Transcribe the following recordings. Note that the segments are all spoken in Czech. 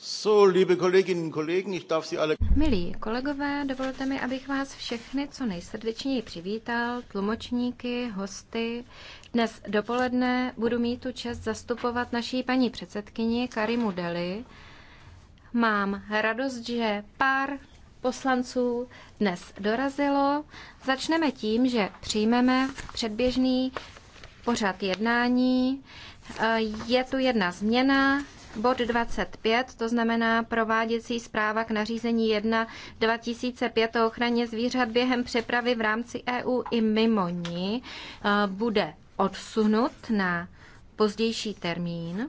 So, liebe Kolleginnen, Kollegen, ich darf Sie alle... Milí kolegové, dovolte mi, abych vás všechny co nejsrdečněji přivítal, tlumočníky, hosty. Dnes dopoledne budu mít tu čest zastupovat naší paní předsedkyni Karimu Deli. Mám radost, že pár poslanců dnes dorazilo. Začneme tím, že přijmeme předběžný pořad jednání. Eh, je tu jedna změna, bod 25, to znamená prováděcí zpráva k nařízení 1 2005 o ochraně zvířat během přepravy v rámci EU i mimo ní, eh, bude odsunut na pozdější termín.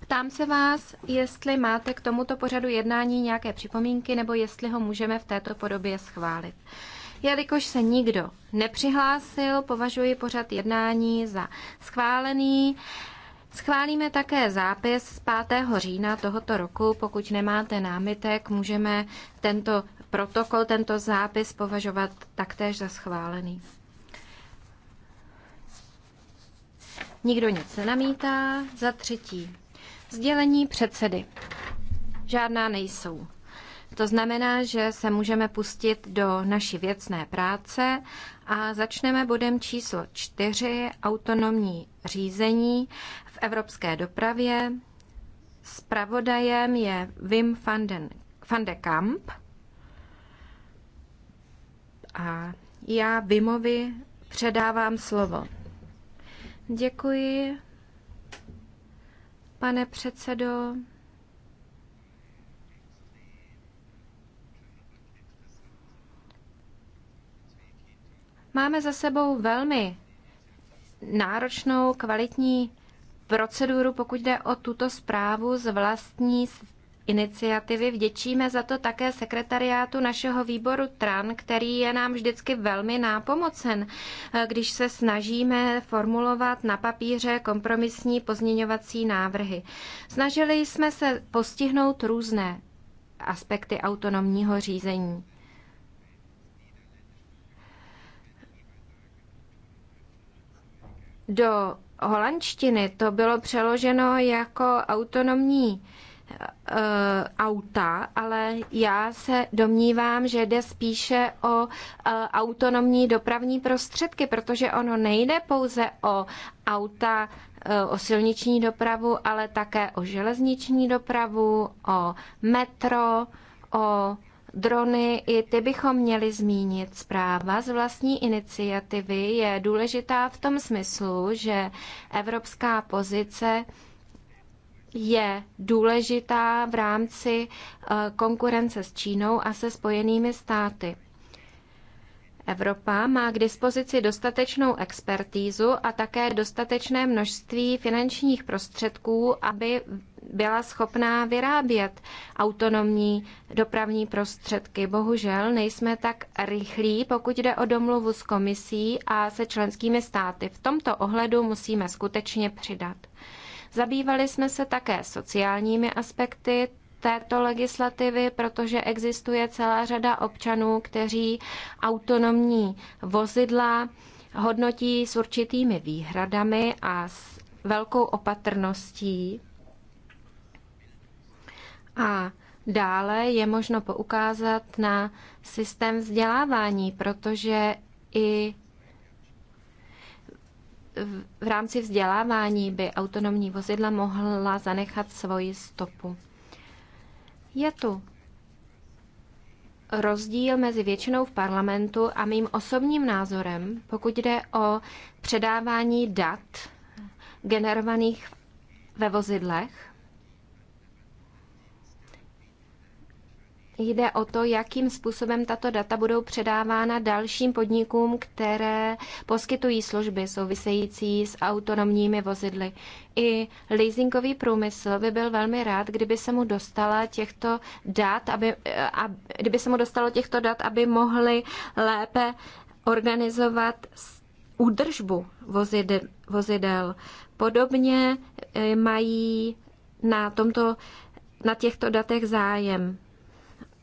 Ptám se vás, jestli máte k tomuto pořadu jednání nějaké připomínky nebo jestli ho můžeme v této podobě schválit. Jelikož se nikdo nepřihlásil, považuji pořad jednání za schválený. Schválíme také zápis z 5. října tohoto roku. Pokud nemáte námitek, můžeme tento protokol, tento zápis považovat taktéž za schválený. Nikdo nic nenamítá. Za třetí, sdělení předsedy. Žádná nejsou. To znamená, že se můžeme pustit do naší věcné práce a začneme bodem číslo 4, autonomní řízení v evropské dopravě. Spravodajem je Wim van, den, van de Kamp. A já Vimovi předávám slovo. Děkuji, pane předsedo. Máme za sebou velmi náročnou, kvalitní proceduru, pokud jde o tuto zprávu z vlastní iniciativy. Vděčíme za to také sekretariátu našeho výboru TRAN, který je nám vždycky velmi nápomocen, eh, když se snažíme formulovat na papíře kompromisní pozměňovací návrhy. Snažili jsme se postihnout různé aspekty autonomního řízení. do holandštiny to bylo přeloženo jako autonomní eh, auta, ale já se domnívám, že jde spíše o eh, autonomní dopravní prostředky, protože ono nejde pouze o auta, eh, o silniční dopravu, ale také o železniční dopravu, o metro, o Drony, i ty bychom měli zmínit. Zpráva z vlastní iniciativy je důležitá v tom smyslu, že evropská pozice je důležitá v rámci eh, konkurence s Čínou a se spojenými státy. Evropa má k dispozici dostatečnou expertízu a také dostatečné množství finančních prostředků, aby byla schopná vyrábět autonomní dopravní prostředky. Bohužel nejsme tak rychlí, pokud jde o domluvu s komisí a se členskými státy. V tomto ohledu musíme skutečně přidat. Zabývali jsme se také sociálními aspekty této legislativy, protože existuje celá řada občanů, kteří autonomní vozidla hodnotí s určitými výhradami a s velkou opatrností. A dále je možno poukázat na systém vzdělávání, protože i v rámci vzdělávání by autonomní vozidla mohla zanechat svoji stopu. Je tu rozdíl mezi většinou v parlamentu a mým osobním názorem, pokud jde o předávání dat generovaných ve vozidlech. Jde o to, jakým způsobem tato data budou předávána dalším podnikům, které poskytují služby související s autonomními vozidly. I leasingový průmysl by byl velmi rád, kdyby se mu dostala těchto dat, aby, eh, a, kdyby se mu dostalo těchto dat, aby mohli lépe organizovat údržbu vozidel. vozidel. Podobně eh, mají na tomto na těchto datech zájem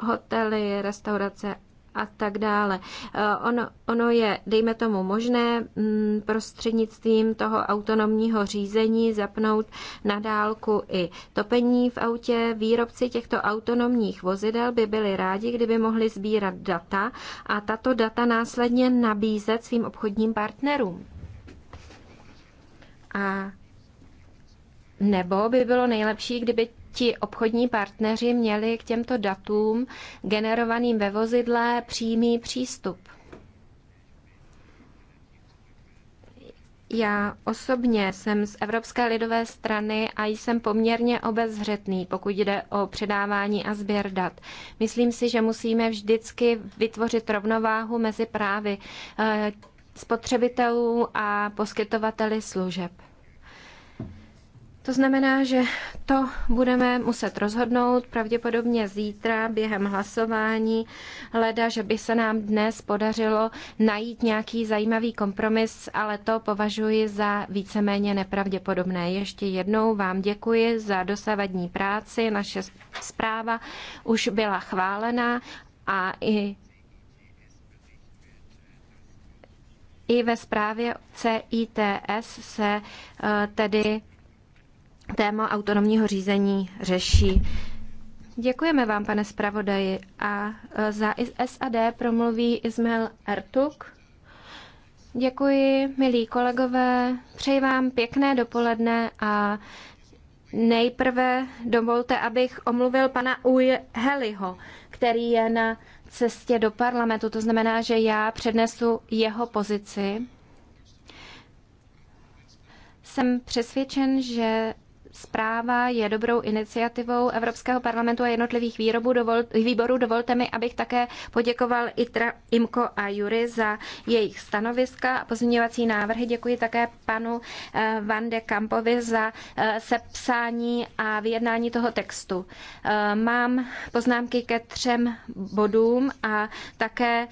hotely, restaurace a tak dále. Eh, ono, ono je, dejme tomu, možné mm, prostřednictvím toho autonomního řízení zapnout na dálku i topení v autě. Výrobci těchto autonomních vozidel by byli rádi, kdyby mohli sbírat data a tato data následně nabízet svým obchodním partnerům. A nebo by bylo nejlepší, kdyby ti obchodní partneři měli k těmto datům generovaným ve vozidle přímý přístup. Já osobně jsem z Evropské lidové strany a jsem poměrně obezřetný, pokud jde o předávání a sběr dat. Myslím si, že musíme vždycky vytvořit rovnováhu mezi právy eh, spotřebitelů a poskytovateli služeb. To znamená, že to budeme muset rozhodnout pravděpodobně zítra během hlasování, leda, že by se nám dnes podařilo najít nějaký zajímavý kompromis, ale to považuji za víceméně nepravděpodobné. Ještě jednou vám děkuji za dosavadní práci. Naše zpráva už byla chválena a i i ve zprávě CITS se eh, tedy téma autonomního řízení řeší. Děkujeme vám, pane zpravodaji. A e, za SAD promluví Ismail Ertuk. Děkuji, milí kolegové. Přeji vám pěkné dopoledne a nejprve dovolte, abych omluvil pana Heliho, který je na cestě do parlamentu. To znamená, že já přednesu jeho pozici. Jsem přesvědčen, že zpráva je dobrou iniciativou Evropského parlamentu a jednotlivých výrobů dovol, výborů. Dovolte mi, abych také poděkoval ITRA, IMKO a Jury za jejich stanoviska a pozměňovací návrhy. Děkuji také panu eh, Van de Kampovi za eh, sepsání a vyjednání toho textu. Eh, mám poznámky ke třem bodům a také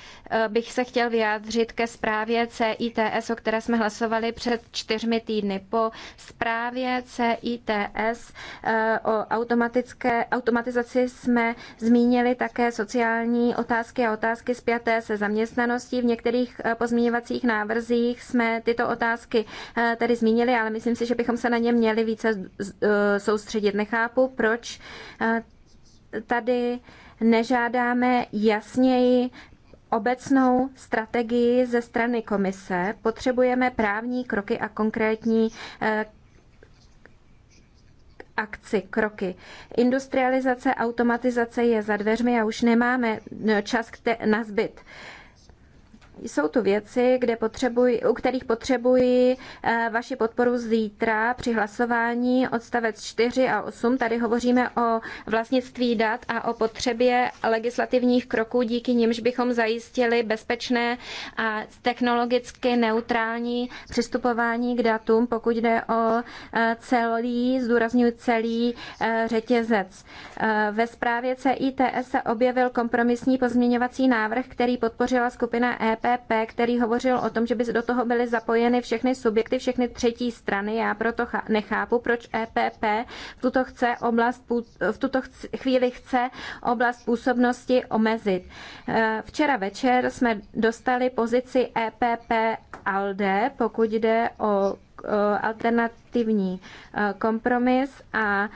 bych se chtěl vyjádřit ke zprávě CITS, o které jsme hlasovali před čtyřmi týdny. Po zprávě CITS ITS. E e, o automatické, automatizaci jsme zmínili také sociální otázky a otázky spjaté se zaměstnaností. V některých e, pozměňovacích návrzích jsme tyto otázky tedy zmínili, ale myslím si, že bychom se na ně měli více soustředit. Nechápu, proč tady nežádáme jasněji obecnou strategii ze strany komise, potřebujeme právní kroky a konkrétní akci, kroky. Industrializace, automatizace je za dveřmi a už nemáme no, čas na zbyt jsou tu věci, kde potřebuji, u kterých potřebuji eh, vaši podporu zítra při hlasování odstavec 4 a 8. Tady hovoříme o vlastnictví dat a o potřebě legislativních kroků, díky nimž bychom zajistili bezpečné a technologicky neutrální přistupování k datům, pokud jde o eh, celý, zdůraznuju celý eh, řetězec. Ve zprávě CITS se objevil kompromisní pozměňovací návrh, který podpořila skupina EP EPP, který hovořil o tom, že by do toho byly zapojeny všechny subjekty, všechny třetí strany. Já proto nechápu, proč EPP v tuto, chce oblast, v tuto chvíli chce oblast působnosti omezit. E, včera večer jsme dostali pozici EPP ALDE, pokud jde o alternativní e, kompromis a e,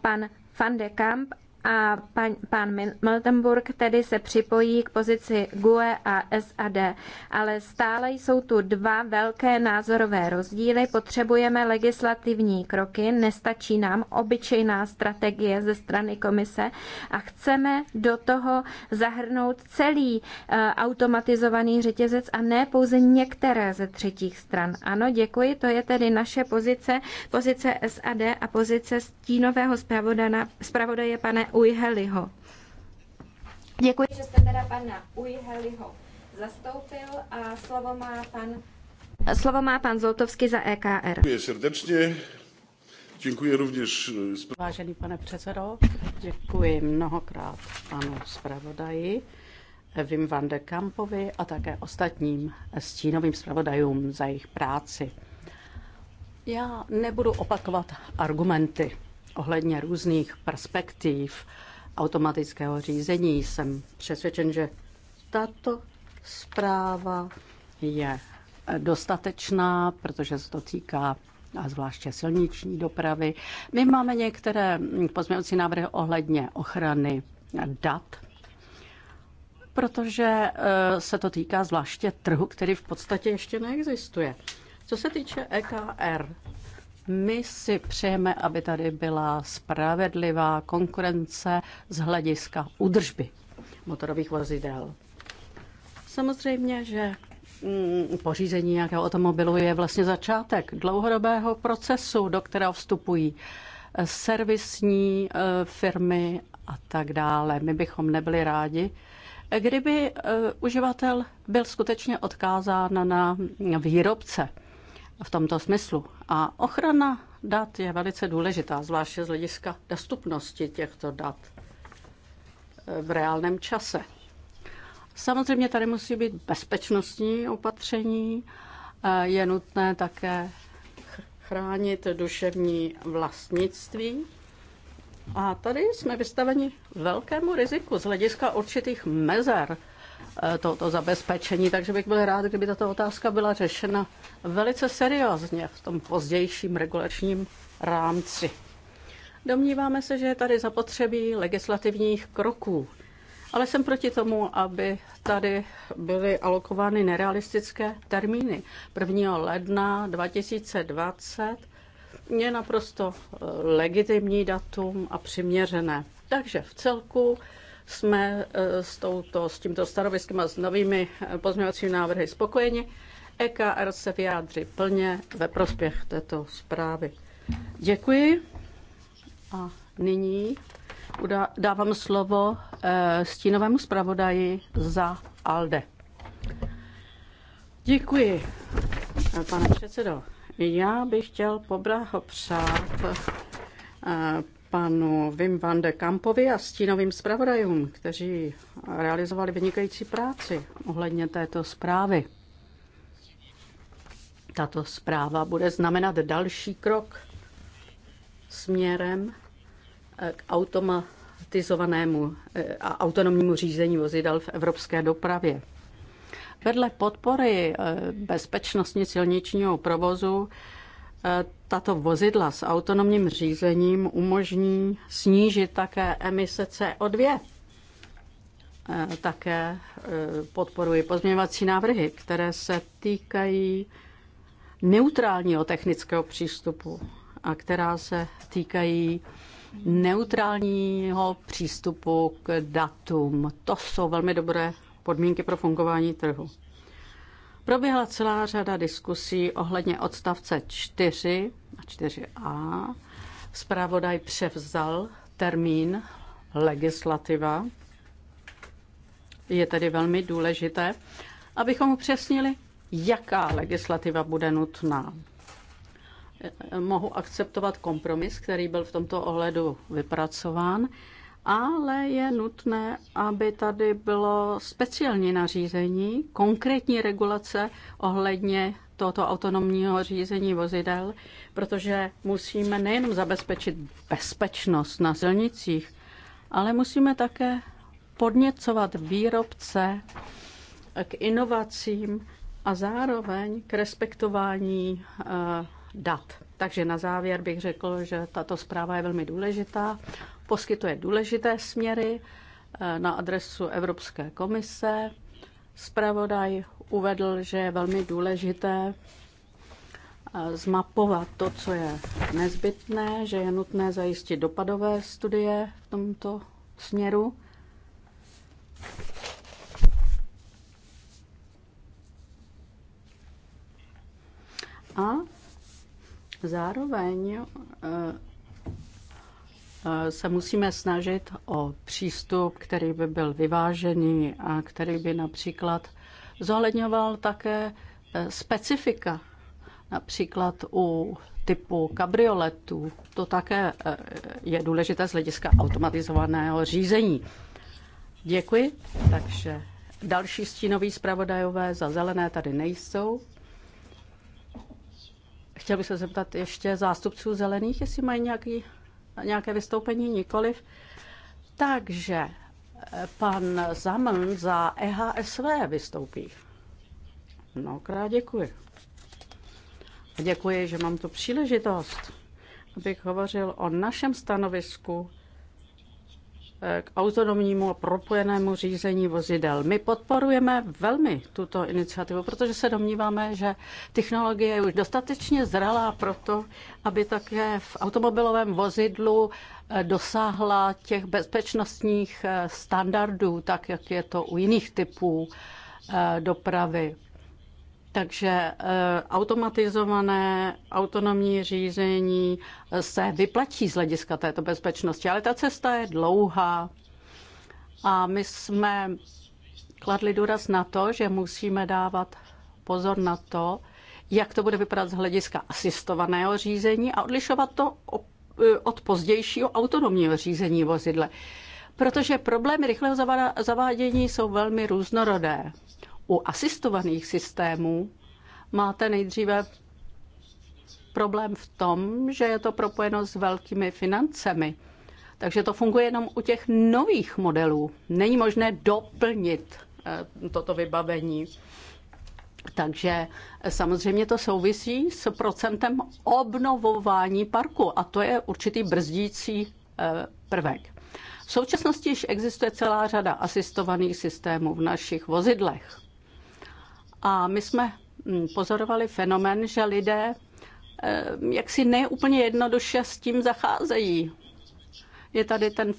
pan Van de Kamp a pan, pan Miltenburg tedy se připojí k pozici GUE a SAD. Ale stále jsou tu dva velké názorové rozdíly. Potřebujeme legislativní kroky, nestačí nám obyčejná strategie ze strany komise a chceme do toho zahrnout celý eh, automatizovaný řetězec a ne pouze některé ze třetích stran. Ano, děkuji, to je tedy naše pozice, pozice SAD a pozice stínového zpravodaje pane Ujheliho. Děkuji, že jste teda pana Ujheliho zastoupil a slovo má pan Slovo má pan Zoltovský za EKR. Děkuji srdečně. Děkuji rovněž. Eh, Vážený pane předsedo, děkuji mnohokrát panu zpravodaji Vim van de Kampovi a také ostatním stínovým zpravodajům za jejich práci. Já nebudu opakovat argumenty, ohledně různých perspektiv automatického řízení. Jsem přesvědčen, že tato zpráva je dostatečná, protože se to týká a zvláště silniční dopravy. My máme některé pozměňovací návrhy ohledně ochrany dat, protože eh, se to týká zvláště trhu, který v podstatě ještě neexistuje. Co se týče EKR, my si přejeme, aby tady byla spravedlivá konkurence z hlediska udržby motorových vozidel. Samozřejmě, že mm, pořízení nějakého automobilu je vlastně začátek dlouhodobého procesu, do kterého vstupují eh, servisní eh, firmy a tak dále. My bychom nebyli rádi, eh, kdyby uživatel byl skutečně odkázán na výrobce v tomto smyslu. A ochrana dat je velice důležitá, zvláště z hlediska dostupnosti těchto dat eh, v reálném čase. Samozřejmě tady musí být bezpečnostní opatření, eh, je nutné také chránit duševní vlastnictví. A tady jsme vystaveni velkému riziku z hlediska určitých mezer Eh, to zabezpečení, takže bych byl rád, kdyby tato otázka byla řešena velice seriózně v tom pozdějším regulačním rámci. Domníváme se, že je tady zapotřebí legislativních kroků, ale jsem proti tomu, aby tady byly alokovány nerealistické termíny. 1. ledna 2020 je naprosto eh, legitimní datum a přiměřené. Takže v celku jsme eh, s, touto, s tímto stanoviskem a s novými eh, pozměňovacími návrhy spokojeni. EKR se vyjádří plně ve prospěch této zprávy. Děkuji. A nyní dávám slovo eh, stínovému zpravodaji za ALDE. Děkuji, pane předsedo. Já bych chtěl poblahopřát panu Wim van de Kampovi a stínovým zpravodajům, kteří realizovali vynikající práci ohledně této zprávy. Tato zpráva bude znamenat další krok směrem eh, k automatizovanému eh, a autonomnímu řízení vozidel v evropské dopravě. Vedle podpory eh, bezpečnosti silničního provozu tato vozidla s autonomním řízením umožní snížit také emise CO2. Eh, také eh, podporuji pozměňovací návrhy, které se týkají neutrálního technického přístupu a která se týkají neutrálního přístupu k datům. To jsou velmi dobré podmínky pro fungování trhu. Proběhla celá řada diskusí ohledně odstavce 4 a 4a. Zpravodaj převzal termín legislativa. Je tedy velmi důležité, abychom upřesnili, jaká legislativa bude nutná. Mohu akceptovat kompromis, který byl v tomto ohledu vypracován ale je nutné, aby tady bylo speciální nařízení, konkrétní regulace ohledně tohoto autonomního řízení vozidel, protože musíme nejenom zabezpečit bezpečnost na silnicích, ale musíme také podněcovat výrobce k inovacím a zároveň k respektování eh, dat. Takže na závěr bych řekl, že tato zpráva je velmi důležitá poskytuje důležité směry eh, na adresu Evropské komise. Spravodaj uvedl, že je velmi důležité eh, zmapovat to, co je nezbytné, že je nutné zajistit dopadové studie v tomto směru. A zároveň eh, se musíme snažit o přístup, který by byl vyvážený a který by například zohledňoval také eh, specifika. Například u typu kabrioletů. To také eh, je důležité z hlediska automatizovaného řízení. Děkuji. Takže další stínoví zpravodajové za zelené tady nejsou. Chtěl bych se zeptat ještě zástupců zelených, jestli mají nějaký nějaké vystoupení? Nikoliv. Takže eh, pan Zaman za EHSV vystoupí. Mnohokrát děkuji. A děkuji, že mám tu příležitost, abych hovořil o našem stanovisku k autonomnímu a propojenému řízení vozidel. My podporujeme velmi tuto iniciativu, protože se domníváme, že technologie je už dostatečně zralá pro to, aby také v automobilovém vozidlu eh, dosáhla těch bezpečnostních eh, standardů, tak jak je to u jiných typů eh, dopravy. Takže eh, automatizované autonomní řízení eh, se vyplatí z hlediska této bezpečnosti, ale ta cesta je dlouhá. A my jsme kladli důraz na to, že musíme dávat pozor na to, jak to bude vypadat z hlediska asistovaného řízení a odlišovat to eh, od pozdějšího autonomního řízení vozidle. Protože problémy rychlého zavádění jsou velmi různorodé. U asistovaných systémů máte nejdříve problém v tom, že je to propojeno s velkými financemi. Takže to funguje jenom u těch nových modelů. Není možné doplnit eh, toto vybavení. Takže eh, samozřejmě to souvisí s procentem obnovování parku a to je určitý brzdící eh, prvek. V současnosti již existuje celá řada asistovaných systémů v našich vozidlech. A my jsme mm, pozorovali fenomen, že lidé eh, jaksi neúplně jednoduše s tím zacházejí. Je tady ten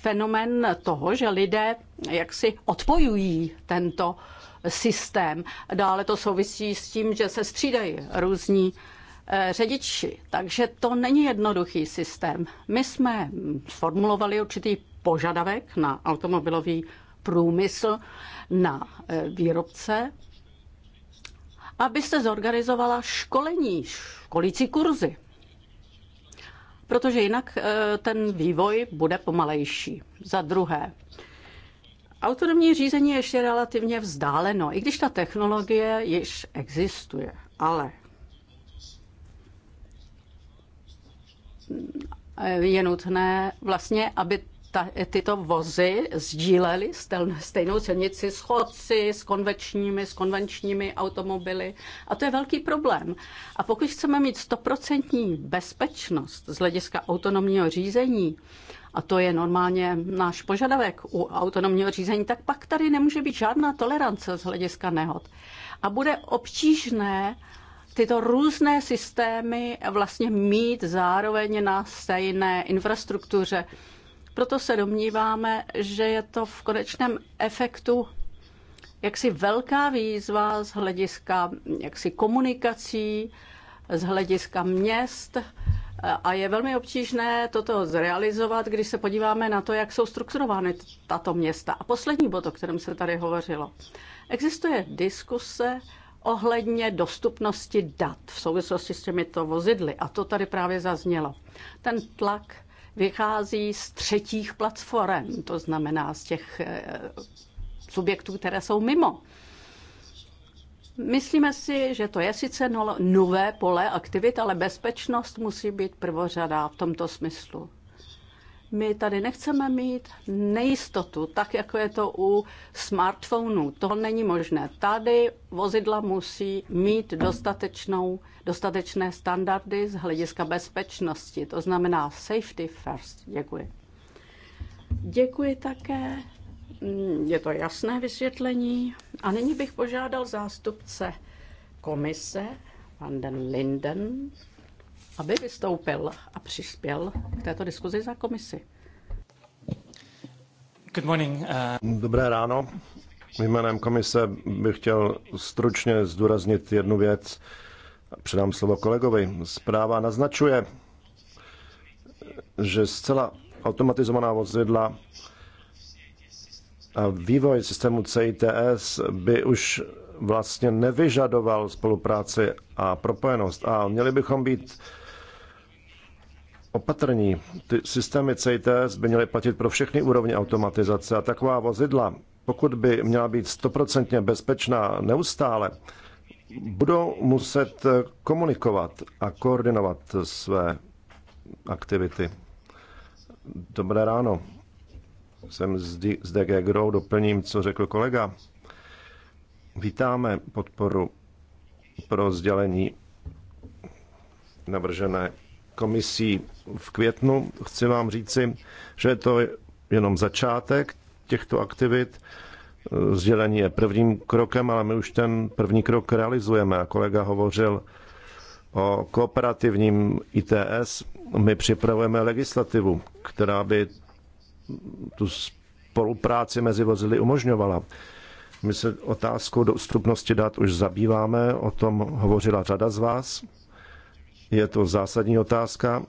fenomén toho, že lidé jaksi odpojují tento systém. Dále to souvisí s tím, že se střídají různí eh, řidiči, takže to není jednoduchý systém. My jsme sformulovali mm, určitý požadavek na automobilový průmysl, na eh, výrobce abyste zorganizovala školení, školící kurzy. Protože jinak eh, ten vývoj bude pomalejší. Za druhé, autonomní řízení je ještě relativně vzdáleno, i když ta technologie již existuje. Ale je nutné vlastně, aby ta, tyto vozy sdílely stejnou silnici s chodci, s konvenčními s konvenčními automobily. A to je velký problém. A pokud chceme mít stoprocentní bezpečnost z hlediska autonomního řízení, a to je normálně náš požadavek u autonomního řízení, tak pak tady nemůže být žádná tolerance z hlediska nehod. A bude obtížné tyto různé systémy vlastně mít zároveň na stejné infrastruktuře. Proto se domníváme, že je to v konečném efektu jaksi velká výzva z hlediska jaksi komunikací, z hlediska měst a je velmi obtížné toto zrealizovat, když se podíváme na to, jak jsou strukturovány tato města. A poslední bod, o kterém se tady hovořilo. Existuje diskuse ohledně dostupnosti dat v souvislosti s těmito vozidly. A to tady právě zaznělo. Ten tlak vychází z třetích platform, to znamená z těch eh, subjektů, které jsou mimo. Myslíme si, že to je sice no, nové pole aktivit, ale bezpečnost musí být prvořadá v tomto smyslu. My tady nechceme mít nejistotu, tak jako je to u smartphonů. To není možné. Tady vozidla musí mít dostatečnou, dostatečné standardy z hlediska bezpečnosti. To znamená safety first. Děkuji. Děkuji také. Je to jasné vysvětlení. A nyní bych požádal zástupce komise, van den Linden, aby vystoupil a přispěl k této diskuzi za komisi. Good morning, uh... Dobré ráno. Jménem komise bych chtěl stručně zdůraznit jednu věc. Předám slovo kolegovi. Zpráva naznačuje, že zcela automatizovaná vozidla a vývoj systému CITS by už vlastně nevyžadoval spolupráci a propojenost. A měli bychom být opatrní. Ty systémy CITES by měly platit pro všechny úrovně automatizace a taková vozidla, pokud by měla být stoprocentně bezpečná neustále, budou muset komunikovat a koordinovat své aktivity. Dobré ráno. Jsem z DG Grow, doplním, co řekl kolega. Vítáme podporu pro sdělení navržené komisí v květnu. Chci vám říci, že je to jenom začátek těchto aktivit. Sdělení je prvním krokem, ale my už ten první krok realizujeme. A kolega hovořil o kooperativním ITS. My připravujeme legislativu, která by tu spolupráci mezi vozily umožňovala. My se otázkou dostupnosti dat už zabýváme, o tom hovořila řada z vás. Je to zásadní otázka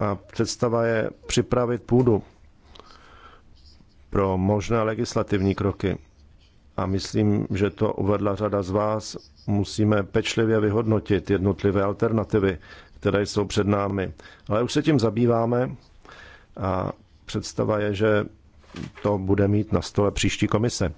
a představa je připravit půdu pro možné legislativní kroky. A myslím, že to uvedla řada z vás. Musíme pečlivě vyhodnotit jednotlivé alternativy, které jsou před námi. Ale už se tím zabýváme a představa je, že to bude mít na stole příští komise.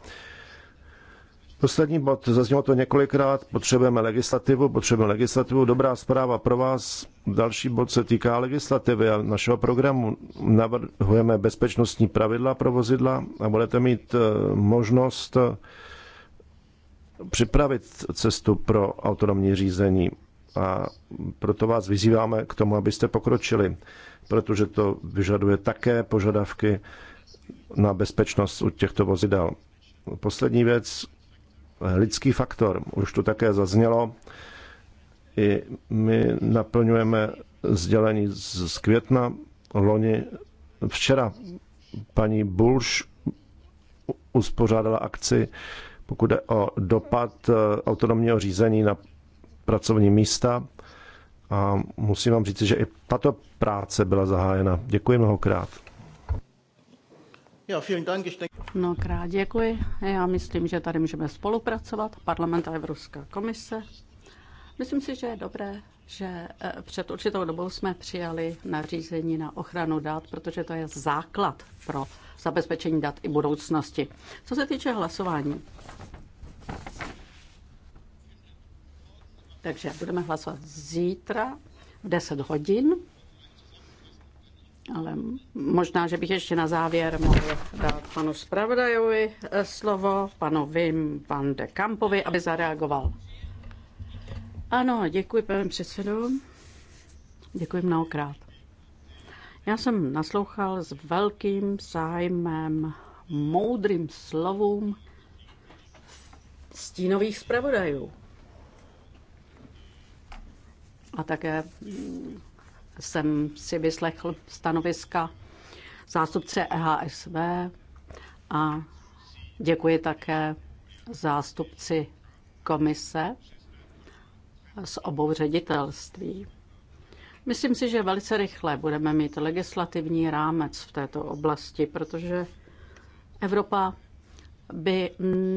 Poslední bod, zaznělo to několikrát, potřebujeme legislativu, potřebujeme legislativu, dobrá zpráva pro vás. Další bod se týká legislativy a našeho programu. Navrhujeme bezpečnostní pravidla pro vozidla a budete mít eh, možnost eh, připravit cestu pro autonomní řízení. A proto vás vyzýváme k tomu, abyste pokročili, protože to vyžaduje také požadavky na bezpečnost u těchto vozidel. Poslední věc, lidský faktor. Už to také zaznělo. I my naplňujeme sdělení z května loni. Včera paní Bulš uspořádala akci, pokud jde o dopad eh, autonomního řízení na pracovní místa. A musím vám říct, že i tato práce byla zahájena. Děkuji mnohokrát. Ja, vielen Dank. Ich denke... Mnohokrát děkuji. Já myslím, že tady můžeme spolupracovat, parlament a Evropská komise. Myslím si, že je dobré, že eh, před určitou dobou jsme přijali nařízení na ochranu dat, protože to je základ pro zabezpečení dat i budoucnosti. Co se týče hlasování, takže budeme hlasovat zítra v 10 hodin. Ale možná, že bych ještě na závěr mohl dát panu zpravodajovi eh, slovo, panu Vim van de Kampovi, aby zareagoval. Ano, děkuji, pane předsedo. Děkuji mnohokrát. Já jsem naslouchal s velkým zájmem moudrým slovům stínových zpravodajů. A také jsem si vyslechl stanoviska zástupce EHSV a děkuji také zástupci komise z obou ředitelství. Myslím si, že velice rychle budeme mít legislativní rámec v této oblasti, protože Evropa by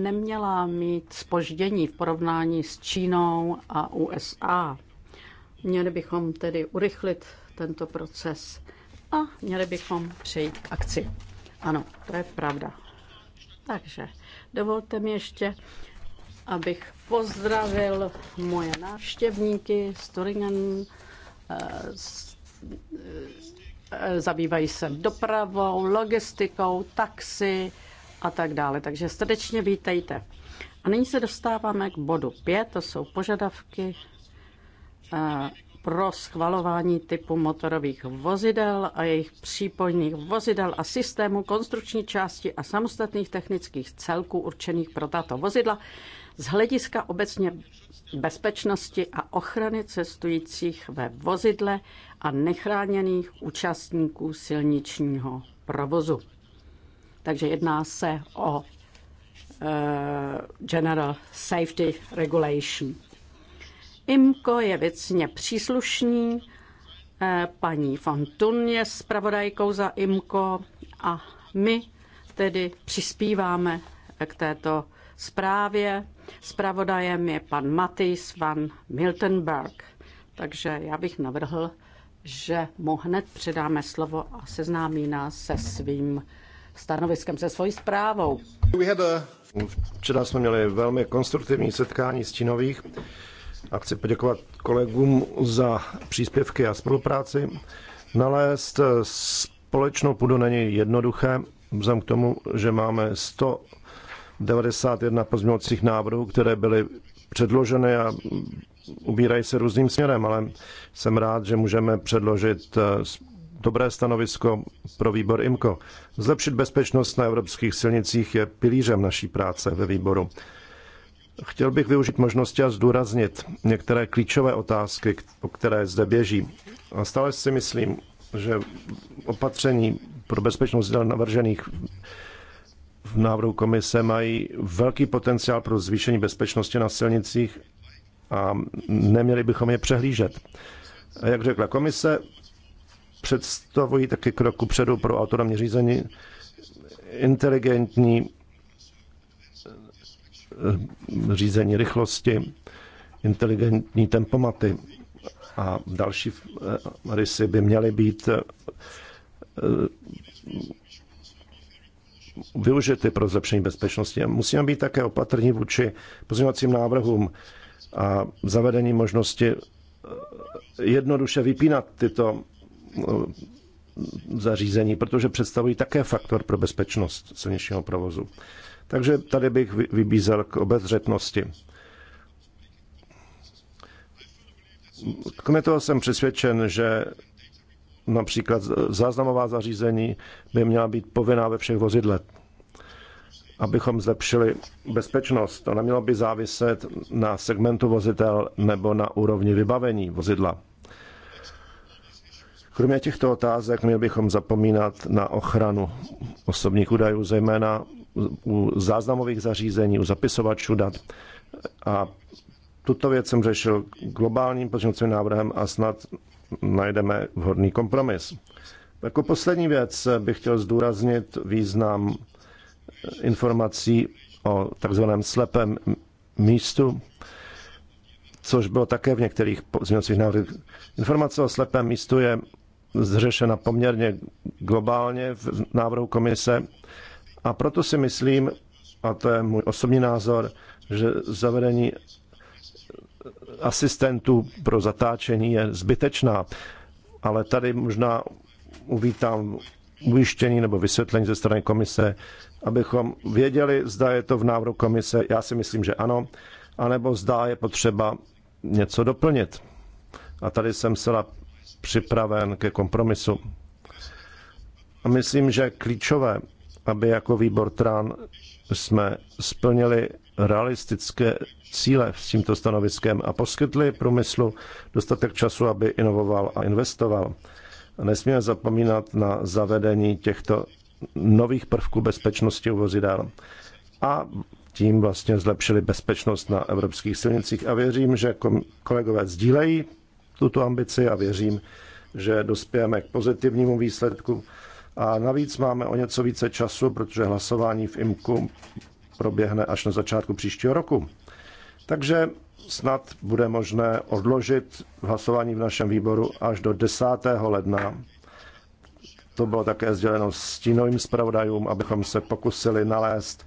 neměla mít spoždění v porovnání s Čínou a USA. Měli bychom tedy urychlit tento proces a měli bychom přejít k akci. Ano, to je pravda. Takže dovolte mi ještě, abych pozdravil moje návštěvníky z Turingen. Eh, eh, zabývají se dopravou, logistikou, taxi a tak dále. Takže srdečně vítejte. A nyní se dostáváme k bodu 5, to jsou požadavky Eh, pro schvalování typu motorových vozidel a jejich přípojných vozidel a systému konstrukční části a samostatných technických celků určených pro tato vozidla z hlediska obecně bezpečnosti a ochrany cestujících ve vozidle a nechráněných účastníků silničního provozu. Takže jedná se o uh, General Safety Regulation. IMKO je věcně příslušný, eh, paní Fontun je zpravodajkou za IMKO a my tedy přispíváme eh, k této zprávě. Zpravodajem je pan Matis van Miltenberg. Takže já bych navrhl, že mu hned předáme slovo a seznámí nás se svým stanoviskem, se svojí zprávou. Včera jsme měli velmi konstruktivní setkání stínových a chci poděkovat kolegům za příspěvky a spolupráci. Nalézt společnou půdu není jednoduché, vzhledem k tomu, že máme 191 pozměňovacích návrhů, které byly předloženy a ubírají se různým směrem, ale jsem rád, že můžeme předložit eh, dobré stanovisko pro výbor IMCO. Zlepšit bezpečnost na evropských silnicích je pilířem naší práce ve výboru. Chtěl bych využít možnosti a zdůraznit některé klíčové otázky, o které zde běží. A stále si myslím, že opatření pro bezpečnost děl navržených v návrhu komise mají velký potenciál pro zvýšení bezpečnosti na silnicích a neměli bychom je přehlížet. A jak řekla komise, představují taky kroku předu pro autonomní řízení inteligentní Eh, řízení rychlosti, inteligentní tempomaty a další eh, rysy by měly být eh, využity pro zlepšení bezpečnosti. Musíme být také opatrní vůči pozměňovacím návrhům a zavedení možnosti jednoduše vypínat tyto zařízení, protože představují také faktor pro bezpečnost silničního provozu. Takže tady bych vybízel k obezřetnosti. Kromě toho jsem přesvědčen, že například záznamová zařízení by měla být povinná ve všech vozidlech, abychom zlepšili bezpečnost. To nemělo by záviset na segmentu vozitel nebo na úrovni vybavení vozidla. Kromě těchto otázek měli bychom zapomínat na ochranu osobních údajů, zejména u záznamových zařízení, u zapisovačů dat. A tuto věc jsem řešil globálním pozměňovacím návrhem a snad najdeme vhodný kompromis. Jako poslední věc bych chtěl zdůraznit význam informací o takzvaném slepém místu, což bylo také v některých pozměňovacích návrhech. Informace o slepém místu je zřešena poměrně globálně v návrhu komise a proto si myslím, a to je můj osobní názor, že zavedení asistentů pro zatáčení je zbytečná. Ale tady možná uvítám ujištění nebo vysvětlení ze strany komise, abychom věděli, zda je to v návrhu komise, já si myslím, že ano, anebo zda je potřeba něco doplnit. A tady jsem zcela připraven ke kompromisu. A myslím, že klíčové aby jako výbor TRAN jsme splnili realistické cíle s tímto stanoviskem a poskytli průmyslu dostatek času, aby inovoval a investoval. A nesmíme zapomínat na zavedení těchto nových prvků bezpečnosti u vozidel. A tím vlastně zlepšili bezpečnost na evropských silnicích. A věřím, že kolegové sdílejí tuto ambici a věřím, že dospějeme k pozitivnímu výsledku a navíc máme o něco více času, protože hlasování v IMKU proběhne až na začátku příštího roku. Takže snad bude možné odložit hlasování v našem výboru až do 10. ledna. To bylo také sděleno stínovým zpravodajům, abychom se pokusili nalézt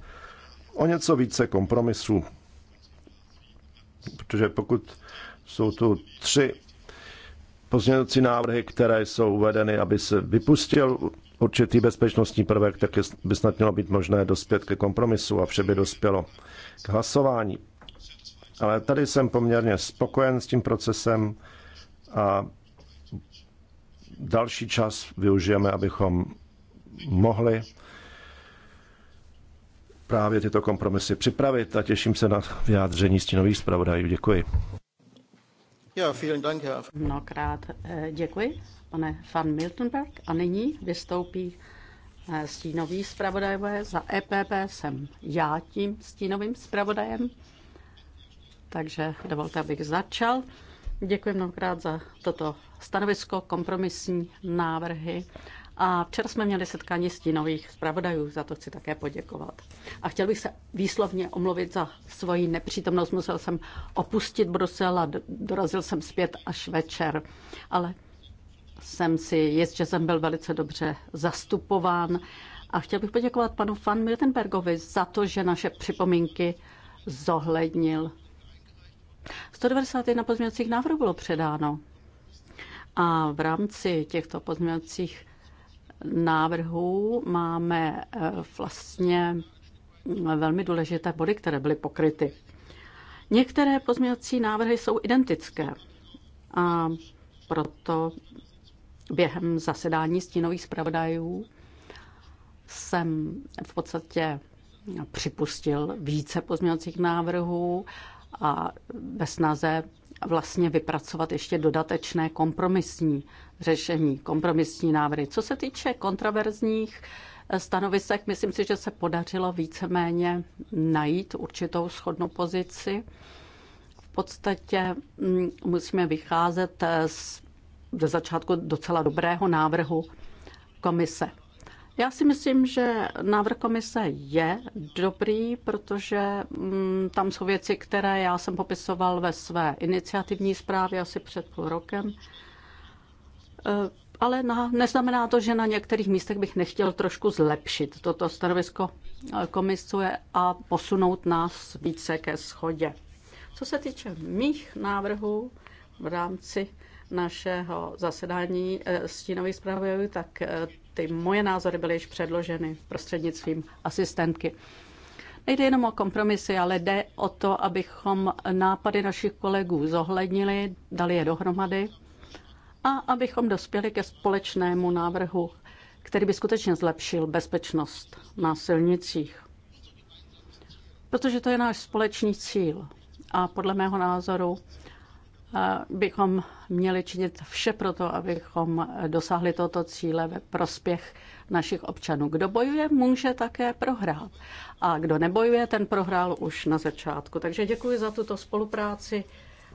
o něco více kompromisů. Protože pokud jsou tu tři pozměňovací návrhy, které jsou uvedeny, aby se vypustil určitý bezpečnostní prvek, tak by snad mělo být možné dospět ke kompromisu a vše by dospělo k hlasování. Ale tady jsem poměrně spokojen s tím procesem a další čas využijeme, abychom mohli právě tyto kompromisy připravit a těším se na vyjádření stínových zpravodajů. Děkuji. Ja, vielen Dank, Herr. Mnohokrát eh, děkuji, pane van Miltenberg. A nyní vystoupí eh, stínový zpravodajové za EPP. Jsem já tím stínovým zpravodajem. Takže dovolte, abych začal. Děkuji mnohokrát za toto stanovisko, kompromisní návrhy a včera jsme měli setkání stínových zpravodajů, za to chci také poděkovat. A chtěl bych se výslovně omluvit za svoji nepřítomnost. Musel jsem opustit Brusel a dorazil jsem zpět až večer. Ale jsem si jist, že jsem byl velice dobře zastupován. A chtěl bych poděkovat panu Van Miltenbergovi za to, že naše připomínky zohlednil. 191 pozměňovacích návrhů bylo předáno. A v rámci těchto pozměňovacích návrhů máme eh, vlastně mm, velmi důležité body, které byly pokryty. Některé pozměňovací návrhy jsou identické a proto během zasedání stínových zpravodajů jsem v podstatě připustil více pozměňovacích návrhů a ve snaze vlastně vypracovat ještě dodatečné kompromisní řešení, kompromisní návrhy. Co se týče kontroverzních eh, stanovisek, myslím si, že se podařilo víceméně najít určitou schodnou pozici. V podstatě mm, musíme vycházet eh, z, ze začátku docela dobrého návrhu komise. Já si myslím, že návrh komise je dobrý, protože mm, tam jsou věci, které já jsem popisoval ve své iniciativní zprávě asi před půl rokem. E, ale na, neznamená to, že na některých místech bych nechtěl trošku zlepšit toto stanovisko e, komise a posunout nás více ke schodě. Co se týče mých návrhů v rámci našeho zasedání e, stínových zprávy, tak ty moje názory byly již předloženy prostřednictvím asistentky. Nejde jenom o kompromisy, ale jde o to, abychom nápady našich kolegů zohlednili, dali je dohromady a abychom dospěli ke společnému návrhu, který by skutečně zlepšil bezpečnost na silnicích. Protože to je náš společný cíl a podle mého názoru bychom měli činit vše pro to, abychom dosáhli tohoto cíle ve prospěch našich občanů. Kdo bojuje, může také prohrát. A kdo nebojuje, ten prohrál už na začátku. Takže děkuji za tuto spolupráci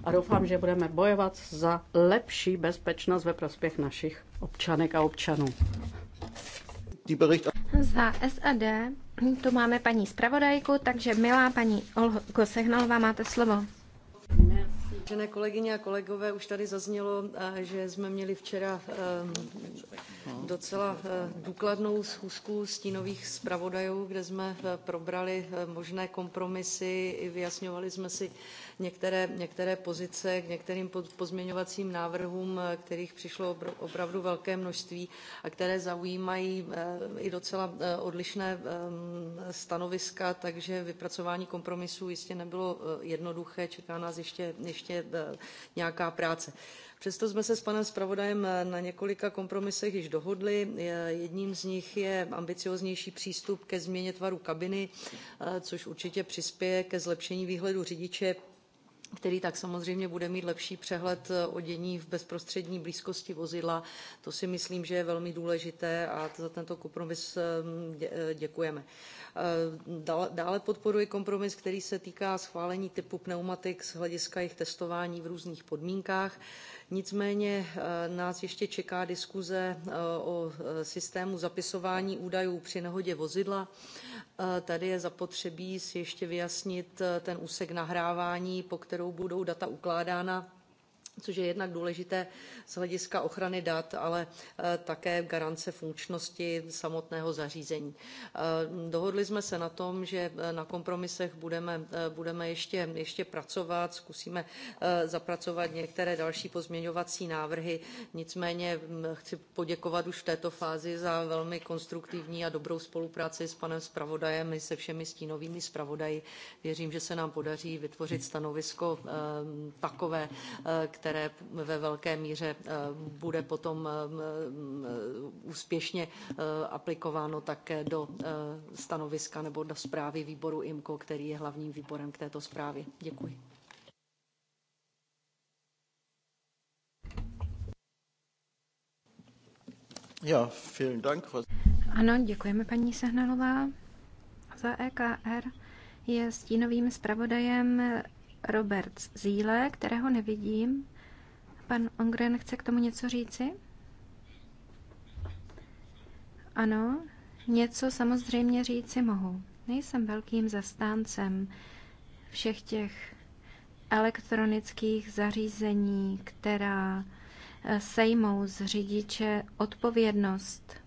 a doufám, že budeme bojovat za lepší bezpečnost ve prospěch našich občanek a občanů. Za SAD tu máme paní zpravodajku, takže milá paní Olgo Sehnalová, máte slovo. Vážené kolegyně a kolegové, už tady zaznělo, eh, že jsme měli včera eh, docela eh, důkladnou schůzku stínových zpravodajů, kde jsme probrali možné kompromisy i vyjasňovali jsme si některé, některé pozice k některým pozměňovacím návrhům, kterých přišlo opravdu velké množství a které zaujímají i docela odlišné stanoviska, takže vypracování kompromisů jistě nebylo jednoduché. Čeká nás ještě, ještě E, nějaká práce. Přesto jsme se s panem zpravodajem na několika kompromisech již dohodli. E, jedním z nich je ambicioznější přístup ke změně tvaru kabiny, e, což určitě přispěje ke zlepšení výhledu řidiče který tak samozřejmě bude mít lepší přehled eh, o dění v bezprostřední blízkosti vozidla. To si myslím, že je velmi důležité a za tento kompromis eh, eh, děkujeme. Dále podporuji kompromis, který se týká schválení typu pneumatik z hlediska jejich testování v různých podmínkách. Nicméně eh, nás ještě čeká diskuze eh, o eh, systému zapisování údajů při nehodě vozidla. Tady je zapotřebí si ještě vyjasnit ten úsek nahrávání, po kterou budou data ukládána což je jednak důležité z hlediska ochrany dat, ale eh, také garance funkčnosti samotného zařízení. Eh, dohodli jsme se na tom, že eh, na kompromisech budeme, budeme ještě, ještě pracovat, zkusíme zapracovat některé další pozměňovací návrhy, nicméně hm, chci poděkovat už v této fázi za velmi konstruktivní a dobrou spolupráci s panem zpravodajem i se všemi stínovými zpravodaji. Věřím, že se nám podaří vytvořit stanovisko takové, které které ve velké míře eh, bude potom eh, eh, úspěšně aplikováno také do stanoviska nebo do zprávy výboru IMCO, který je hlavním výborem k této zprávě. Děkuji. Ja, vielen Dank. Ano, děkujeme paní Sehnalová za EKR. Je stínovým zpravodajem Robert Zíle, kterého nevidím. Pan Ongren chce k tomu něco říci? Ano, něco samozřejmě říci mohu. Nejsem velkým zastáncem všech těch elektronických zařízení, která eh, sejmou z řidiče odpovědnost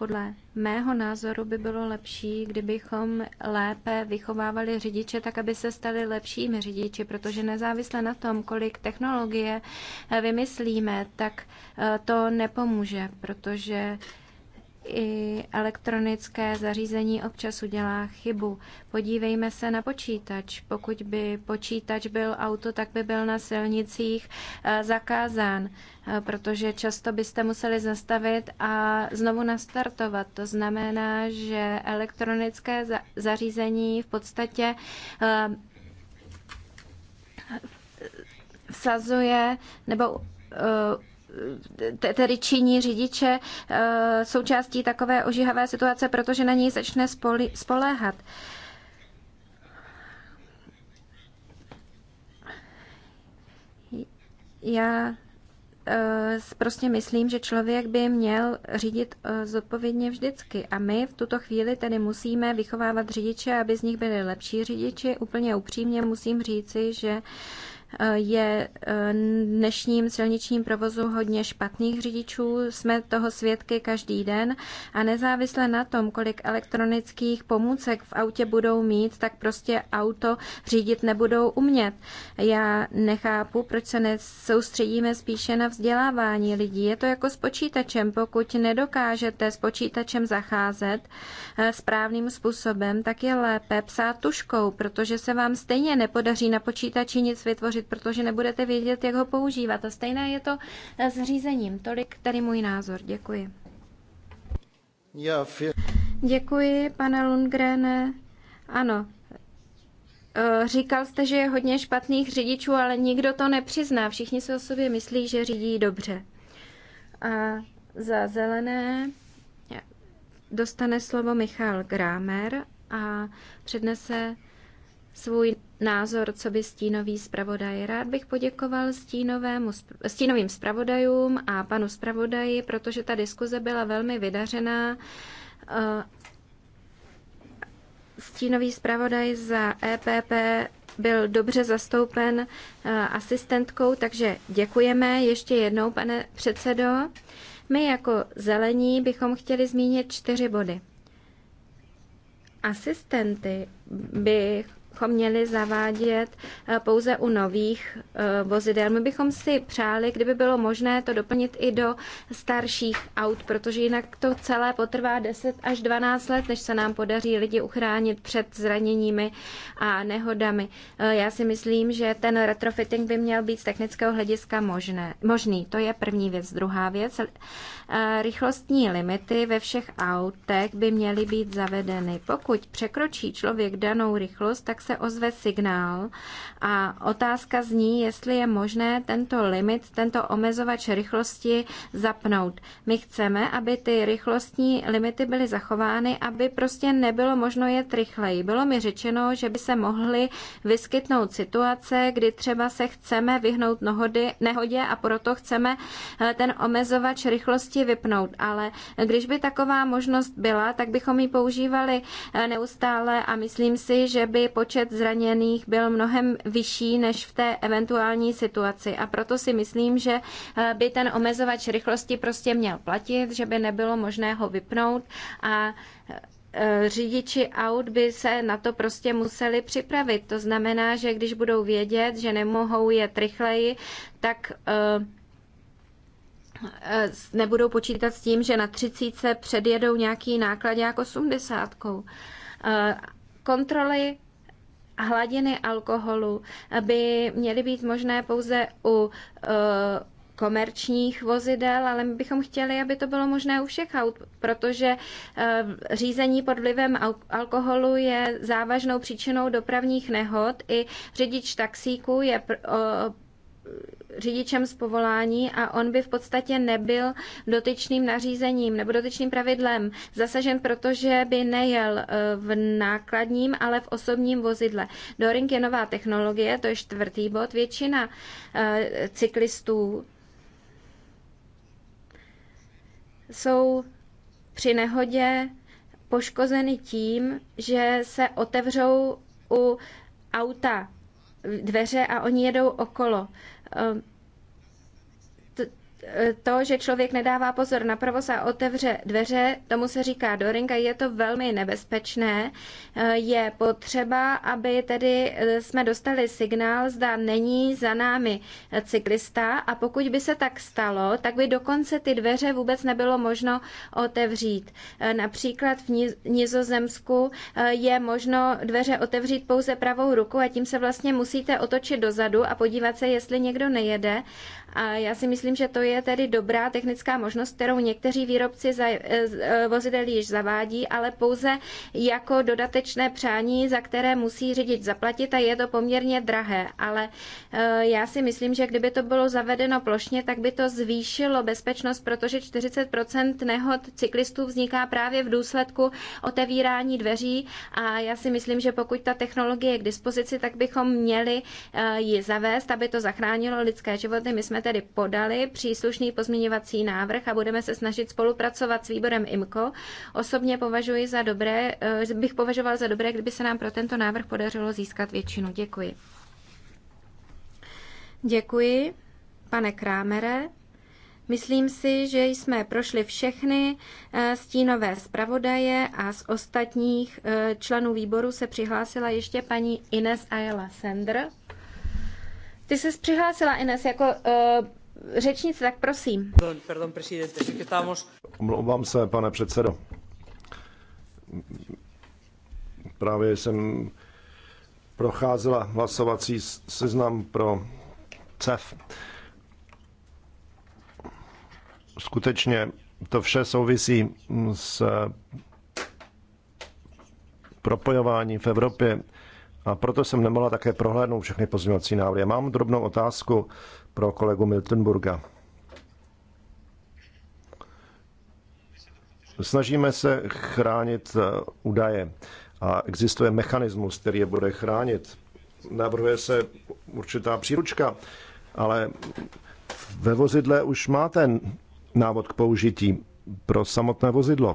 podle mého názoru by bylo lepší, kdybychom lépe vychovávali řidiče tak, aby se stali lepšími řidiči, protože nezávisle na tom, kolik technologie vymyslíme, tak eh, to nepomůže, protože i elektronické zařízení občas udělá chybu. Podívejme se na počítač. Pokud by počítač byl auto, tak by byl na silnicích eh, zakázán, eh, protože často byste museli zastavit a znovu nastartovat. To znamená, že elektronické zařízení v podstatě vsazuje eh, nebo tedy činí řidiče eh, součástí takové ožihavé situace, protože na něj začne spoléhat. Já eh, prostě myslím, že člověk by měl řídit eh, zodpovědně vždycky. A my v tuto chvíli tedy musíme vychovávat řidiče, aby z nich byli lepší řidiči. Úplně upřímně musím říci, že je eh, dnešním silničním provozu hodně špatných řidičů. Jsme toho svědky každý den a nezávisle na tom, kolik elektronických pomůcek v autě budou mít, tak prostě auto řídit nebudou umět. Já nechápu, proč se nesoustředíme spíše na vzdělávání lidí. Je to jako s počítačem. Pokud nedokážete s počítačem zacházet eh, správným způsobem, tak je lépe psát tuškou, protože se vám stejně nepodaří na počítači nic vytvořit použit, protože nebudete vědět, jak ho používat. A stejné je to s řízením. Tolik tady můj názor. Děkuji. Já, Děkuji, pane Lundgren. Ano, e, Říkal jste, že je hodně špatných řidičů, ale nikdo to nepřizná. Všichni si o sobě myslí, že řídí dobře. A za zelené dostane slovo Michal Grámer a přednese svůj názor, co by stínový zpravodaj. Rád bych poděkoval stínovému, stínovým zpravodajům a panu zpravodaji, protože ta diskuze byla velmi vydařená. Eh, stínový zpravodaj za EPP byl dobře zastoupen eh, asistentkou, takže děkujeme ještě jednou, pane předsedo. My jako zelení bychom chtěli zmínit čtyři body. Asistenty bych bychom měli zavádět eh, pouze u nových eh, vozidel. My bychom si přáli, kdyby bylo možné to doplnit i do starších aut, protože jinak to celé potrvá 10 až 12 let, než se nám podaří lidi uchránit před zraněními a nehodami. Eh, já si myslím, že ten retrofitting by měl být z technického hlediska možné, možný. To je první věc. Druhá věc, rychlostní limity ve všech autech by měly být zavedeny. Pokud překročí člověk danou rychlost, tak tak se ozve signál a otázka zní, jestli je možné tento limit, tento omezovač rychlosti zapnout. My chceme, aby ty rychlostní limity byly zachovány, aby prostě nebylo možno jet rychleji. Bylo mi řečeno, že by se mohly vyskytnout situace, kdy třeba se chceme vyhnout nohody, nehodě a proto chceme eh, ten omezovač rychlosti vypnout. Ale když by taková možnost byla, tak bychom ji používali eh, neustále a myslím si, že by po počet zraněných byl mnohem vyšší než v té eventuální situaci. A proto si myslím, že eh, by ten omezovač rychlosti prostě měl platit, že by nebylo možné ho vypnout a eh, řidiči aut by se na to prostě museli připravit. To znamená, že když budou vědět, že nemohou jet rychleji, tak eh, nebudou počítat s tím, že na 30 předjedou nějaký náklad jako 80. Kontroly hladiny alkoholu by měly být možné pouze u eh, komerčních vozidel, ale my bychom chtěli, aby to bylo možné u všech aut, protože eh, řízení pod vlivem alkoholu je závažnou příčinou dopravních nehod. I řidič taxíku je řidičem z povolání a on by v podstatě nebyl dotyčným nařízením nebo dotyčným pravidlem zasažen, protože by nejel eh, v nákladním, ale v osobním vozidle. Doring je nová technologie, to je čtvrtý bod. Většina eh, cyklistů jsou při nehodě poškozeny tím, že se otevřou u auta dveře a oni jedou okolo. Uh, to, že člověk nedává pozor na provoz a otevře dveře, tomu se říká doring a je to velmi nebezpečné. Je potřeba, aby tedy eh, jsme dostali signál, zda není za námi cyklista a pokud by se tak stalo, tak by dokonce ty dveře vůbec nebylo možno otevřít. Eh, například v Nizozemsku eh, je možno dveře otevřít pouze pravou rukou a tím se vlastně musíte otočit dozadu a podívat se, jestli někdo nejede a já si myslím, že to je tedy dobrá technická možnost, kterou někteří výrobci za, eh, eh, vozidel již zavádí, ale pouze jako dodatečné přání, za které musí řidič zaplatit a je to poměrně drahé. Ale eh, já si myslím, že kdyby to bylo zavedeno plošně, tak by to zvýšilo bezpečnost, protože 40 nehod cyklistů vzniká právě v důsledku otevírání dveří a já si myslím, že pokud ta technologie je k dispozici, tak bychom měli ji zavést, aby to zachránilo lidské životy. My jsme tedy podali příslušný pozměňovací návrh a budeme se snažit spolupracovat s výborem IMCO. Osobně považuji za dobré, eh, bych považoval za dobré, kdyby se nám pro tento návrh podařilo získat většinu. Děkuji. Děkuji, pane Krámere. Myslím si, že jsme prošli všechny eh, stínové zpravodaje a z ostatních eh, členů výboru se přihlásila ještě paní Ines Ayala Sender. Ty se přihlásila, Ines, jako uh, řečnice, tak prosím. Pardon, pardon, presidente, že estamos... Omlouvám se, pane předsedo. Právě jsem procházela hlasovací seznam pro CEF. Skutečně to vše souvisí s eh, propojování v Evropě a proto jsem nemohla také prohlédnout všechny pozměňovací návrhy. mám drobnou otázku pro kolegu Miltenburga. Snažíme se chránit eh, údaje a existuje mechanismus, který je bude chránit. Navrhuje se určitá příručka, ale ve vozidle už máte návod k použití pro samotné vozidlo.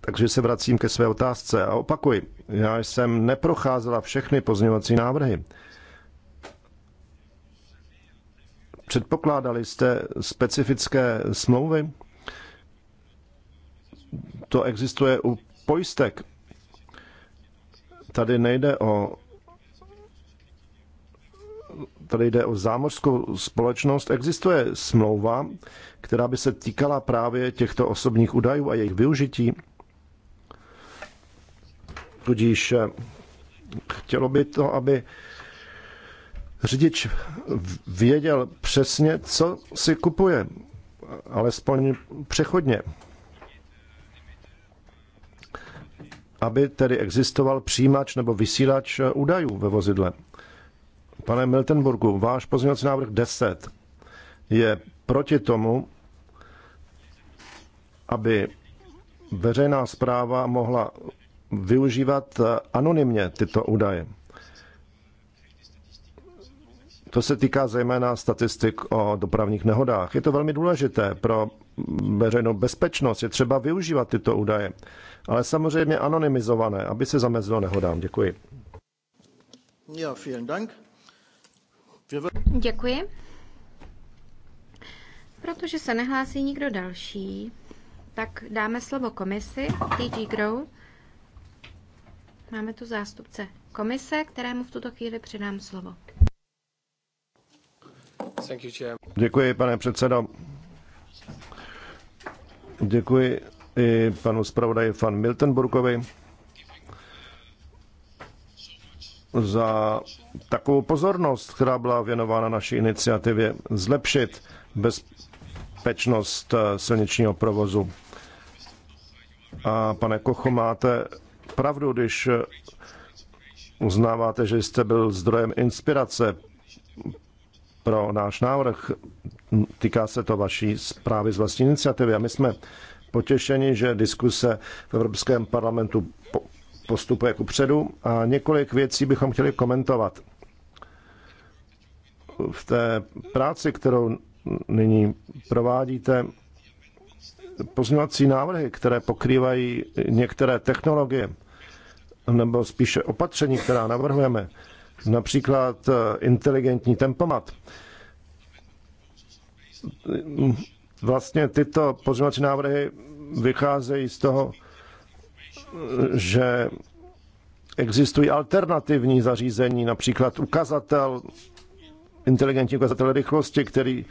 Takže se vracím ke své otázce a opakuji. Já jsem neprocházela všechny pozměňovací návrhy. Předpokládali jste specifické smlouvy? To existuje u pojistek. Tady nejde o tady jde o zámořskou společnost, existuje smlouva, která by se týkala právě těchto osobních údajů a jejich využití. Tudíž eh, chtělo by to, aby řidič věděl přesně, co si kupuje, alespoň přechodně. Aby tedy existoval přijímač nebo vysílač eh, údajů ve vozidle. Pane Miltenburgu, váš pozměňovací návrh 10 je proti tomu, aby veřejná zpráva mohla využívat eh, anonymně tyto údaje. To se týká zejména statistik o dopravních nehodách. Je to velmi důležité pro veřejnou bezpečnost. Je třeba využívat tyto údaje, ale samozřejmě anonymizované, aby se zamezilo nehodám. Děkuji. Ja, vielen Dank. Děkuji. Protože se nehlásí nikdo další, tak dáme slovo komisi TG Grow Máme tu zástupce komise, kterému v tuto chvíli předám slovo. Děkuji, pane předsedo. Děkuji i panu zpravodaji Fan Miltenburgovi za takovou pozornost, která byla věnována naší iniciativě zlepšit bezpečnost silničního provozu. A pane Kocho, máte pravdu, když uznáváte, že jste byl zdrojem inspirace pro náš návrh. Týká se to vaší zprávy z vlastní iniciativy a my jsme potěšeni, že diskuse v Evropském parlamentu postupuje ku předu a několik věcí bychom chtěli komentovat. V té práci, kterou nyní provádíte, pozměňovací návrhy, které pokrývají některé technologie, nebo spíše opatření, která navrhujeme, například eh, inteligentní tempomat. Vlastně tyto pozměňovací návrhy vycházejí z toho, že existují alternativní zařízení, například ukazatel, inteligentní ukazatel rychlosti, který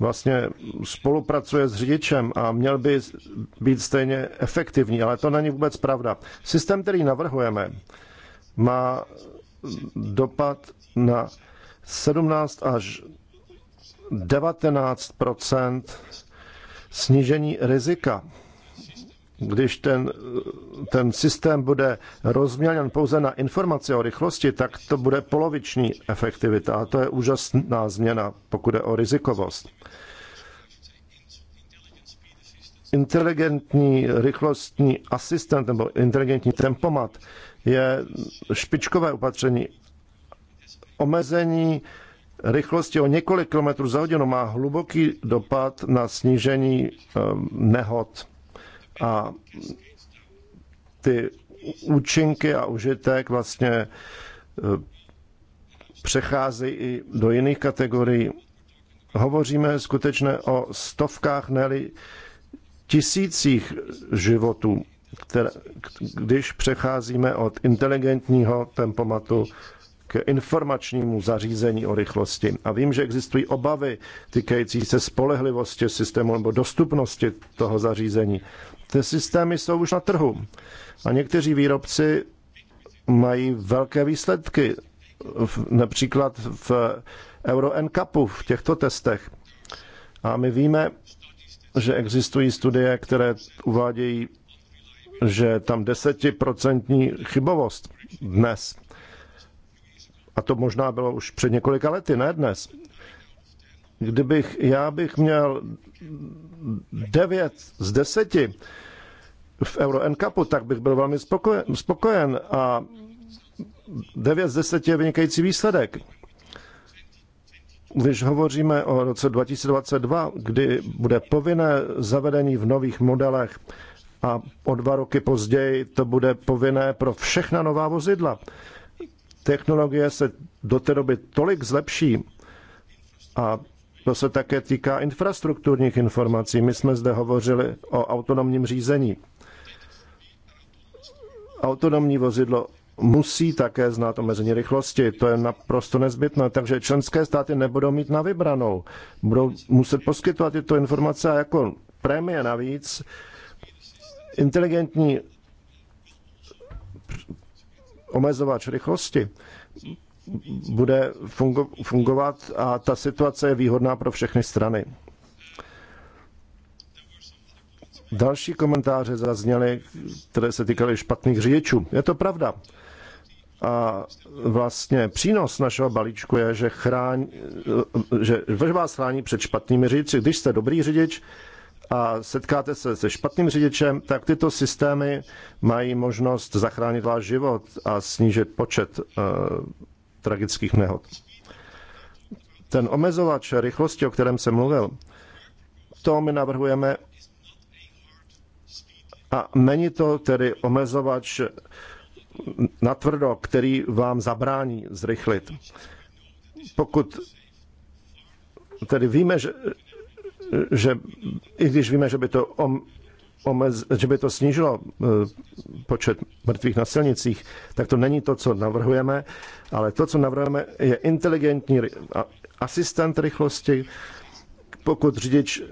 vlastně spolupracuje s řidičem a měl by být stejně efektivní, ale to není vůbec pravda. Systém, který navrhujeme, má dopad na 17 až 19 snížení rizika když ten, ten systém bude rozměněn pouze na informace o rychlosti, tak to bude poloviční efektivita. A to je úžasná změna, pokud je o rizikovost. Inteligentní rychlostní asistent nebo inteligentní tempomat je špičkové opatření. Omezení rychlosti o několik kilometrů za hodinu má hluboký dopad na snížení eh, nehod a ty účinky a užitek vlastně e, přecházejí i do jiných kategorií. Hovoříme skutečně o stovkách, ne tisících životů, které, když přecházíme od inteligentního tempomatu k informačnímu zařízení o rychlosti. A vím, že existují obavy týkající se spolehlivosti systému nebo dostupnosti toho zařízení. Ty systémy jsou už na trhu a někteří výrobci mají velké výsledky, například v Euro NCAPu v těchto testech. A my víme, že existují studie, které uvádějí, že tam desetiprocentní chybovost dnes. A to možná bylo už před několika lety, ne dnes kdybych já bych měl 9 z 10 v Euro NCAPu, tak bych byl velmi spokojen, spokojen a 9 z 10 je vynikající výsledek. Když hovoříme o roce 2022, kdy bude povinné zavedení v nových modelech a o dva roky později to bude povinné pro všechna nová vozidla. Technologie se do té doby tolik zlepší a to se také týká infrastrukturních informací. My jsme zde hovořili o autonomním řízení. Autonomní vozidlo musí také znát omezení rychlosti. To je naprosto nezbytné, takže členské státy nebudou mít na vybranou. Budou muset poskytovat tyto informace a jako prémie navíc inteligentní omezovač rychlosti bude fungo, fungovat a ta situace je výhodná pro všechny strany. Další komentáře zazněly, které se týkaly špatných řidičů. Je to pravda. A vlastně přínos našeho balíčku je, že, chrání, že vás chrání před špatnými řidiči. Když jste dobrý řidič a setkáte se se špatným řidičem, tak tyto systémy mají možnost zachránit váš život a snížit počet eh, tragických nehod. Ten omezovač rychlosti, o kterém jsem mluvil, to my navrhujeme a není to tedy omezovač natvrdo, který vám zabrání zrychlit. Pokud tedy víme, že, že i když víme, že by to omez, že by to snížilo eh, počet mrtvých na silnicích, tak to není to, co navrhujeme, ale to, co navrhujeme, je inteligentní asistent rychlosti. Pokud řidič,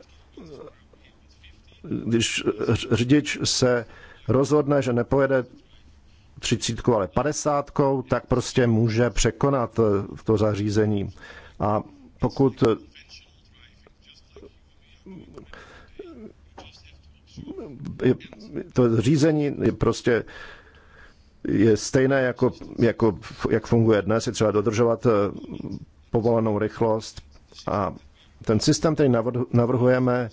když řidič se rozhodne, že nepojede třicítkou, ale padesátkou, tak prostě může překonat eh, to zařízení. A pokud to řízení je prostě je stejné, jako, jako jak funguje dnes, je třeba dodržovat eh, povolenou rychlost a ten systém, který navrhujeme,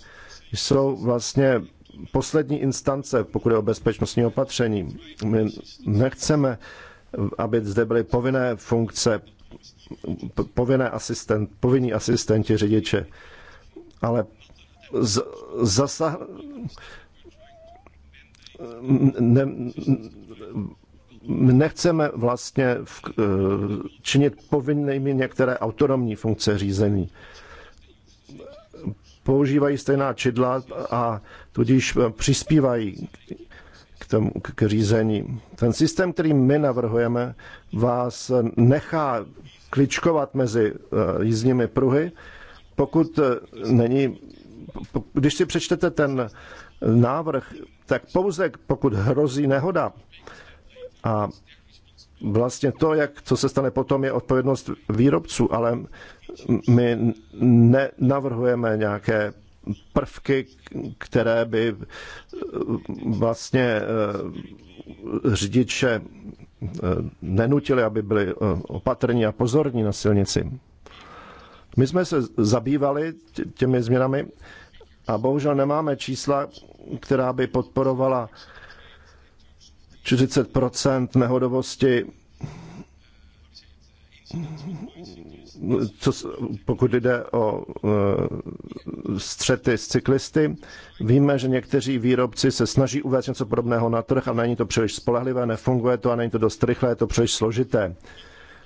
jsou vlastně poslední instance, pokud je o bezpečnostní opatření. My nechceme, aby zde byly povinné funkce, povinné asistent, povinní asistenti řidiče, ale z, ne, nechceme vlastně v, eh, činit povinnými některé autonomní funkce řízení. Používají stejná čidla a tudíž přispívají k, tomu, k řízení. Ten systém, který my navrhujeme, vás nechá kličkovat mezi eh, jízdními pruhy, pokud eh, není když si přečtete ten návrh, tak pouze pokud hrozí nehoda a vlastně to, jak, co se stane potom, je odpovědnost výrobců, ale my nenavrhujeme nějaké prvky, které by eh, vlastně eh, řidiče eh, nenutili, aby byli opatrní a pozorní na silnici. My jsme se zabývali těmi změnami a bohužel nemáme čísla, která by podporovala 40 nehodovosti, co, pokud jde o e, střety s cyklisty. Víme, že někteří výrobci se snaží uvést něco podobného na trh a není to příliš spolehlivé, nefunguje to a není to dost rychlé, je to příliš složité.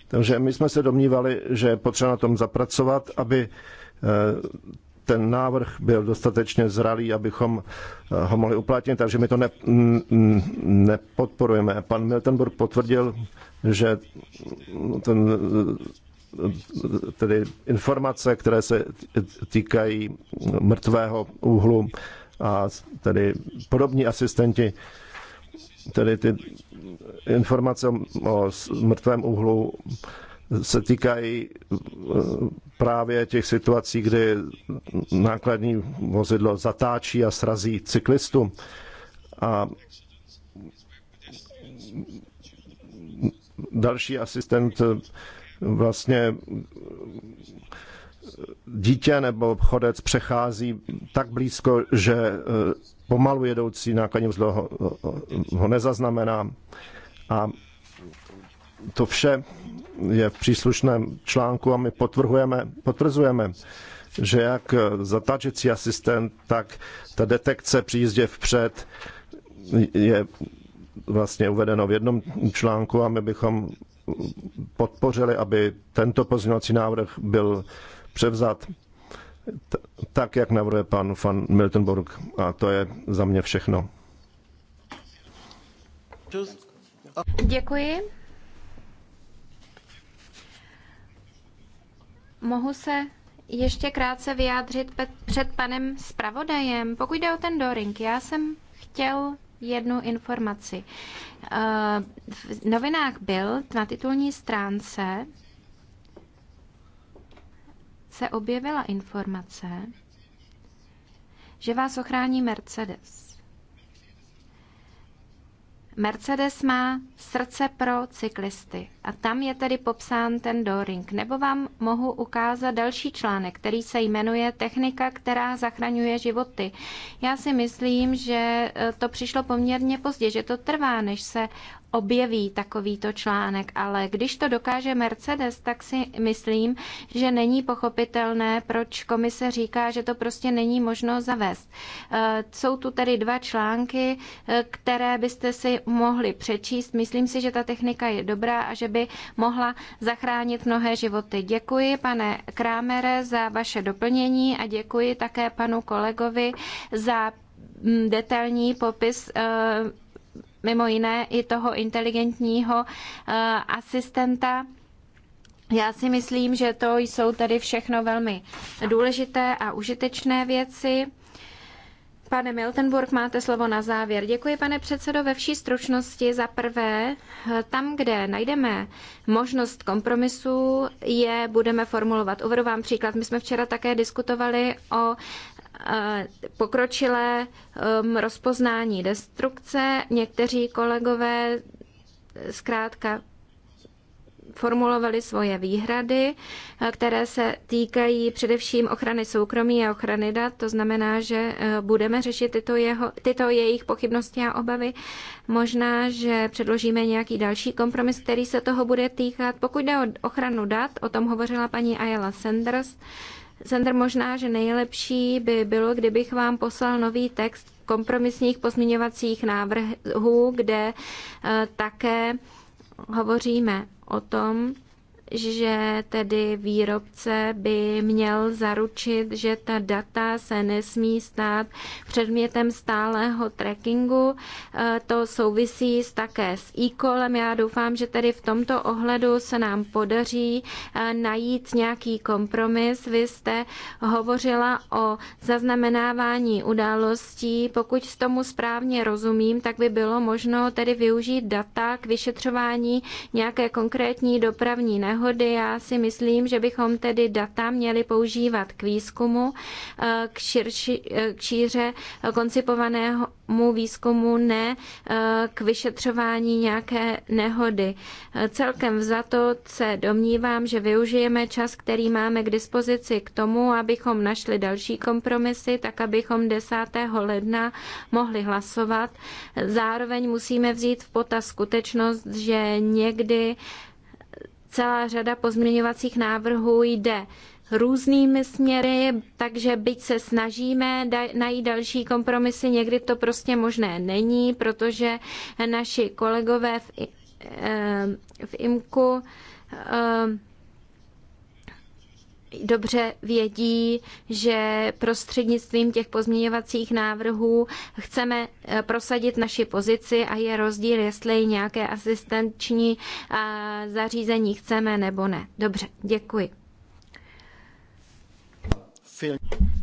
Takže my jsme se domnívali, že je potřeba na tom zapracovat, aby eh, ten návrh byl dostatečně zralý, abychom eh, ho mohli uplatnit, takže my to ne, nepodporujeme. Pan Miltenburg potvrdil, že ten, tedy informace, které se týkají mrtvého úhlu a tedy podobní asistenti tedy ty informace o mrtvém uhlu se týkají e, právě těch situací, kdy nákladní vozidlo zatáčí a srazí cyklistu. A další asistent e, vlastně dítě nebo chodec přechází tak blízko, že e, pomalu jedoucí nákladní vozidlo ho, ho nezaznamená. A to vše je v příslušném článku a my potvrzujeme, potvrzujeme že jak zatáčecí asistent, tak ta detekce při jízdě vpřed je vlastně uvedeno v jednom článku a my bychom podpořili, aby tento pozměňovací návrh byl převzat tak, jak navrhuje pan van Miltenburg. A to je za mě všechno. Děkuji. Mohu se ještě krátce vyjádřit před panem zpravodajem. Pokud jde o ten Doring, já jsem chtěl jednu informaci. Eh, v novinách byl na titulní stránce se objevila informace, že vás ochrání Mercedes. Mercedes má srdce pro cyklisty a tam je tedy popsán ten doring. Nebo vám mohu ukázat další článek, který se jmenuje Technika, která zachraňuje životy. Já si myslím, že eh, to přišlo poměrně pozdě, že to trvá, než se objeví takovýto článek, ale když to dokáže Mercedes, tak si myslím, že není pochopitelné, proč komise říká, že to prostě není možno zavést. Eh, jsou tu tedy dva články, eh, které byste si mohli přečíst. Myslím si, že ta technika je dobrá a že by mohla zachránit mnohé životy. Děkuji, pane Krámere, za vaše doplnění a děkuji také panu kolegovi za mm, detailní popis eh, mimo jiné i toho inteligentního eh, asistenta. Já si myslím, že to jsou tady všechno velmi důležité a užitečné věci. Pane Miltenburg, máte slovo na závěr. Děkuji, pane předsedo, ve vší stručnosti. Za prvé, tam, kde najdeme možnost kompromisu, je budeme formulovat. Uvedu vám příklad. My jsme včera také diskutovali o pokročilé um, rozpoznání destrukce. Někteří kolegové zkrátka formulovali svoje výhrady, eh, které se týkají především ochrany soukromí a ochrany dat. To znamená, že eh, budeme řešit tyto, jeho, tyto jejich pochybnosti a obavy. Možná, že předložíme nějaký další kompromis, který se toho bude týkat. Pokud jde o ochranu dat, o tom hovořila paní Ayala Sanders, Sandr, možná, že nejlepší by bylo, kdybych vám poslal nový text kompromisních pozměňovacích návrhů, kde eh, také hovoříme o tom, že tedy výrobce by měl zaručit, že ta data se nesmí stát předmětem stálého trackingu. E, to souvisí také s e-callem. Já doufám, že tedy v tomto ohledu se nám podaří e, najít nějaký kompromis. Vy jste hovořila o zaznamenávání událostí. Pokud tomu správně rozumím, tak by bylo možno tedy využít data k vyšetřování nějaké konkrétní dopravní nehody nehody. Já si myslím, že bychom tedy data měli používat k výzkumu, eh, k, širši, eh, k šíře koncipovaného mu výzkumu, ne eh, k vyšetřování nějaké nehody. Celkem za to se domnívám, že využijeme čas, který máme k dispozici k tomu, abychom našli další kompromisy, tak abychom 10. ledna mohli hlasovat. Zároveň musíme vzít v potaz skutečnost, že někdy celá řada pozměňovacích návrhů jde různými směry, takže byť se snažíme najít další kompromisy, někdy to prostě možné není, protože naši kolegové v, eh, v IMKU eh, dobře vědí, že prostřednictvím těch pozměňovacích návrhů chceme eh, prosadit naši pozici a je rozdíl, jestli nějaké asistenční eh, zařízení chceme nebo ne. Dobře, děkuji.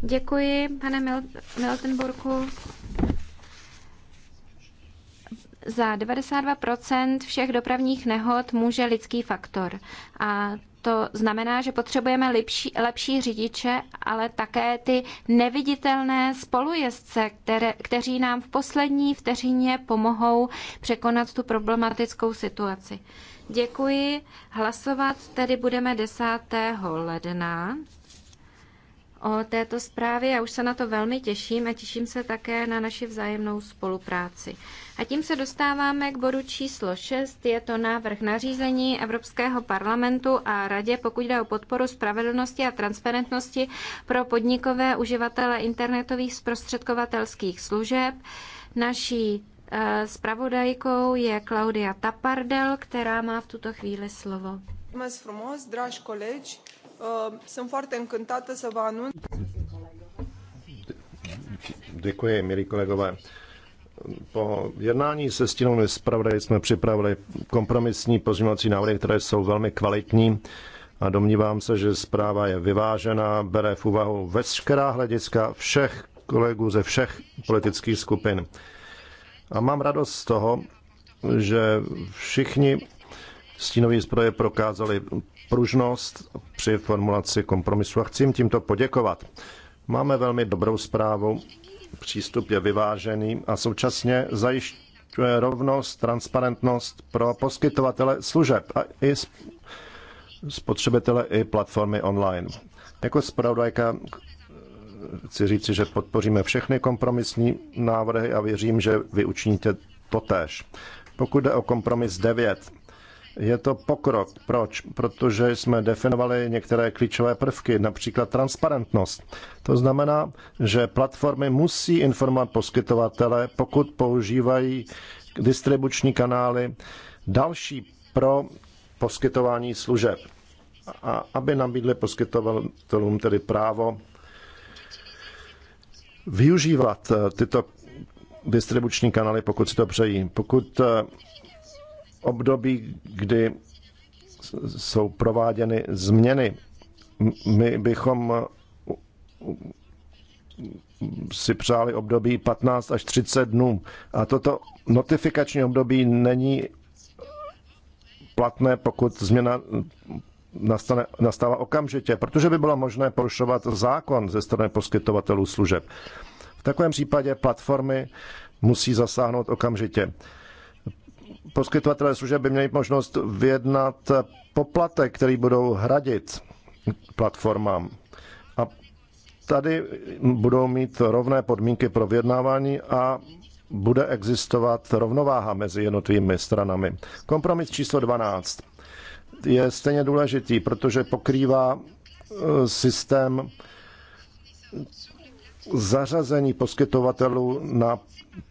Děkuji, pane Mil- Miltenburku. Za 92 všech dopravních nehod může lidský faktor. A to znamená, že potřebujeme lepší, lepší řidiče, ale také ty neviditelné spolujezdce, které, kteří nám v poslední vteřině pomohou překonat tu problematickou situaci. Děkuji. Hlasovat tedy budeme 10. ledna o této zprávě. Já už se na to velmi těším a těším se také na naši vzájemnou spolupráci. A tím se dostáváme k bodu číslo 6. Je to návrh nařízení Evropského parlamentu a radě, pokud jde o podporu spravedlnosti a transparentnosti pro podnikové uživatele internetových zprostředkovatelských služeb. Naší Spravodajkou eh, je Klaudia Tapardel, která má v tuto chvíli slovo. Eh, Děkuji, milí kolegové. Po jednání se stínou zpravodaji jsme připravili kompromisní pozměňovací návrhy, které jsou velmi kvalitní a domnívám se, že zpráva je vyvážená, bere v úvahu veškerá hlediska všech kolegů ze všech politických skupin. A mám radost z toho, že všichni stínoví zproje prokázali pružnost při formulaci kompromisu a chci jim tímto poděkovat. Máme velmi dobrou zprávu, přístup je vyvážený a současně zajišťuje rovnost, transparentnost pro poskytovatele služeb a i spotřebitele i platformy online. Jako zpravodajka chci říci, že podpoříme všechny kompromisní návrhy a věřím, že vy učiníte totéž. Pokud jde o kompromis 9, je to pokrok. Proč? Protože jsme definovali některé klíčové prvky, například transparentnost. To znamená, že platformy musí informovat poskytovatele, pokud používají distribuční kanály další pro poskytování služeb. A aby nabídli poskytovatelům tedy právo využívat eh, tyto distribuční kanály, pokud si to přejí. Pokud eh, období, kdy jsou prováděny změny. My bychom si přáli období 15 až 30 dnů. A toto notifikační období není platné, pokud změna nastane, nastává okamžitě, protože by bylo možné porušovat zákon ze strany poskytovatelů služeb. V takovém případě platformy musí zasáhnout okamžitě poskytovatelé služeb by měli možnost vyjednat poplatek, který budou hradit platformám. A tady budou mít rovné podmínky pro vyjednávání a bude existovat rovnováha mezi jednotlivými stranami. Kompromis číslo 12 je stejně důležitý, protože pokrývá e, systém zařazení poskytovatelů na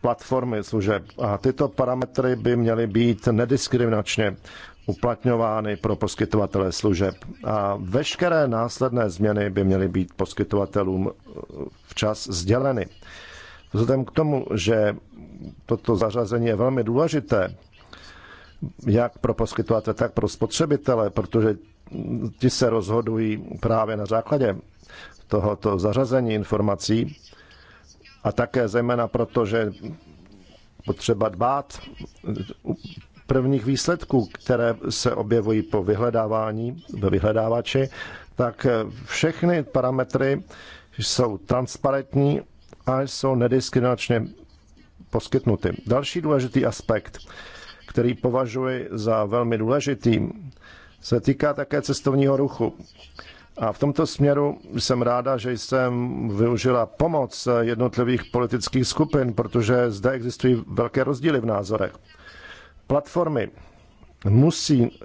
platformy služeb. A tyto parametry by měly být nediskriminačně uplatňovány pro poskytovatele služeb. A veškeré následné změny by měly být poskytovatelům eh, včas sděleny. Vzhledem k tomu, že toto zařazení je velmi důležité, jak pro poskytovatele, tak pro spotřebitele, protože ti se rozhodují právě na základě tohoto zařazení informací, a také zejména proto, že potřeba dbát prvních výsledků, které se objevují po vyhledávání ve vyhledávači, tak všechny parametry jsou transparentní a jsou nediskriminačně poskytnuty. Další důležitý aspekt, který považuji za velmi důležitý, se týká také cestovního ruchu. A v tomto směru jsem ráda, že jsem využila pomoc jednotlivých politických skupin, protože zde existují velké rozdíly v názorech. Platformy musí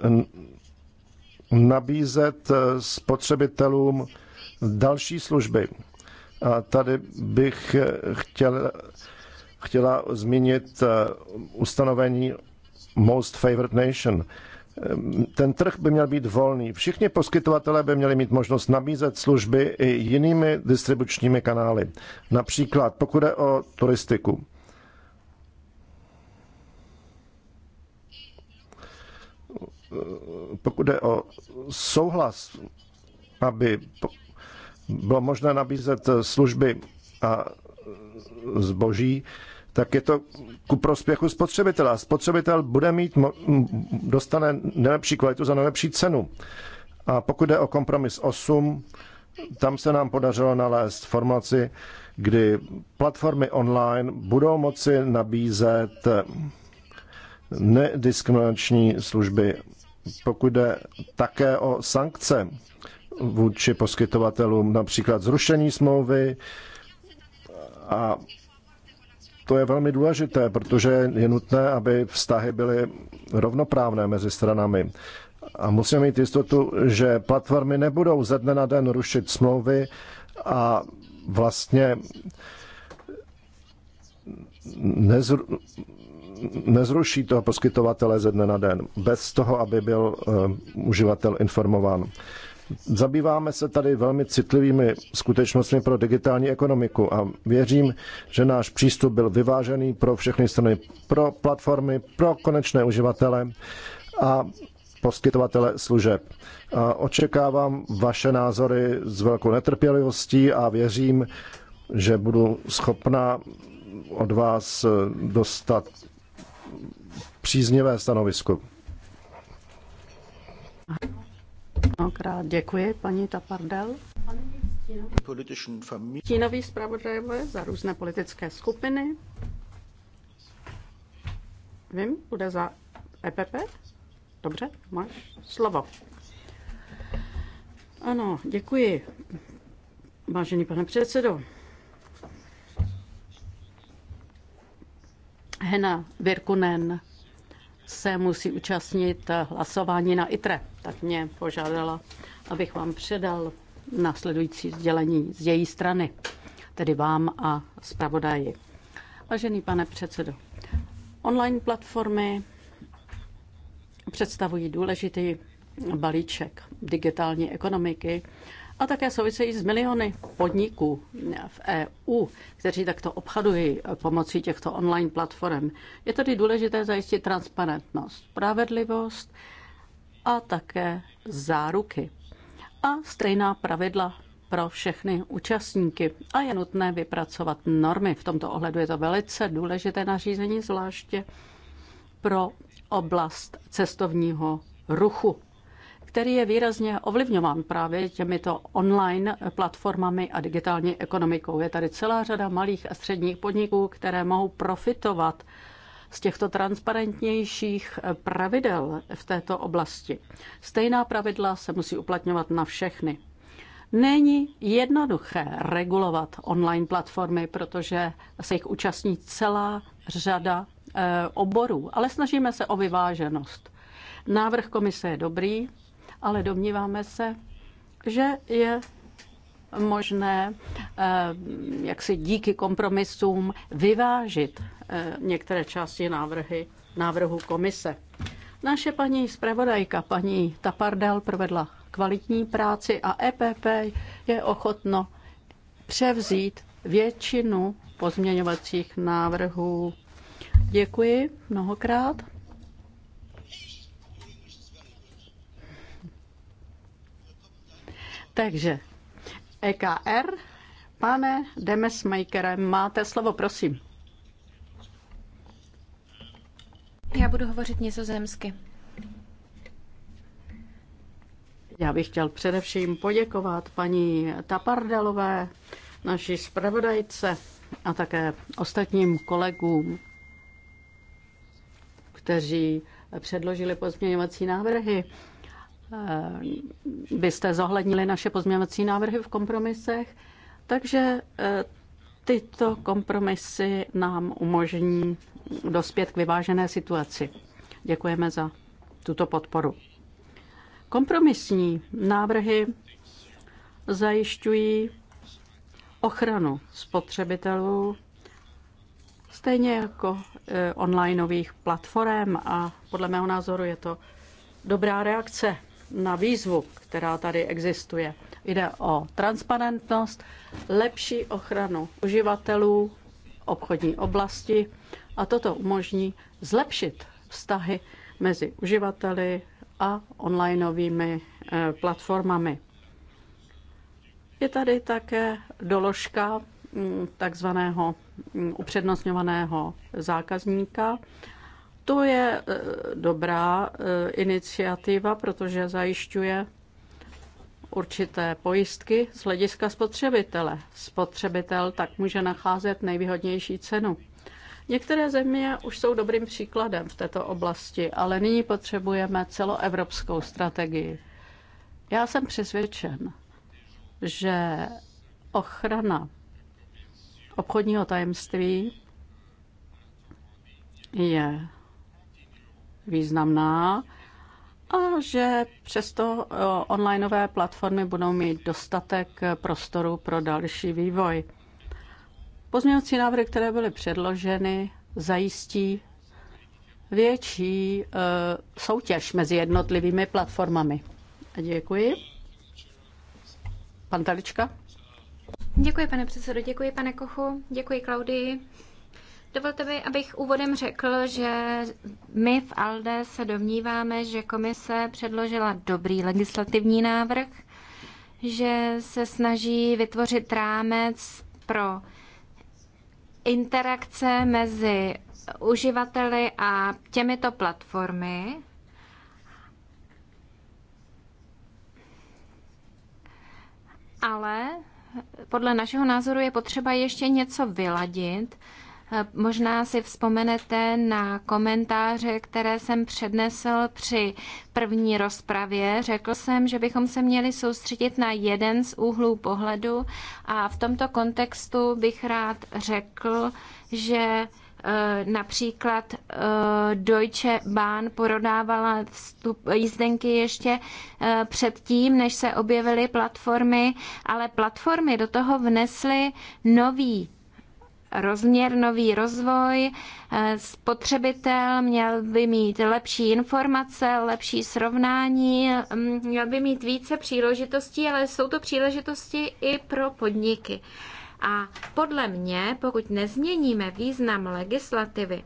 nabízet eh, spotřebitelům další služby. A tady bych eh, chtěl, chtěla zmínit eh, ustanovení Most Favored Nation, Ehm, ten trh by měl být volný. Všichni poskytovatelé by měli mít možnost nabízet služby i jinými distribučními kanály. Například pokud je o turistiku. Pokud je o souhlas, aby bylo možné nabízet eh, služby a eh, zboží, tak je to ku prospěchu spotřebitela. Spotřebitel bude mít, dostane nejlepší kvalitu za nejlepší cenu. A pokud jde o kompromis 8, tam se nám podařilo nalézt formaci, kdy platformy online budou moci nabízet nediskriminační služby, pokud jde také o sankce vůči poskytovatelům, například zrušení smlouvy a to je velmi důležité, protože je nutné, aby vztahy byly rovnoprávné mezi stranami. A musíme mít jistotu, že platformy nebudou ze dne na den rušit smlouvy a vlastně nezru, nezruší toho poskytovatele ze dne na den, bez toho, aby byl uh, uživatel informován. Zabýváme se tady velmi citlivými skutečnostmi pro digitální ekonomiku a věřím, že náš přístup byl vyvážený pro všechny strany, pro platformy, pro konečné uživatele a poskytovatele služeb. A očekávám vaše názory s velkou netrpělivostí a věřím, že budu schopna od vás dostat příznivé stanovisko. Mnohokrát děkuji, paní Tapardel. Tínoví zpravodajové za různé politické skupiny. Vím, bude za EPP? Dobře, máš slovo. Ano, děkuji. Vážený pane předsedo, Hena Virkunen se musí účastnit hlasování na ITRE, tak mě požádala, abych vám předal následující sdělení z její strany, tedy vám a zpravodaji. Vážený pane předsedo, online platformy představují důležitý balíček digitální ekonomiky, a také souvisejí s miliony podniků v EU, kteří takto obchodují pomocí těchto online platform. Je tedy důležité zajistit transparentnost, spravedlivost a také záruky. A stejná pravidla pro všechny účastníky. A je nutné vypracovat normy. V tomto ohledu je to velice důležité nařízení, zvláště pro oblast cestovního ruchu který je výrazně ovlivňován právě těmito online platformami a digitální ekonomikou. Je tady celá řada malých a středních podniků, které mohou profitovat z těchto transparentnějších pravidel v této oblasti. Stejná pravidla se musí uplatňovat na všechny. Není jednoduché regulovat online platformy, protože se jich účastní celá řada eh, oborů, ale snažíme se o vyváženost. Návrh komise je dobrý, ale domníváme se, že je možné eh, jak si díky kompromisům vyvážit eh, některé části návrhy, návrhu komise. Naše paní zpravodajka, paní Tapardel, provedla kvalitní práci a EPP je ochotno převzít většinu pozměňovacích návrhů. Děkuji mnohokrát. Takže EKR, pane Demesmakere, máte slovo, prosím. Já budu hovořit nizozemsky. Já bych chtěl především poděkovat paní Tapardelové, naší zpravodajce a také ostatním kolegům, kteří předložili pozměňovací návrhy. Eh, byste zohlednili naše pozměňovací návrhy v kompromisech, takže eh, tyto kompromisy nám umožní dospět k vyvážené situaci. Děkujeme za tuto podporu. Kompromisní návrhy zajišťují ochranu spotřebitelů, stejně jako eh, onlineových platform a podle mého názoru je to dobrá reakce na výzvu, která tady existuje. Jde o transparentnost, lepší ochranu uživatelů, obchodní oblasti a toto umožní zlepšit vztahy mezi uživateli a onlineovými eh, platformami. Je tady také doložka mm, takzvaného mm, upřednostňovaného zákazníka to je e, dobrá e, iniciativa, protože zajišťuje určité pojistky z hlediska spotřebitele. Spotřebitel tak může nacházet nejvýhodnější cenu. Některé země už jsou dobrým příkladem v této oblasti, ale nyní potřebujeme celoevropskou strategii. Já jsem přesvědčen, že ochrana obchodního tajemství je významná a že přesto eh, onlineové platformy budou mít dostatek eh, prostoru pro další vývoj. Pozměňovací návrhy, které byly předloženy, zajistí větší eh, soutěž mezi jednotlivými platformami. děkuji. Pan Talička. Děkuji, pane předsedo, děkuji, pane Kochu, děkuji, Klaudii. Dovolte mi, abych úvodem řekl, že my v ALDE se domníváme, že komise předložila dobrý legislativní návrh, že se snaží vytvořit rámec pro interakce mezi uživateli a těmito platformy. Ale podle našeho názoru je potřeba ještě něco vyladit, Možná si vzpomenete na komentáře, které jsem přednesl při první rozpravě. Řekl jsem, že bychom se měli soustředit na jeden z úhlů pohledu a v tomto kontextu bych rád řekl, že e, například e, Deutsche Bahn porodávala vstup, jízdenky ještě e, předtím, než se objevily platformy, ale platformy do toho vnesly nový rozměr, nový rozvoj. Eh, spotřebitel měl by mít lepší informace, lepší srovnání, mm, měl by mít více příležitostí, ale jsou to příležitosti i pro podniky. A podle mě, pokud nezměníme význam legislativy,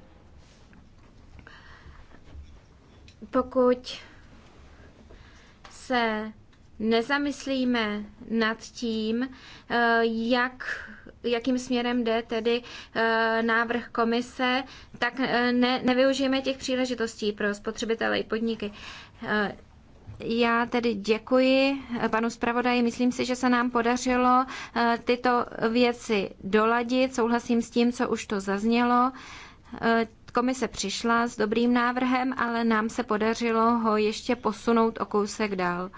pokud se nezamyslíme nad tím, eh, jak jakým směrem jde tedy eh, návrh komise, tak eh, ne, nevyužijeme těch příležitostí pro spotřebitele i podniky. Eh, já tedy děkuji panu zpravodaji. Myslím si, že se nám podařilo tyto věci doladit. Souhlasím s tím, co už to zaznělo. Komise přišla s dobrým návrhem, ale nám se podařilo ho ještě posunout o kousek dál.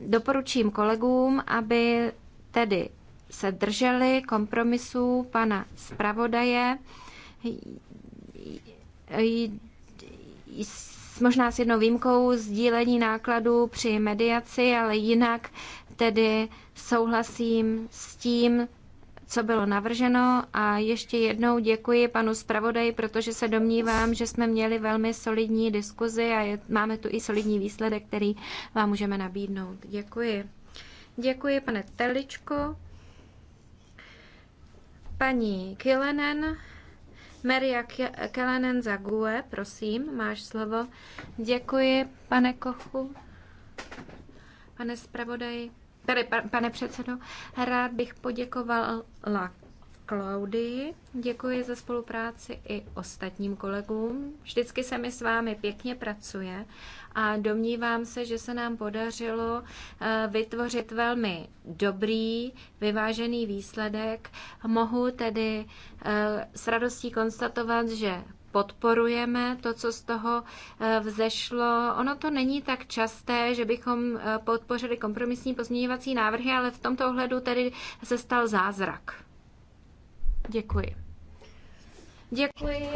Doporučím kolegům, aby tedy se drželi kompromisů pana zpravodaje. Možná s jednou výjimkou sdílení nákladů při mediaci, ale jinak tedy souhlasím s tím, co bylo navrženo a ještě jednou děkuji panu zpravodaji, protože se domnívám, že jsme měli velmi solidní diskuzi a je, máme tu i solidní výsledek, který vám můžeme nabídnout. Děkuji. Děkuji, pane Teličko. Paní Kilenen, Maria Kilenen za GUE, prosím, máš slovo. Děkuji, pane Kochu, pane zpravodaji, tady pane předsedo. Rád bych poděkovala Klaudii, děkuji za spolupráci i ostatním kolegům. Vždycky se mi s vámi pěkně pracuje a domnívám se, že se nám podařilo eh, vytvořit velmi dobrý, vyvážený výsledek. Mohu tedy eh, s radostí konstatovat, že podporujeme to, co z toho eh, vzešlo. Ono to není tak časté, že bychom podpořili kompromisní pozměňovací návrhy, ale v tomto ohledu tedy se stal zázrak. Děkuji. Děkuji.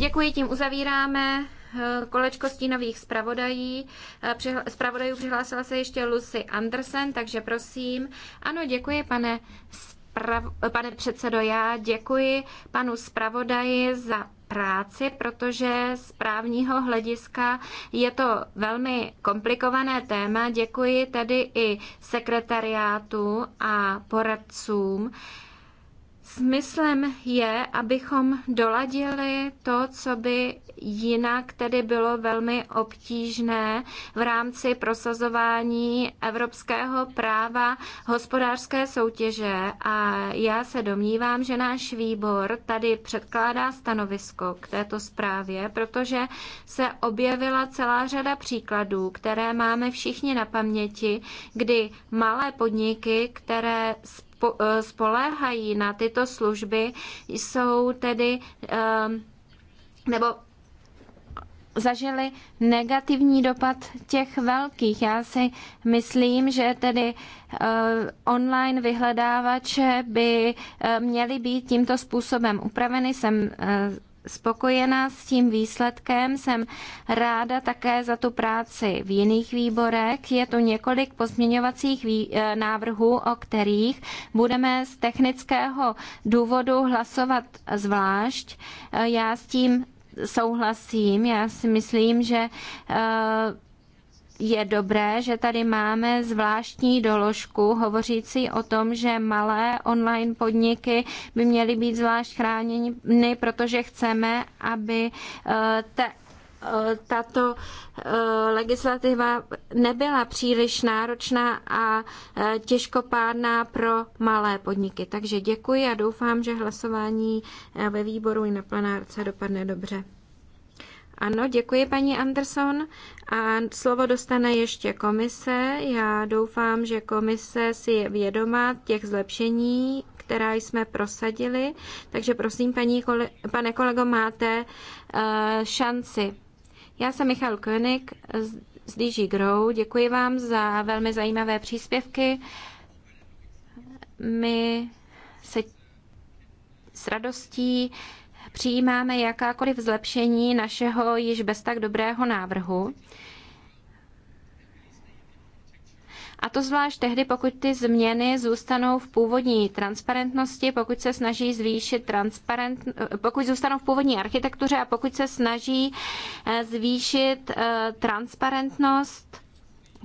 Děkuji, tím uzavíráme eh, kolečko stínových zpravodají. Eh, zpravodajů přihlásila se ještě Lucy Andersen, takže prosím. Ano, děkuji, pane eh, Pane předsedo, já děkuji panu zpravodaji za práci, protože z právního hlediska je to velmi komplikované téma. Děkuji tedy i sekretariátu a poradcům smyslem je, abychom doladili to, co by jinak tedy bylo velmi obtížné v rámci prosazování evropského práva hospodářské soutěže. A já se domnívám, že náš výbor tady předkládá stanovisko k této zprávě, protože se objevila celá řada příkladů, které máme všichni na paměti, kdy malé podniky, které Eh, spoléhají na tyto služby, jsou tedy eh, nebo zažili negativní dopad těch velkých. Já si myslím, že tedy eh, online vyhledávače by měly být tímto způsobem upraveny. Jsem spokojená s tím výsledkem. Jsem ráda také za tu práci v jiných výborech. Je tu několik pozměňovacích eh, návrhů, o kterých budeme z technického důvodu hlasovat zvlášť. Eh, já s tím souhlasím. Já si myslím, že eh, je dobré, že tady máme zvláštní doložku hovořící o tom, že malé online podniky by měly být zvlášť chráněny, protože chceme, aby eh, ta, eh, tato eh, legislativa nebyla příliš náročná a těžkopádná pro malé podniky. Takže děkuji a doufám, že hlasování ve výboru i na plenárce dopadne dobře. Ano, děkuji paní Anderson. A slovo dostane ještě komise. Já doufám, že komise si je vědomá těch zlepšení, která jsme prosadili. Takže prosím, paní kole, pane kolego, máte uh, šanci. Já jsem Michal Koenig z, z DG Grow. Děkuji vám za velmi zajímavé příspěvky. My se s radostí přijímáme jakákoliv zlepšení našeho již bez tak dobrého návrhu. A to zvlášť tehdy, pokud ty změny zůstanou v původní transparentnosti, pokud se snaží zvýšit transparent, pokud zůstanou v původní architektuře a pokud se snaží eh, zvýšit eh, transparentnost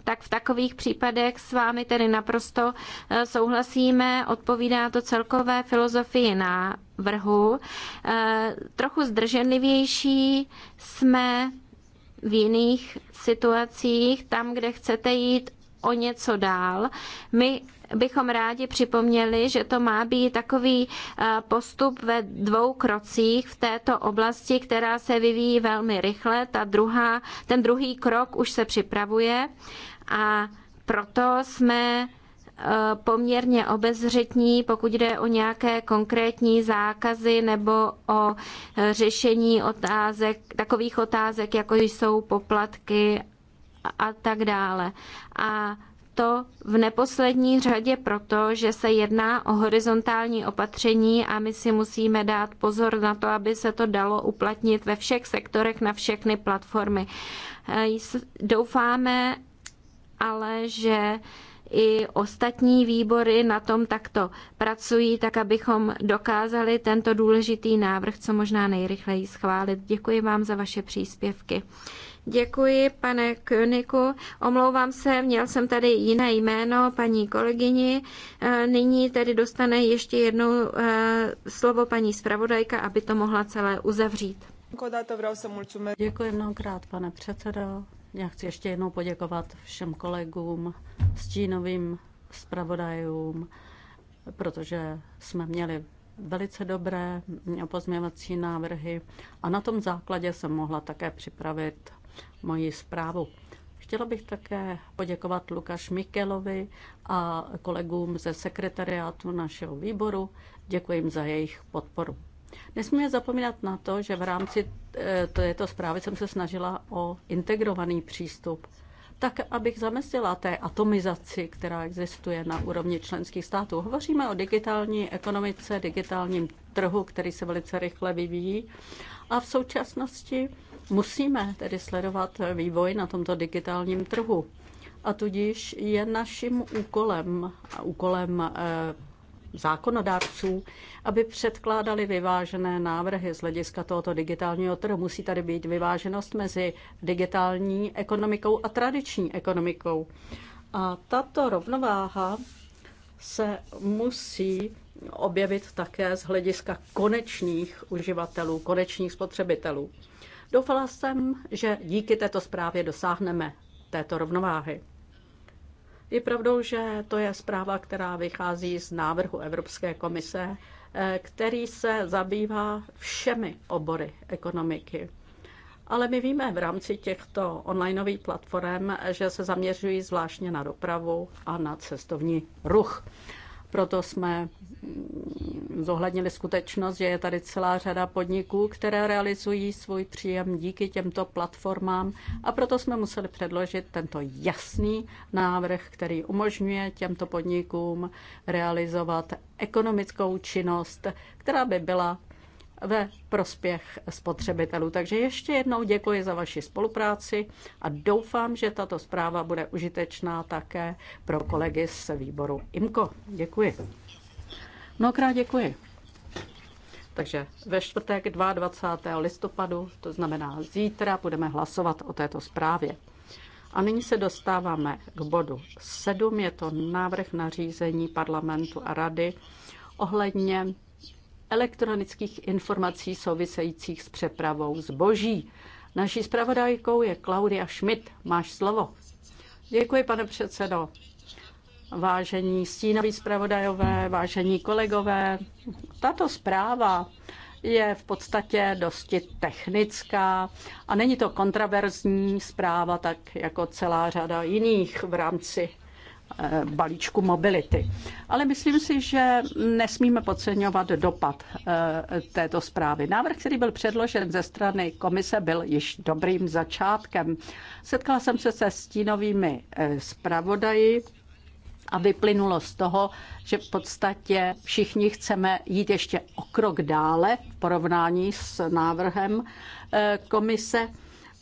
tak v takových případech s vámi tedy naprosto eh, souhlasíme, odpovídá to celkové filozofii na vrhu. Eh, trochu zdrženlivější jsme v jiných situacích, tam, kde chcete jít o něco dál. My bychom rádi připomněli, že to má být takový eh, postup ve dvou krocích v této oblasti, která se vyvíjí velmi rychle. Ta druhá, ten druhý krok už se připravuje a proto jsme e, poměrně obezřetní, pokud jde o nějaké konkrétní zákazy nebo o e, řešení otázek, takových otázek, jako jsou poplatky a tak dále. A to v neposlední řadě proto, že se jedná o horizontální opatření a my si musíme dát pozor na to, aby se to dalo uplatnit ve všech sektorech na všechny platformy. E, doufáme, ale že i ostatní výbory na tom takto pracují, tak abychom dokázali tento důležitý návrh co možná nejrychleji schválit. Děkuji vám za vaše příspěvky. Děkuji, pane Köniku. Omlouvám se, měl jsem tady jiné jméno, paní kolegyni. E, nyní tedy dostane ještě jednou e, slovo paní zpravodajka, aby to mohla celé uzavřít. Děkuji mnohokrát, pane předsedo. Já chci ještě jednou poděkovat všem kolegům, stínovým zpravodajům, protože jsme měli velice dobré pozměvací návrhy a na tom základě jsem mohla také připravit moji zprávu. Chtěla bych také poděkovat Lukáš Mikelovi a kolegům ze sekretariátu našeho výboru. Děkuji jim za jejich podporu. Nesmíme zapomínat na to, že v rámci této eh, zprávy jsem se snažila o integrovaný přístup, tak abych zamestila té atomizaci, která existuje na úrovni členských států. Hovoříme o digitální ekonomice, digitálním trhu, který se velice rychle vyvíjí a v současnosti musíme tedy sledovat vývoj na tomto digitálním trhu. A tudíž je naším úkolem, úkolem eh, zákonodárců, aby předkládali vyvážené návrhy z hlediska tohoto digitálního trhu. Musí tady být vyváženost mezi digitální ekonomikou a tradiční ekonomikou. A tato rovnováha se musí objevit také z hlediska konečných uživatelů, konečných spotřebitelů. Doufala jsem, že díky této zprávě dosáhneme této rovnováhy. Je pravdou, že to je zpráva, která vychází z návrhu Evropské komise, eh, který se zabývá všemi obory ekonomiky. Ale my víme v rámci těchto onlineových platform, že se zaměřují zvláštně na dopravu a na cestovní ruch. Proto jsme mm, zohlednili skutečnost, že je tady celá řada podniků, které realizují svůj příjem díky těmto platformám a proto jsme museli předložit tento jasný návrh, který umožňuje těmto podnikům realizovat ekonomickou činnost, která by byla ve prospěch spotřebitelů. Takže ještě jednou děkuji za vaši spolupráci a doufám, že tato zpráva bude užitečná také pro kolegy z výboru IMKO. Děkuji. Mnohokrát děkuji. Takže ve čtvrtek 22. listopadu, to znamená zítra, budeme hlasovat o této zprávě. A nyní se dostáváme k bodu 7, je to návrh na řízení parlamentu a rady ohledně elektronických informací souvisejících s přepravou zboží. Naší zpravodajkou je Klaudia Schmidt. Máš slovo. Děkuji, pane předsedo. Vážení stínoví zpravodajové, vážení kolegové, tato zpráva je v podstatě dosti technická a není to kontraverzní zpráva, tak jako celá řada jiných v rámci Eh, balíčku mobility. Ale myslím si, že nesmíme podceňovat dopad eh, této zprávy. Návrh, který byl předložen ze strany komise, byl již dobrým začátkem. Setkala jsem se se stínovými eh, zpravodaji a vyplynulo z toho, že v podstatě všichni chceme jít ještě o krok dále v porovnání s návrhem komise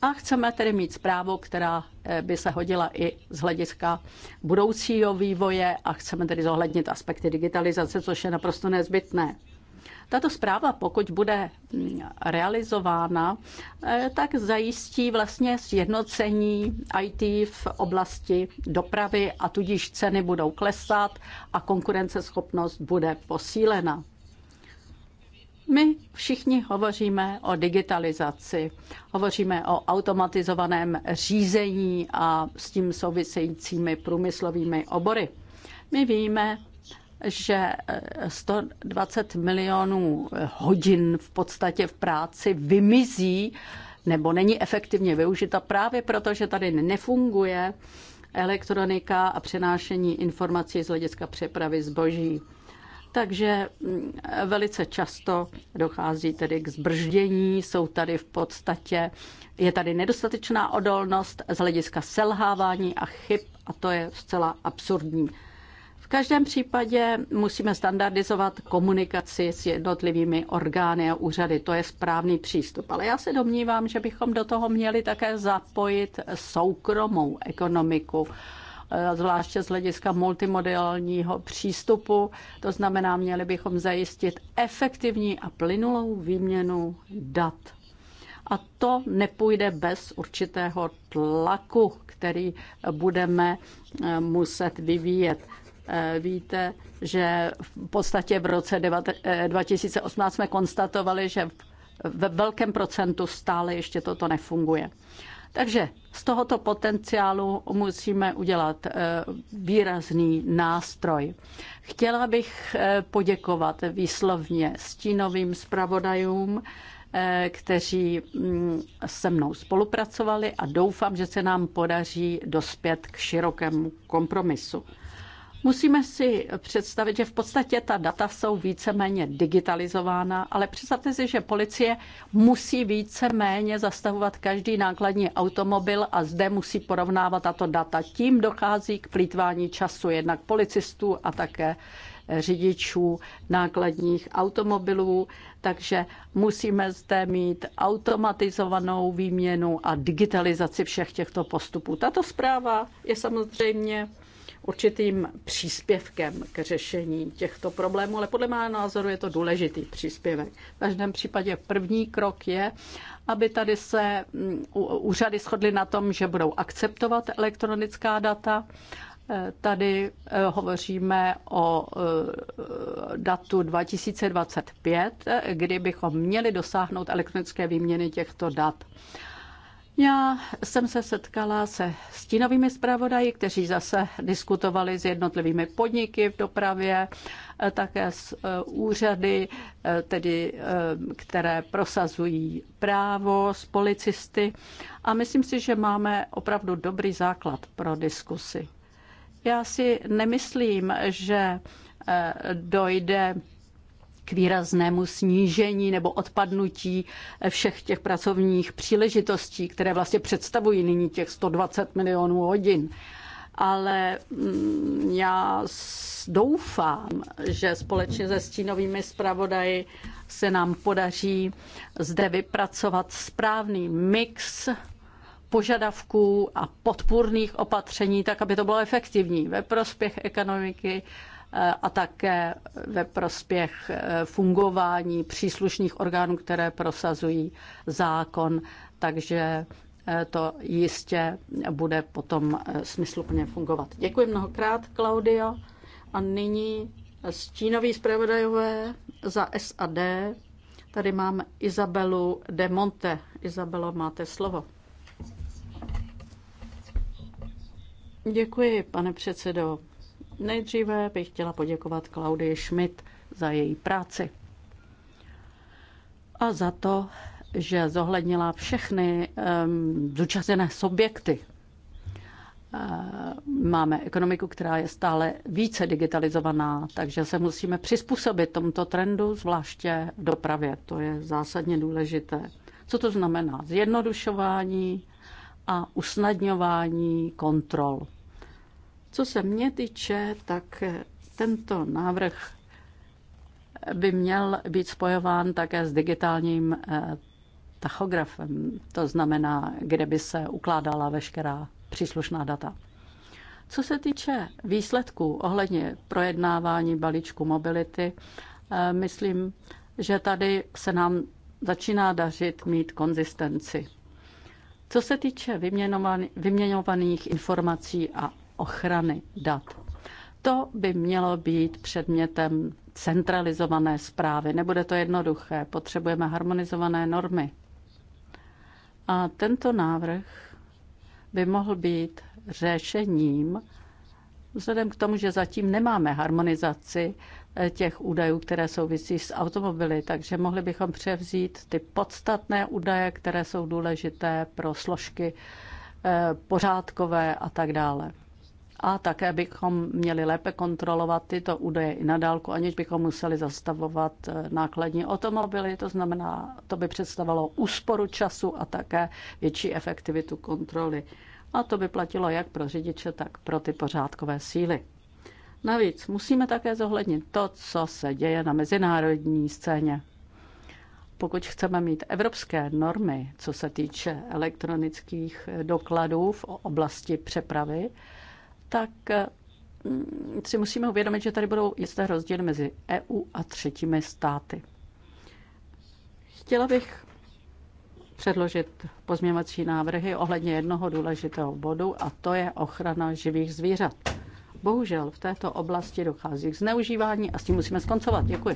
a chceme tedy mít zprávu, která eh, by se hodila i z hlediska budoucího vývoje a chceme tedy zohlednit aspekty digitalizace, což je naprosto nezbytné. Tato zpráva, pokud bude mm, realizována, eh, tak zajistí vlastně sjednocení IT v oblasti dopravy a tudíž ceny budou klesat a konkurenceschopnost bude posílena. My všichni hovoříme o digitalizaci, hovoříme o automatizovaném řízení a s tím souvisejícími průmyslovými obory. My víme, že 120 eh, milionů eh, hodin v podstatě v práci vymizí nebo není efektivně využita právě proto, že tady nefunguje elektronika a přenášení informací z hlediska přepravy zboží takže mm, velice často dochází tedy k zbrždění, jsou tady v podstatě, je tady nedostatečná odolnost z hlediska selhávání a chyb a to je zcela absurdní. V každém případě musíme standardizovat komunikaci s jednotlivými orgány a úřady. To je správný přístup. Ale já se domnívám, že bychom do toho měli také zapojit soukromou ekonomiku Eh, zvláště z hlediska multimodálního přístupu. To znamená, měli bychom zajistit efektivní a plynulou výměnu dat. A to nepůjde bez určitého tlaku, který budeme eh, muset vyvíjet. Eh, víte, že v podstatě v roce 2018 jsme konstatovali, že ve velkém procentu stále ještě toto nefunguje. Takže z tohoto potenciálu musíme udělat eh, výrazný nástroj. Chtěla bych eh, poděkovat výslovně stínovým zpravodajům, eh, kteří mm, se mnou spolupracovali a doufám, že se nám podaří dospět k širokému kompromisu. Musíme si představit, že v podstatě ta data jsou víceméně digitalizována, ale představte si, že policie musí víceméně zastavovat každý nákladní automobil a zde musí porovnávat tato data. Tím dochází k plítvání času jednak policistů a také eh, řidičů nákladních automobilů, takže musíme zde mít automatizovanou výměnu a digitalizaci všech těchto postupů. Tato zpráva je samozřejmě určitým příspěvkem k řešení těchto problémů, ale podle mého názoru je to důležitý příspěvek. V každém případě první krok je, aby tady se mm, úřady shodly na tom, že budou akceptovat elektronická data. Eh, tady eh, hovoříme o eh, datu 2025, kdy bychom měli dosáhnout elektronické výměny těchto dat. Já jsem se setkala se stínovými zpravodaji, kteří zase diskutovali s jednotlivými podniky v dopravě, e, také s e, úřady, e, tedy, které prosazují právo, s policisty. A myslím si, že máme opravdu dobrý základ pro diskusy. Já si nemyslím, že dojde k výraznému snížení nebo odpadnutí všech těch pracovních příležitostí, které vlastně představují nyní těch 120 milionů hodin. Ale mm, já doufám, že společně se stínovými zpravodaji se nám podaří zde vypracovat správný mix požadavků a podpůrných opatření, tak aby to bylo efektivní ve prospěch ekonomiky a také ve prospěch eh, fungování příslušných orgánů, které prosazují zákon. Takže eh, to jistě bude potom eh, smysluplně fungovat. Děkuji mnohokrát, Claudio. A nyní stínový zpravodajové za SAD. Tady mám Izabelu de Monte. Izabelo, máte slovo. Děkuji, pane předsedo. Nejdříve bych chtěla poděkovat Klaudii Schmidt za její práci a za to, že zohlednila všechny um, zúčastněné subjekty. Eh, máme ekonomiku, která je stále více digitalizovaná, takže se musíme přizpůsobit tomuto trendu, zvláště v dopravě. To je zásadně důležité. Co to znamená? Zjednodušování a usnadňování kontrol. Co se mě týče, tak tento návrh by měl být spojován také s digitálním eh, tachografem, to znamená, kde by se ukládala veškerá příslušná data. Co se týče výsledků ohledně projednávání balíčku mobility, eh, myslím, že tady se nám začíná dařit mít konzistenci. Co se týče vyměňovaných informací a ochrany dat. To by mělo být předmětem centralizované zprávy. Nebude to jednoduché, potřebujeme harmonizované normy. A tento návrh by mohl být řešením, vzhledem k tomu, že zatím nemáme harmonizaci eh, těch údajů, které souvisí s automobily, takže mohli bychom převzít ty podstatné údaje, které jsou důležité pro složky eh, pořádkové a tak dále a také bychom měli lépe kontrolovat tyto údaje i nadálku, aniž bychom museli zastavovat eh, nákladní automobily. To znamená, to by představovalo úsporu času a také větší efektivitu kontroly. A to by platilo jak pro řidiče, tak pro ty pořádkové síly. Navíc musíme také zohlednit to, co se děje na mezinárodní scéně. Pokud chceme mít evropské normy, co se týče elektronických dokladů v oblasti přepravy, tak eh, mm, si musíme uvědomit, že tady budou jisté rozdíly mezi EU a třetími státy. Chtěla bych předložit pozměňovací návrhy ohledně jednoho důležitého bodu a to je ochrana živých zvířat. Bohužel v této oblasti dochází k zneužívání a s tím musíme skoncovat. Děkuji.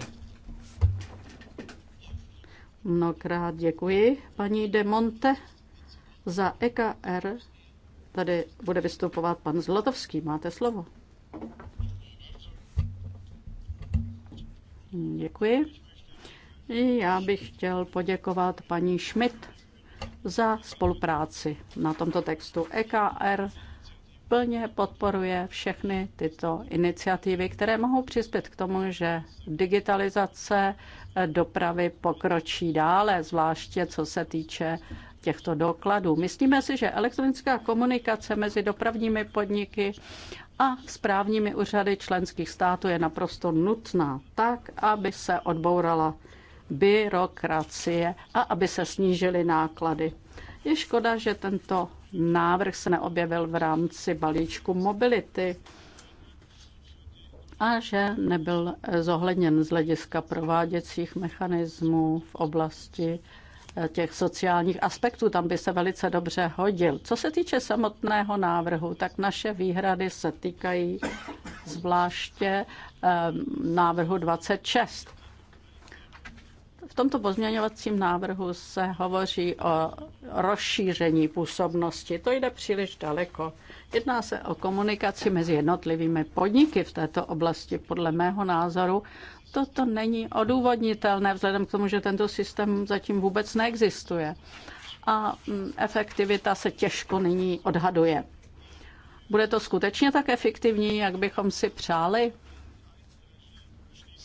Mnohokrát děkuji paní De Monte za EKR Tady bude vystupovat pan Zlatovský. Máte slovo. Děkuji. Já bych chtěl poděkovat paní Schmidt za spolupráci na tomto textu. EKR plně podporuje všechny tyto iniciativy, které mohou přispět k tomu, že digitalizace dopravy pokročí dále, zvláště co se týče těchto dokladů. Myslíme si, že elektronická komunikace mezi dopravními podniky a správními úřady členských států je naprosto nutná, tak, aby se odbourala byrokracie a aby se snížily náklady. Je škoda, že tento návrh se neobjevil v rámci balíčku mobility a že nebyl zohledněn z hlediska prováděcích mechanismů v oblasti těch sociálních aspektů, tam by se velice dobře hodil. Co se týče samotného návrhu, tak naše výhrady se týkají zvláště eh, návrhu 26. V tomto pozměňovacím návrhu se hovoří o rozšíření působnosti. To jde příliš daleko. Jedná se o komunikaci mezi jednotlivými podniky v této oblasti. Podle mého názoru toto není odůvodnitelné, vzhledem k tomu, že tento systém zatím vůbec neexistuje. A mm, efektivita se těžko nyní odhaduje. Bude to skutečně tak efektivní, jak bychom si přáli?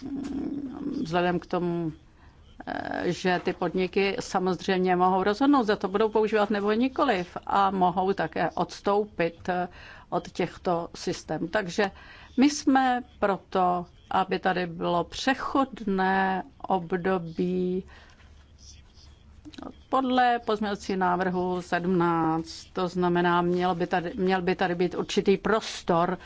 Mm, vzhledem k tomu, že ty podniky samozřejmě mohou rozhodnout, za to budou používat nebo nikoliv a mohou také odstoupit eh, od těchto systémů. Takže my jsme proto, aby tady bylo přechodné období podle pozměňovací návrhu 17, to znamená, měl by, tady, měl by tady být určitý prostor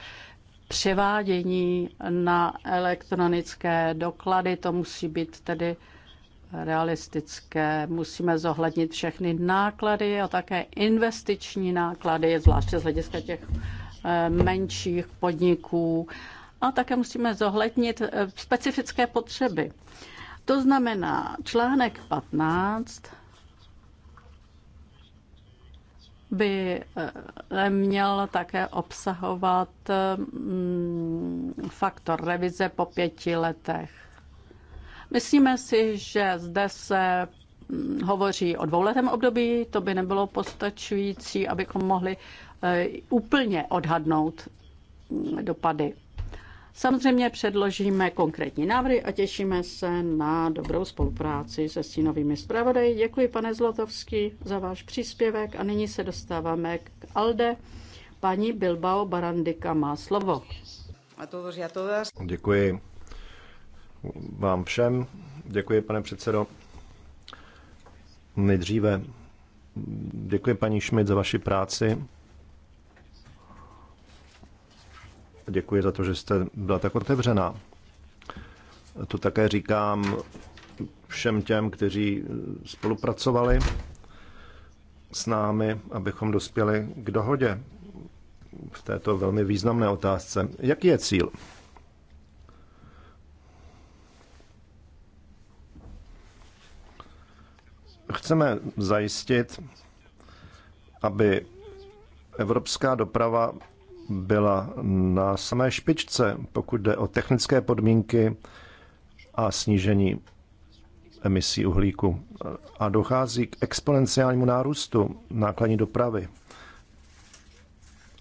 převádění na elektronické doklady. To musí být tedy realistické. Musíme zohlednit všechny náklady a také investiční náklady, zvláště z hlediska těch eh, menších podniků. A také musíme zohlednit eh, specifické potřeby. To znamená, článek 15 by eh, měl také obsahovat mm, faktor revize po pěti letech. Myslíme si, že zde se mm, hovoří o dvouletém období, to by nebylo postačující, abychom mohli eh, úplně odhadnout mm, dopady. Samozřejmě předložíme konkrétní návrhy a těšíme se na dobrou spolupráci se stínovými zpravodaji. Děkuji, pane Zlotovský, za váš příspěvek a nyní se dostáváme k ALDE. Paní Bilbao Barandika má slovo. Děkuji vám všem. Děkuji, pane předsedo. Nejdříve děkuji paní Šmit za vaši práci. Děkuji za to, že jste byla tak otevřená. To také říkám všem těm, kteří spolupracovali s námi, abychom dospěli k dohodě v této velmi významné otázce. Jaký je cíl? Chceme zajistit, aby evropská doprava byla na samé špičce, pokud jde o technické podmínky a snížení emisí uhlíku. A dochází k exponenciálnímu nárůstu nákladní dopravy.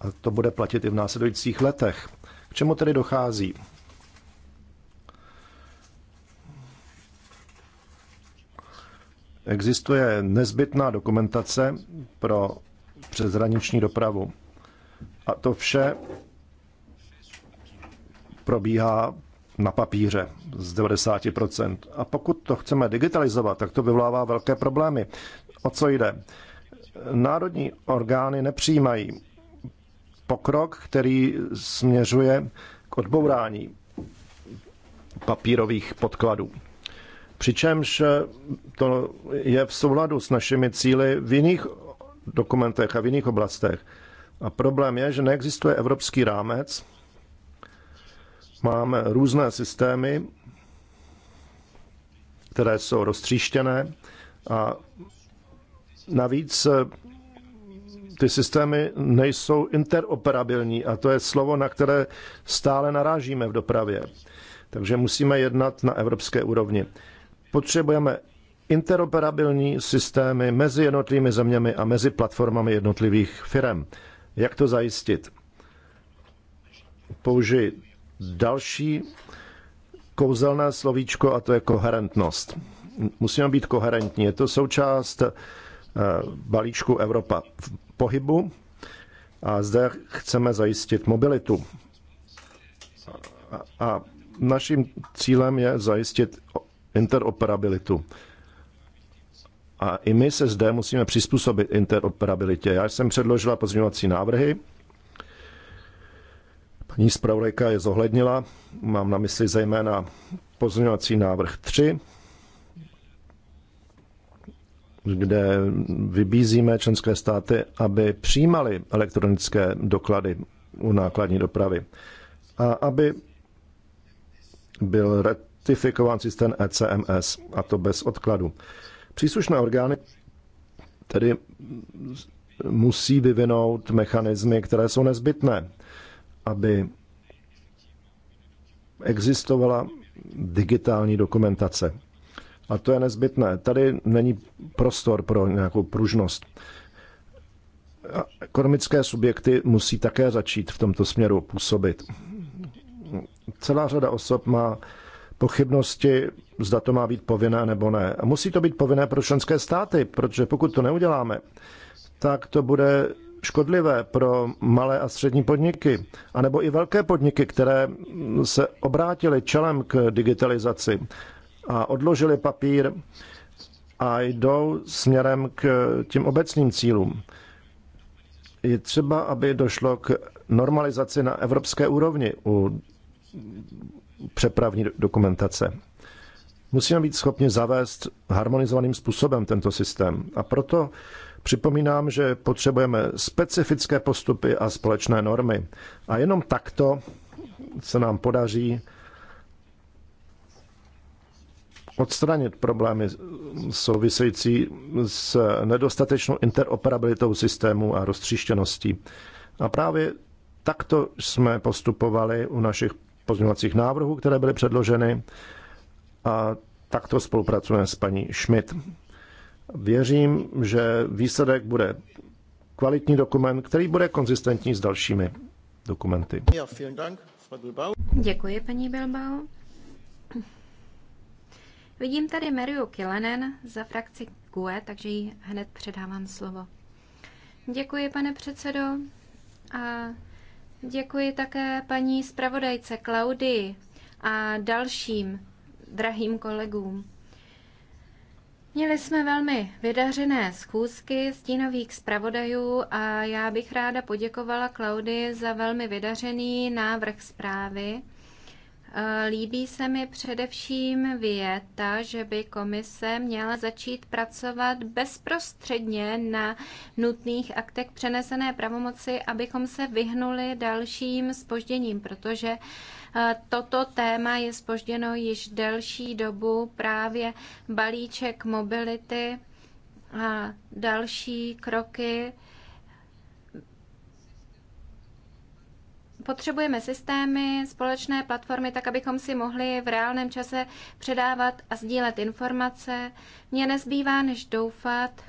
A to bude platit i v následujících letech. K čemu tedy dochází? existuje nezbytná dokumentace pro přeshraniční dopravu. A to vše probíhá na papíře z 90%. A pokud to chceme digitalizovat, tak to vyvolává velké problémy. O co jde? Národní orgány nepřijímají pokrok, který směřuje k odbourání papírových podkladů. Přičemž eh, to je v souladu s našimi cíly v jiných dokumentech a v jiných oblastech. A problém je, že neexistuje evropský rámec. Máme různé systémy, které jsou roztříštěné a navíc eh, ty systémy nejsou interoperabilní a to je slovo, na které stále narážíme v dopravě. Takže musíme jednat na evropské úrovni. Potřebujeme interoperabilní systémy mezi jednotlivými zeměmi a mezi platformami jednotlivých firm. Jak to zajistit? Použiji další kouzelné slovíčko a to je koherentnost. Musíme být koherentní. Je to součást eh, balíčku Evropa v pohybu a zde chceme zajistit mobilitu. A naším cílem je zajistit interoperabilitu. A i my se zde musíme přizpůsobit interoperabilitě. Já jsem předložila pozměňovací návrhy, paní zpravodajka je zohlednila, mám na mysli zejména pozměňovací návrh 3, kde vybízíme členské státy, aby přijímali elektronické doklady u nákladní dopravy a aby byl certifikován systém ECMS, a to bez odkladu. Příslušné orgány tedy musí vyvinout mechanismy, které jsou nezbytné, aby existovala digitální dokumentace. A to je nezbytné. Tady není prostor pro nějakou pružnost. A ekonomické subjekty musí také začít v tomto směru působit. Celá řada osob má pochybnosti, zda to má být povinné nebo ne. A musí to být povinné pro členské státy, protože pokud to neuděláme, tak to bude škodlivé pro malé a střední podniky, anebo i velké podniky, které se obrátily čelem k digitalizaci a odložili papír a jdou směrem k tím obecným cílům. Je třeba, aby došlo k normalizaci na evropské úrovni u přepravní dokumentace. Musíme být schopni zavést harmonizovaným způsobem tento systém. A proto připomínám, že potřebujeme specifické postupy a společné normy. A jenom takto se nám podaří odstranit problémy související s nedostatečnou interoperabilitou systému a roztříštěností. A právě takto jsme postupovali u našich pozměňovacích návrhů, které byly předloženy a takto spolupracujeme s paní Schmidt. Věřím, že výsledek bude kvalitní dokument, který bude konzistentní s dalšími dokumenty. Děkuji, paní Bilbao. Vidím tady Meriu Kilenen za frakci GUE, takže ji hned předávám slovo. Děkuji, pane předsedo. A Děkuji také paní zpravodajce Klaudii a dalším drahým kolegům. Měli jsme velmi vydařené schůzky stínových zpravodajů a já bych ráda poděkovala Klaudii za velmi vydařený návrh zprávy. Eh, líbí se mi především věta, že by komise měla začít pracovat bezprostředně na nutných aktech přenesené pravomoci, abychom se vyhnuli dalším spožděním, protože eh, Toto téma je spožděno již delší dobu právě balíček mobility a další kroky Potřebujeme systémy, společné platformy, tak abychom si mohli v reálném čase předávat a sdílet informace. Mně nezbývá než doufat,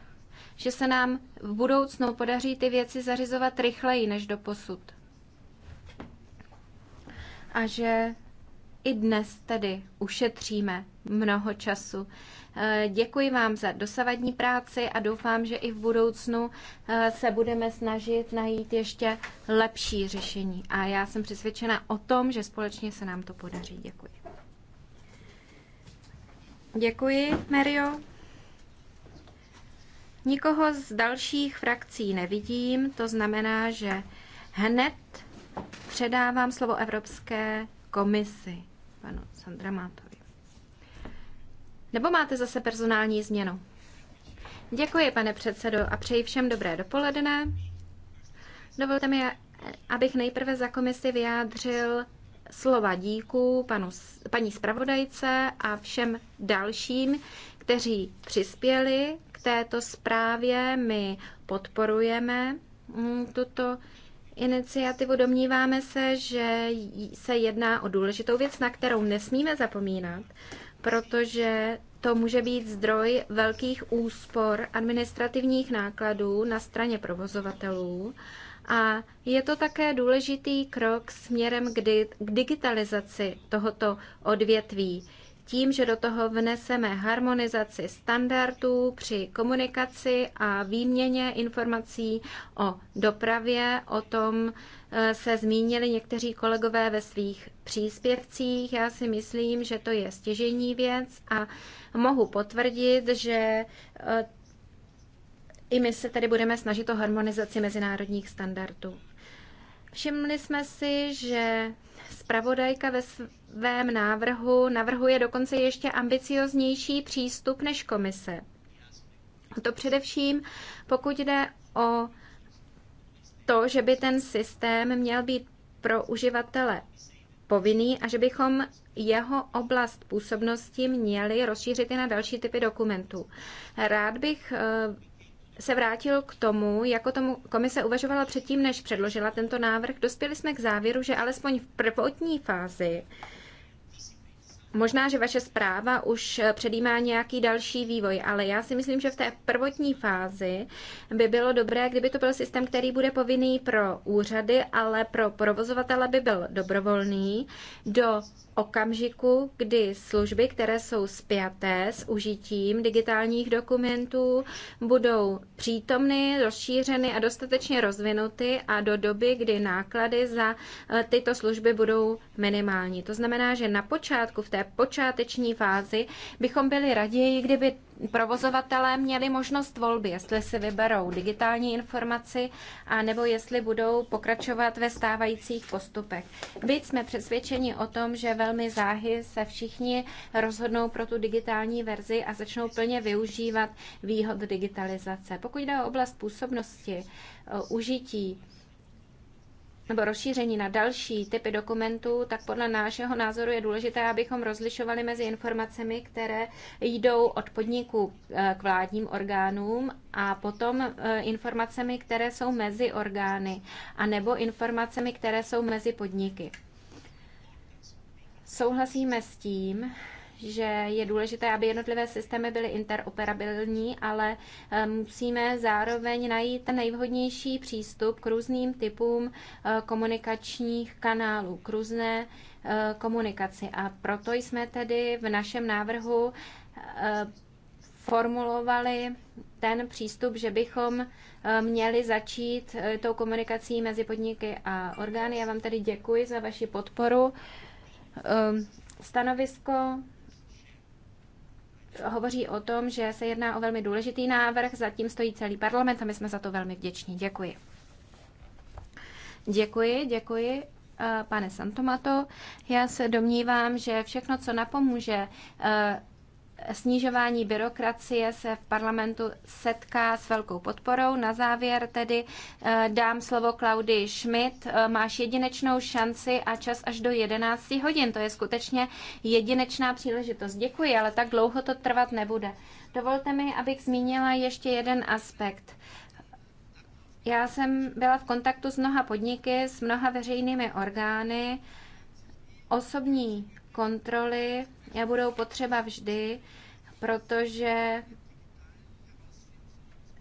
že se nám v budoucnu podaří ty věci zařizovat rychleji než do posud. A že i dnes tedy ušetříme mnoho času. Eh, děkuji vám za dosavadní práci a doufám, že i v budoucnu eh, se budeme snažit najít ještě lepší řešení. A já jsem přesvědčena o tom, že společně se nám to podaří. Děkuji. Děkuji, Mario. Nikoho z dalších frakcí nevidím, to znamená, že hned předávám slovo Evropské komisi panu Mátovi. Nebo máte zase personální změnu? Děkuji, pane předsedo, a přeji všem dobré dopoledne. Dovolte mi, abych nejprve za komisi vyjádřil slova díků panu, paní zpravodajce a všem dalším, kteří přispěli k této zprávě. My podporujeme mm, tuto iniciativu. Domníváme se, že se jedná o důležitou věc, na kterou nesmíme zapomínat protože to může být zdroj velkých úspor administrativních nákladů na straně provozovatelů a je to také důležitý krok směrem k digitalizaci tohoto odvětví tím, že do toho vneseme harmonizaci standardů při komunikaci a výměně informací o dopravě. O tom eh, se zmínili někteří kolegové ve svých příspěvcích. Já si myslím, že to je stěžení věc a mohu potvrdit, že eh, i my se tedy budeme snažit o harmonizaci mezinárodních standardů. Všimli jsme si, že zpravodajka ve svém návrhu navrhuje dokonce ještě ambicioznější přístup než komise. To především, pokud jde o to, že by ten systém měl být pro uživatele povinný a že bychom jeho oblast působnosti měli rozšířit i na další typy dokumentů. Rád bych eh, se vrátil k tomu, jako tomu komise uvažovala předtím, než předložila tento návrh, dospěli jsme k závěru, že alespoň v prvotní fázi Možná, že vaše zpráva už eh, předjímá nějaký další vývoj, ale já si myslím, že v té prvotní fázi by bylo dobré, kdyby to byl systém, který bude povinný pro úřady, ale pro provozovatele by byl dobrovolný do okamžiku, kdy služby, které jsou spjaté s užitím digitálních dokumentů, budou přítomny, rozšířeny a dostatečně rozvinuty a do doby, kdy náklady za eh, tyto služby budou minimální. To znamená, že na počátku v té počáteční fázi bychom byli raději, kdyby provozovatelé měli možnost volby, jestli si vyberou digitální informaci a nebo jestli budou pokračovat ve stávajících postupech. Byť jsme přesvědčeni o tom, že velmi záhy se všichni rozhodnou pro tu digitální verzi a začnou plně využívat výhod digitalizace. Pokud jde o oblast působnosti, e, užití nebo rozšíření na další typy dokumentů, tak podle našeho názoru je důležité, abychom rozlišovali mezi informacemi, které jdou od podniků eh, k vládním orgánům a potom eh, informacemi, které jsou mezi orgány, a nebo informacemi, které jsou mezi podniky. Souhlasíme s tím, že je důležité, aby jednotlivé systémy byly interoperabilní, ale eh, musíme zároveň najít ten nejvhodnější přístup k různým typům eh, komunikačních kanálů, k různé eh, komunikaci. A proto jsme tedy v našem návrhu formulovali ten přístup, že bychom měli začít tou komunikací mezi podniky a orgány. Já vám tedy děkuji za vaši podporu. Stanovisko hovoří o tom, že se jedná o velmi důležitý návrh, zatím stojí celý parlament a my jsme za to velmi vděční. Děkuji. Děkuji, děkuji, eh, pane Santomato. Já se domnívám, že všechno, co napomůže eh, snižování byrokracie se v parlamentu setká s velkou podporou. Na závěr tedy eh, dám slovo Klaudii Schmidt. Eh, máš jedinečnou šanci a čas až do 11 hodin. To je skutečně jedinečná příležitost. Děkuji, ale tak dlouho to trvat nebude. Dovolte mi, abych zmínila ještě jeden aspekt. Já jsem byla v kontaktu s mnoha podniky, s mnoha veřejnými orgány, osobní kontroly budou potřeba vždy, protože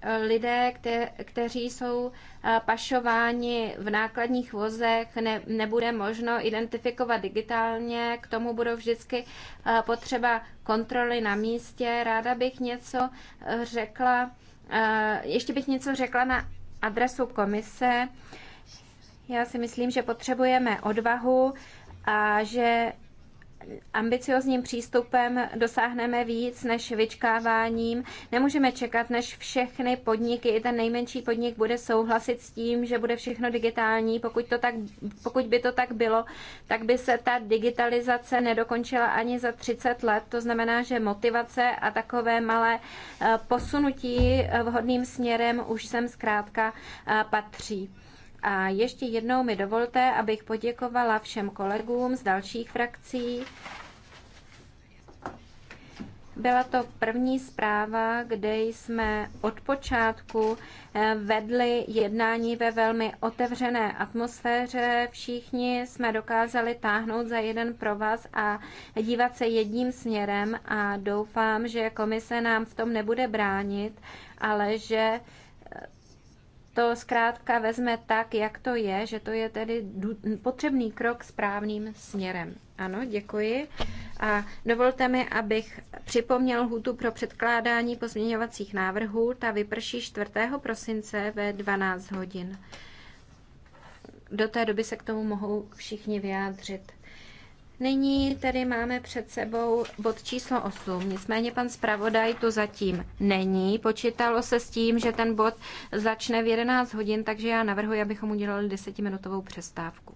eh, lidé, kte, kteří jsou eh, pašováni v nákladních vozech, ne, nebude možno identifikovat digitálně, k tomu budou vždycky eh, potřeba kontroly na místě. Ráda bych něco řekla, ještě bych něco řekla na adresu komise. Já si myslím, že potřebujeme odvahu a že ambiciozním přístupem dosáhneme víc než vyčkáváním. Nemůžeme čekat, než všechny podniky, i ten nejmenší podnik bude souhlasit s tím, že bude všechno digitální. Pokud, to tak, pokud by to tak bylo, tak by se ta digitalizace nedokončila ani za 30 let. To znamená, že motivace a takové malé eh, posunutí eh, vhodným směrem už sem zkrátka eh, patří. A ještě jednou mi dovolte, abych poděkovala všem kolegům z dalších frakcí. Byla to první zpráva, kde jsme od počátku eh, vedli jednání ve velmi otevřené atmosféře. Všichni jsme dokázali táhnout za jeden provaz a dívat se jedním směrem a doufám, že komise nám v tom nebude bránit, ale že to zkrátka vezme tak, jak to je, že to je tedy potřebný krok správným směrem. Ano, děkuji. A dovolte mi, abych připomněl hutu pro předkládání pozměňovacích návrhů. Ta vyprší 4. prosince ve 12 hodin. Do té doby se k tomu mohou všichni vyjádřit. Nyní tady máme před sebou bod číslo 8, nicméně pan zpravodaj tu zatím není. Počítalo se s tím, že ten bod začne v 11 hodin, takže já navrhuji, abychom udělali desetiminutovou přestávku.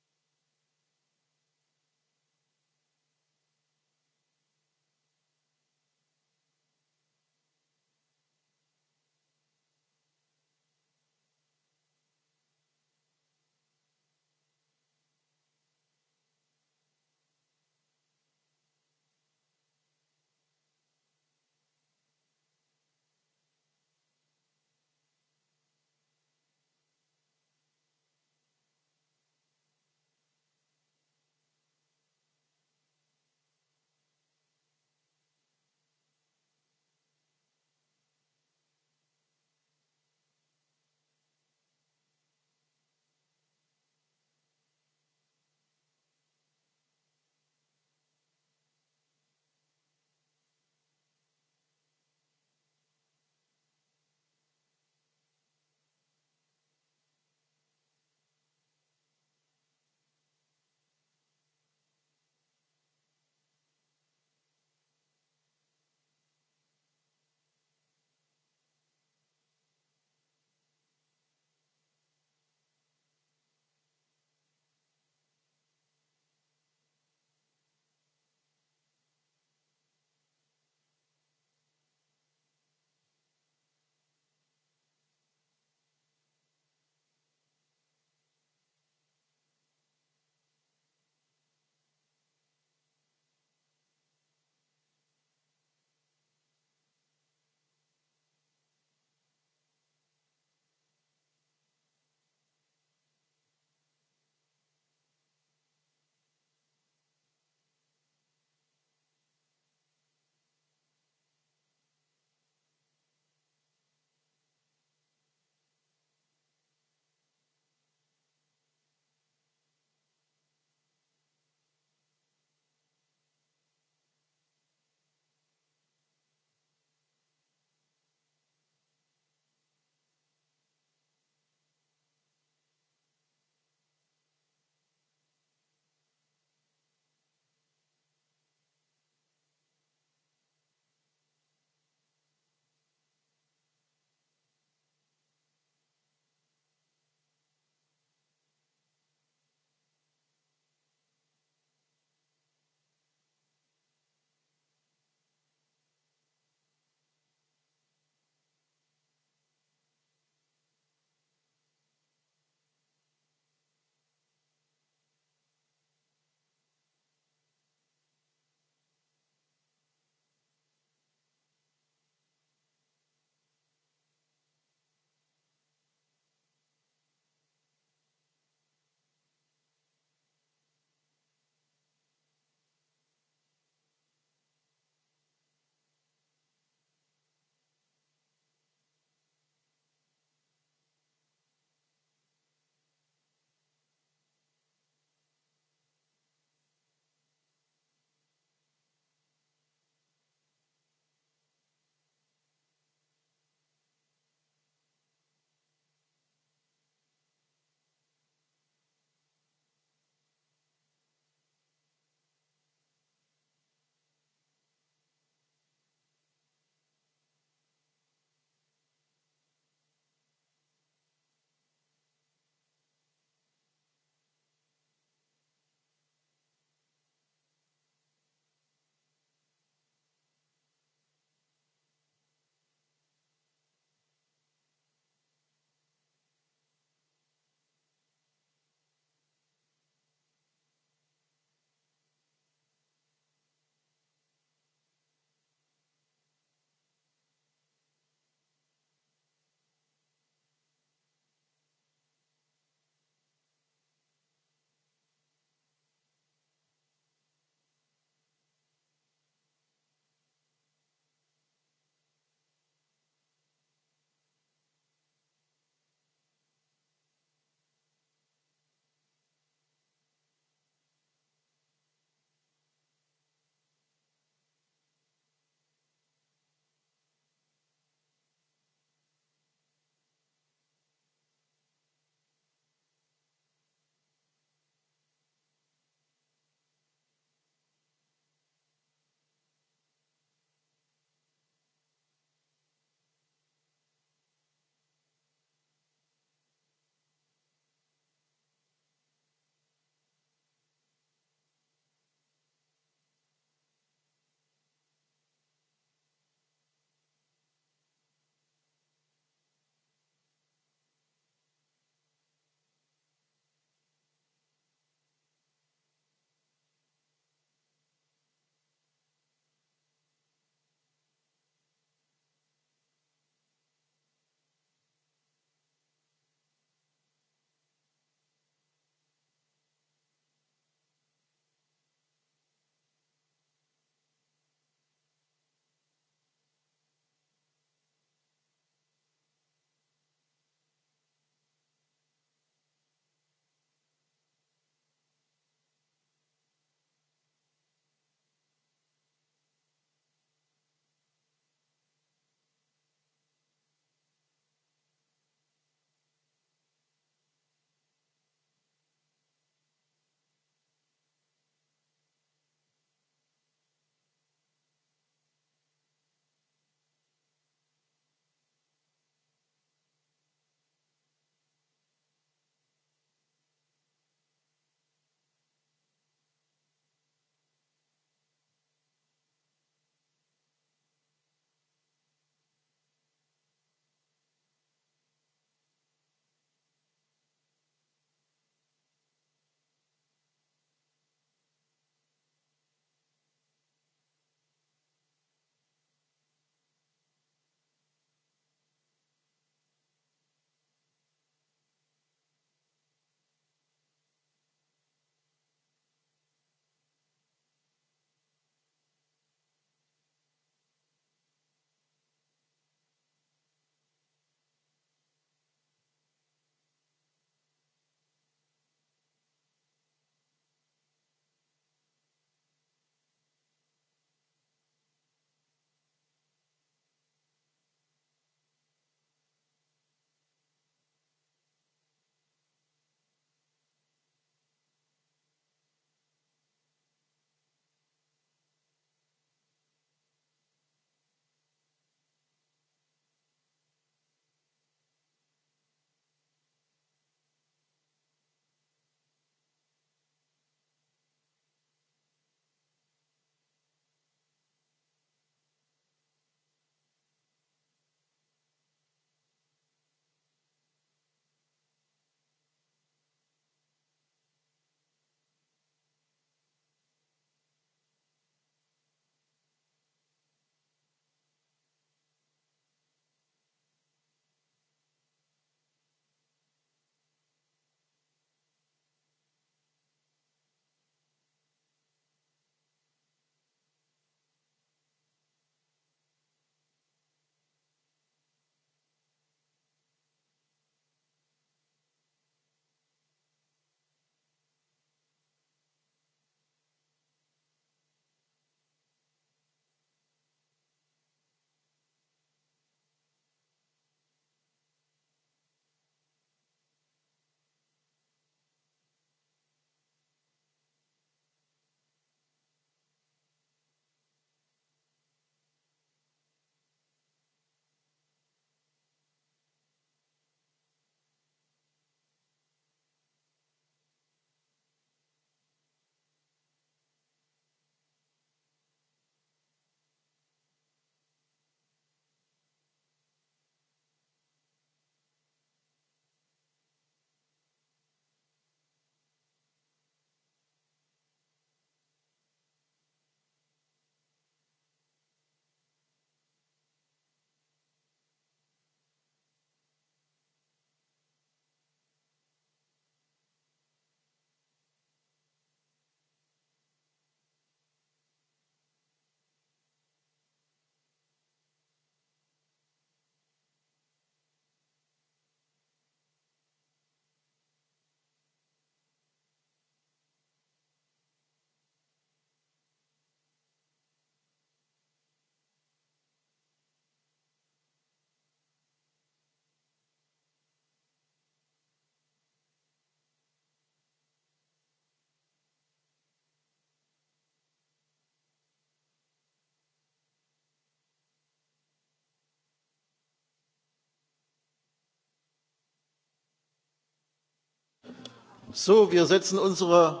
So, wir setzen unsere...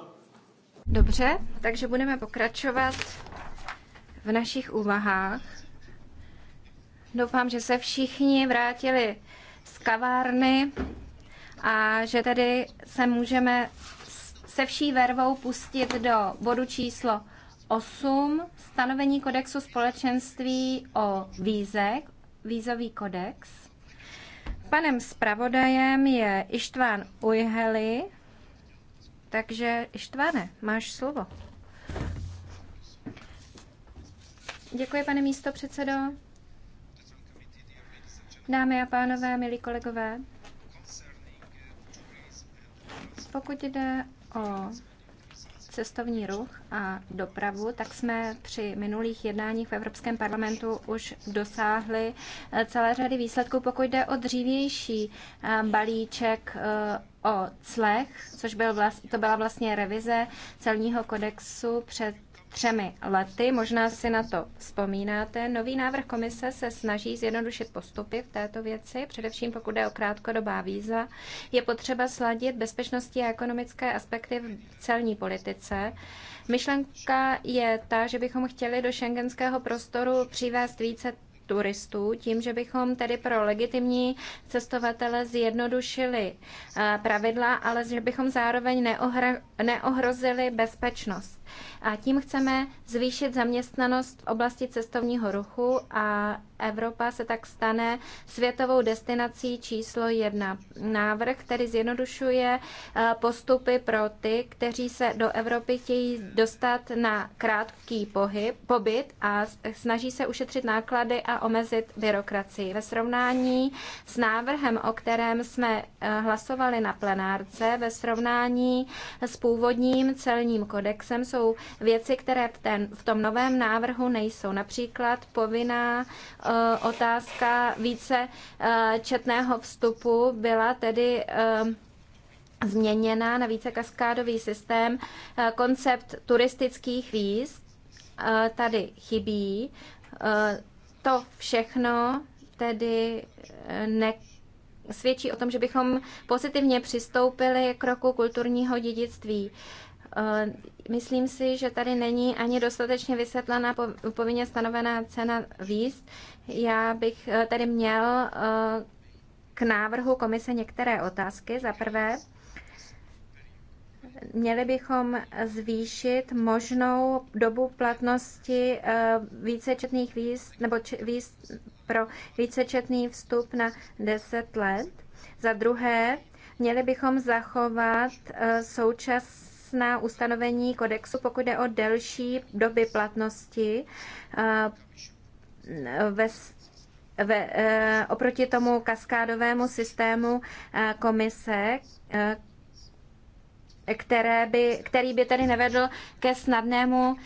Dobře, takže budeme pokračovat v našich úvahách. Doufám, že se všichni vrátili z kavárny a že tedy se můžeme se vší vervou pustit do bodu číslo 8, stanovení kodexu společenství o vízek, vízový kodex. Panem zpravodajem je Ištván Ujheli takže Ištváne, máš slovo. Děkuji, pane místo předsedo. Dámy a pánové, milí kolegové, pokud jde o cestovní ruch a dopravu, tak jsme při minulých jednáních v Evropském parlamentu už dosáhli eh, celé řady výsledků, pokud jde o dřívější eh, balíček eh, o clech, což byl vlast, to byla vlastně revize celního kodexu před třemi lety. Možná si na to vzpomínáte. Nový návrh komise se snaží zjednodušit postupy v této věci, především pokud je o krátkodobá víza. Je potřeba sladit bezpečnosti a ekonomické aspekty v celní politice. Myšlenka je ta, že bychom chtěli do šengenského prostoru přivést více turistů, tím, že bychom tedy pro legitimní cestovatele zjednodušili eh, pravidla, ale že bychom zároveň neohrozili bezpečnost. A tím chceme zvýšit zaměstnanost v oblasti cestovního ruchu a Evropa se tak stane světovou destinací číslo jedna. Návrh, který zjednodušuje eh, postupy pro ty, kteří se do Evropy chtějí dostat na krátký pohyb, pobyt a snaží se ušetřit náklady a omezit byrokracii. Ve srovnání s návrhem, o kterém jsme eh, hlasovali na plenárce, ve srovnání s původním celním kodexem jsou jsou věci, které v, ten, v tom novém návrhu nejsou. Například povinná uh, otázka více eh, četného vstupu byla tedy uh, změněna na více kaskádový systém. koncept turistických víz tady chybí. to všechno tedy ne, svědčí o tom, že bychom pozitivně přistoupili k roku kulturního dědictví. Eh, myslím si, že tady není ani dostatečně vysvětlená povinně stanovená cena výst. Já bych eh, tady měl eh, k návrhu komise některé otázky. Za prvé, měli bychom zvýšit možnou dobu platnosti vícečetných výst nebo výst pro vícečetný vstup na 10 let. Za druhé, měli bychom zachovat současný jasná ustanovení kodexu, pokud je o delší doby platnosti eh, ve ve, eh, oproti tomu kaskádovému systému eh, komise, eh, které by, který by tedy nevedl ke snadnému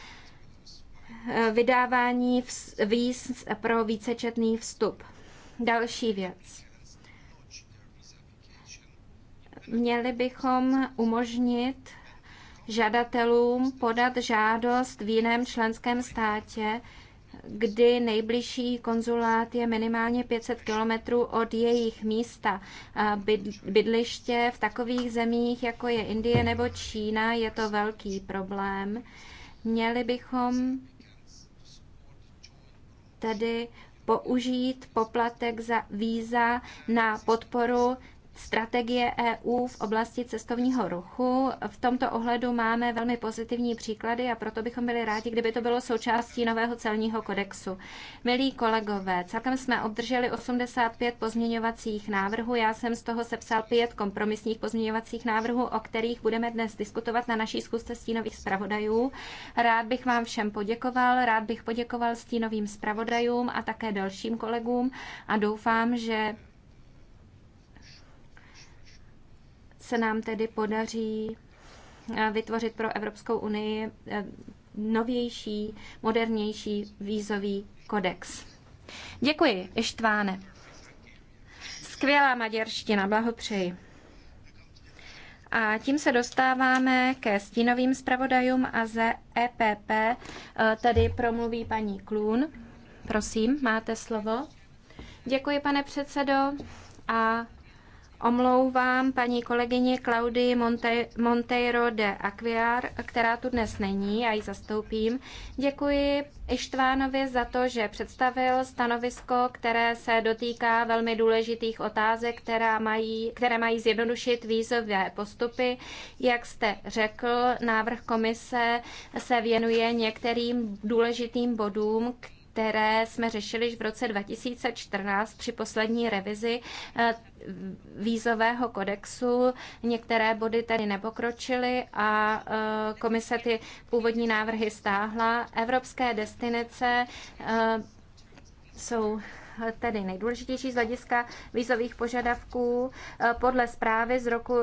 vydávání vz, víz pro vícečetný vstup. Další věc. Měli bychom umožnit žadatelům podat žádost v jiném členském státě, kdy nejbližší konzulát je minimálně 500 kilometrů od jejich místa bydliště. V takových zemích, jako je Indie nebo Čína, je to velký problém. Měli bychom tedy použít poplatek za víza na podporu strategie EU v oblasti cestovního ruchu. V tomto ohledu máme velmi pozitivní příklady a proto bychom byli rádi, kdyby to bylo součástí nového celního kodexu. Milí kolegové, celkem jsme obdrželi 85 pozměňovacích návrhů. Já jsem z toho sepsal pět kompromisních pozměňovacích návrhů, o kterých budeme dnes diskutovat na naší zkuste stínových zpravodajů. Rád bych vám všem poděkoval, rád bych poděkoval stínovým zpravodajům a také dalším kolegům a doufám, že se nám tedy podaří eh, vytvořit pro Evropskou unii eh, novější, modernější vízový kodex. Děkuji, Ištváne. Skvělá maďarština, blahopřeji. A tím se dostáváme ke stínovým zpravodajům a ze EPP eh, tady promluví paní Klún. Prosím, máte slovo. Děkuji, pane předsedo, a omlouvám paní kolegyně Klaudii Monte- Monteiro de Aquiar, která tu dnes není, já ji zastoupím. Děkuji Ištvánovi za to, že představil stanovisko, které se dotýká velmi důležitých otázek, která mají, které mají zjednodušit vízové postupy. Jak jste řekl, návrh komise se věnuje některým důležitým bodům, které jsme řešili v roce 2014 při poslední revizi eh, vízového kodexu. Některé body tedy nepokročily a e, komise ty původní návrhy stáhla. Evropské destinace e, jsou tedy nejdůležitější z hlediska vízových požadavků. Eh, podle zprávy z roku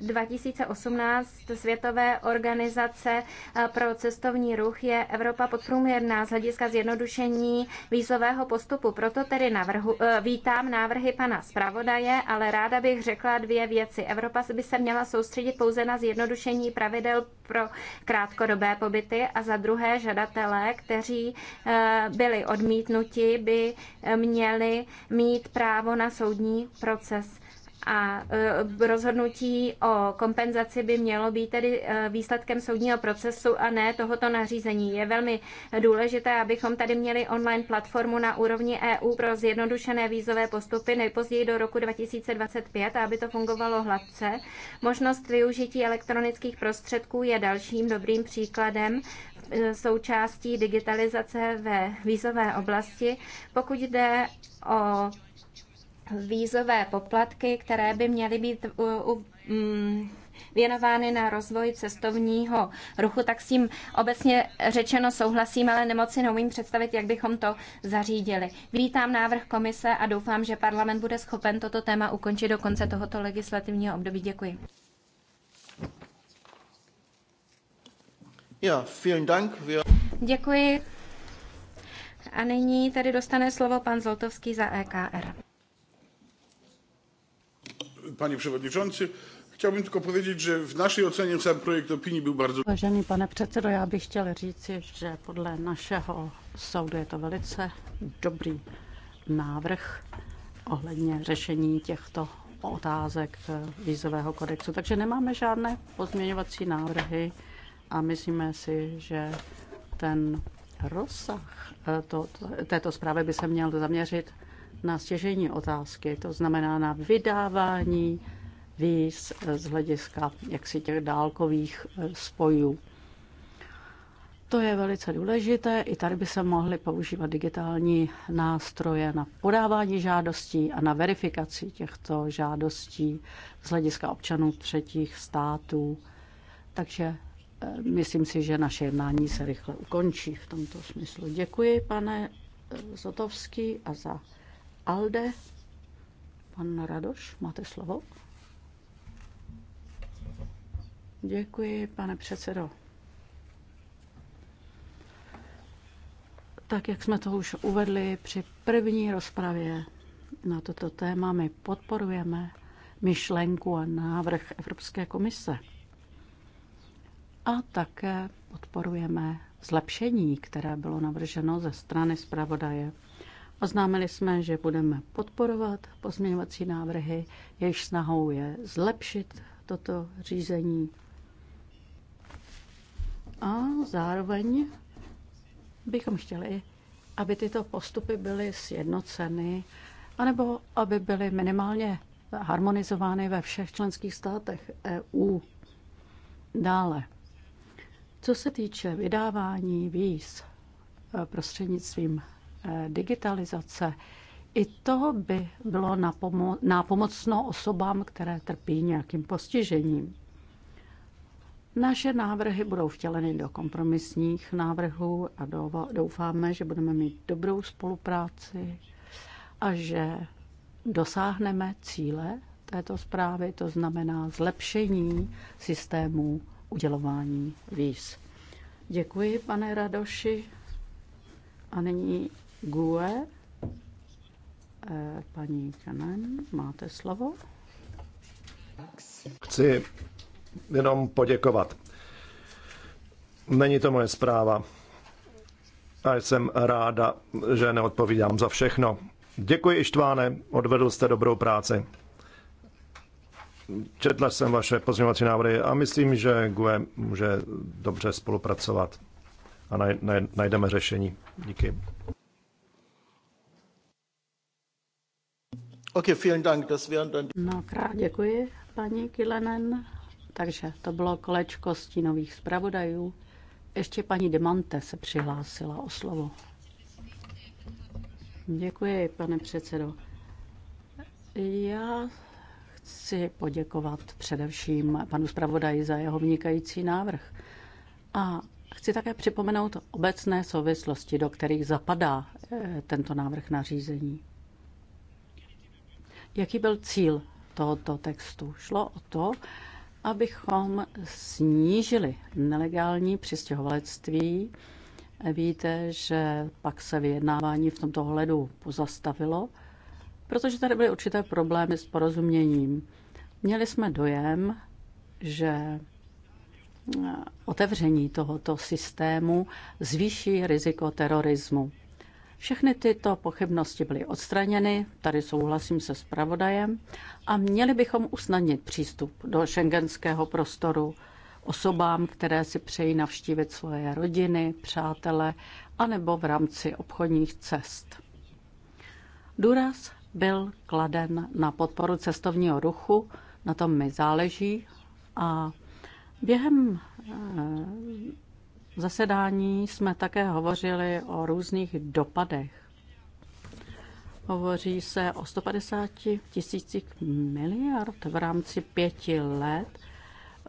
2018 Světové organizace eh, pro cestovní ruch je Evropa podprůměrná z hlediska zjednodušení vízového postupu. Proto tedy navrhu, eh, vítám návrhy pana zpravodaje, ale ráda bych řekla dvě věci. Evropa by se měla soustředit pouze na zjednodušení pravidel pro krátkodobé pobyty a za druhé žadatelé, kteří byli odmítnuti, by měli měli mít právo na soudní proces a e, rozhodnutí o kompenzaci by mělo být tedy e, výsledkem soudního procesu a ne tohoto nařízení. Je velmi důležité, abychom tady měli online platformu na úrovni EU pro zjednodušené vízové postupy nejpozději do roku 2025 aby to fungovalo hladce. Možnost využití elektronických prostředků je dalším dobrým příkladem e, součástí digitalizace ve vízové oblasti. Pokud jde o vízové poplatky, které by měly být u, u, mm, věnovány na rozvoj cestovního ruchu, tak s tím obecně řečeno souhlasím, ale nemoci neumím představit, jak bychom to zařídili. Vítám návrh komise a doufám, že parlament bude schopen toto téma ukončit do konce tohoto legislativního období. Děkuji. Ja, vielen Dank. Wir... Děkuji. A nyní tedy dostane slovo pan Zoltovský za EKR panie przewodniczący. Chciałbym tylko powiedzieć, że w naszej ocenie sam projekt opinii był bardzo... Vážený pane předsedo, já bych chtěl říci, že podle našeho soudu je to velice dobrý návrh ohledně řešení těchto otázek eh, vízového kodexu. Takže nemáme žádné pozměňovací návrhy a myslíme si, že ten rozsah eh, to, této zprávy by se měl zaměřit na stěžení otázky, to znamená na vydávání víz z hlediska jaksi těch dálkových eh, spojů. To je velice důležité. I tady by se mohly používat digitální nástroje na podávání žádostí a na verifikaci těchto žádostí z hlediska občanů třetích států. Takže eh, myslím si, že naše jednání se rychle ukončí v tomto smyslu. Děkuji, pane eh, Zotovský, a za ALDE. Pan Radoš, máte slovo. Děkuji, pane předsedo. Tak, jak jsme to už uvedli při první rozpravě na toto téma, my podporujeme myšlenku a návrh Evropské komise. A také podporujeme zlepšení, které bylo navrženo ze strany zpravodaje. Oznámili jsme, že budeme podporovat pozměňovací návrhy, jejichž snahou je zlepšit toto řízení. A zároveň bychom chtěli, aby tyto postupy byly sjednoceny, anebo aby byly minimálně harmonizovány ve všech členských státech EU. Dále, co se týče vydávání víz eh, prostřednictvím digitalizace. I to by bylo nápomocno osobám, které trpí nějakým postižením. Naše návrhy budou vtěleny do kompromisních návrhů a doufáme, že budeme mít dobrou spolupráci a že dosáhneme cíle této zprávy, to znamená zlepšení systému udělování víz. Děkuji, pane Radoši. A nyní GUE. Eh, paní Kanan, máte slovo. Chci jenom poděkovat. Není to moje zpráva. A jsem ráda, že neodpovídám za všechno. Děkuji, Ištváne, odvedl jste dobrou práci. Četla jsem vaše pozměňovací návrhy a myslím, že GUE může dobře spolupracovat a najdeme řešení. Díky. Okay, vielen Dank, das wären dann... No, krát děkuji, paní Kilenen. Takže to bylo kolečko stínových zpravodajů. Ještě paní Demante se přihlásila o slovo. Děkuji, pane předsedo. Já chci poděkovat především panu zpravodaji za jeho vynikající návrh. A chci také připomenout obecné souvislosti, do kterých zapadá eh, tento návrh nařízení. Jaký byl cíl tohoto textu? Šlo o to, abychom snížili nelegální přistěhovalectví. Víte, že pak se vyjednávání v tomto hledu pozastavilo, protože tady byly určité problémy s porozuměním. Měli jsme dojem, že otevření tohoto systému zvýší riziko terorismu. Všechny tyto pochybnosti byly odstraněny, tady souhlasím se zpravodajem, a měli bychom usnadnit přístup do šengenského prostoru osobám, které si přejí navštívit svoje rodiny, přátele, anebo v rámci obchodních cest. Důraz byl kladen na podporu cestovního ruchu, na tom mi záleží a během eh, zasedání jsme také hovořili o různých dopadech. Hovoří se o 150 tisících miliard v rámci pěti let,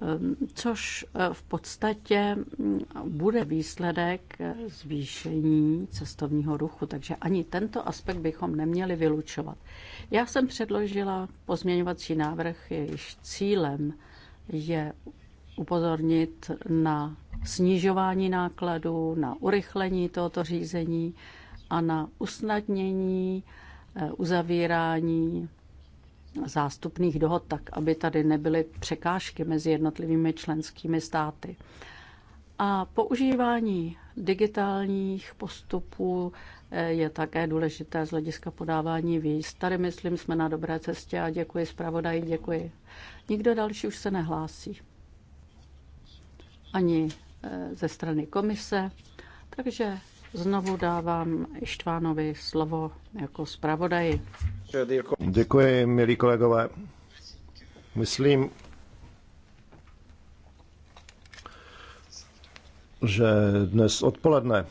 ehm, což eh, v podstatě mm, bude výsledek zvýšení cestovního ruchu, takže ani tento aspekt bychom neměli vylučovat. Já jsem předložila pozměňovací návrh, jejíž cílem je upozornit na snižování nákladů, na urychlení tohoto řízení a na usnadnění eh, uzavírání zástupných dohod, tak aby tady nebyly překážky mezi jednotlivými členskými státy. A používání digitálních postupů eh, je také důležité z hlediska podávání víz. Tady, myslím, jsme na dobré cestě a děkuji zpravodaji, děkuji. Nikdo další už se nehlásí. Ani Eh, ze strany komise, takže znovu dávám Ištvánovi slovo jako zpravodaji. Děkuji, milí kolegové. Myslím, že dnes odpoledne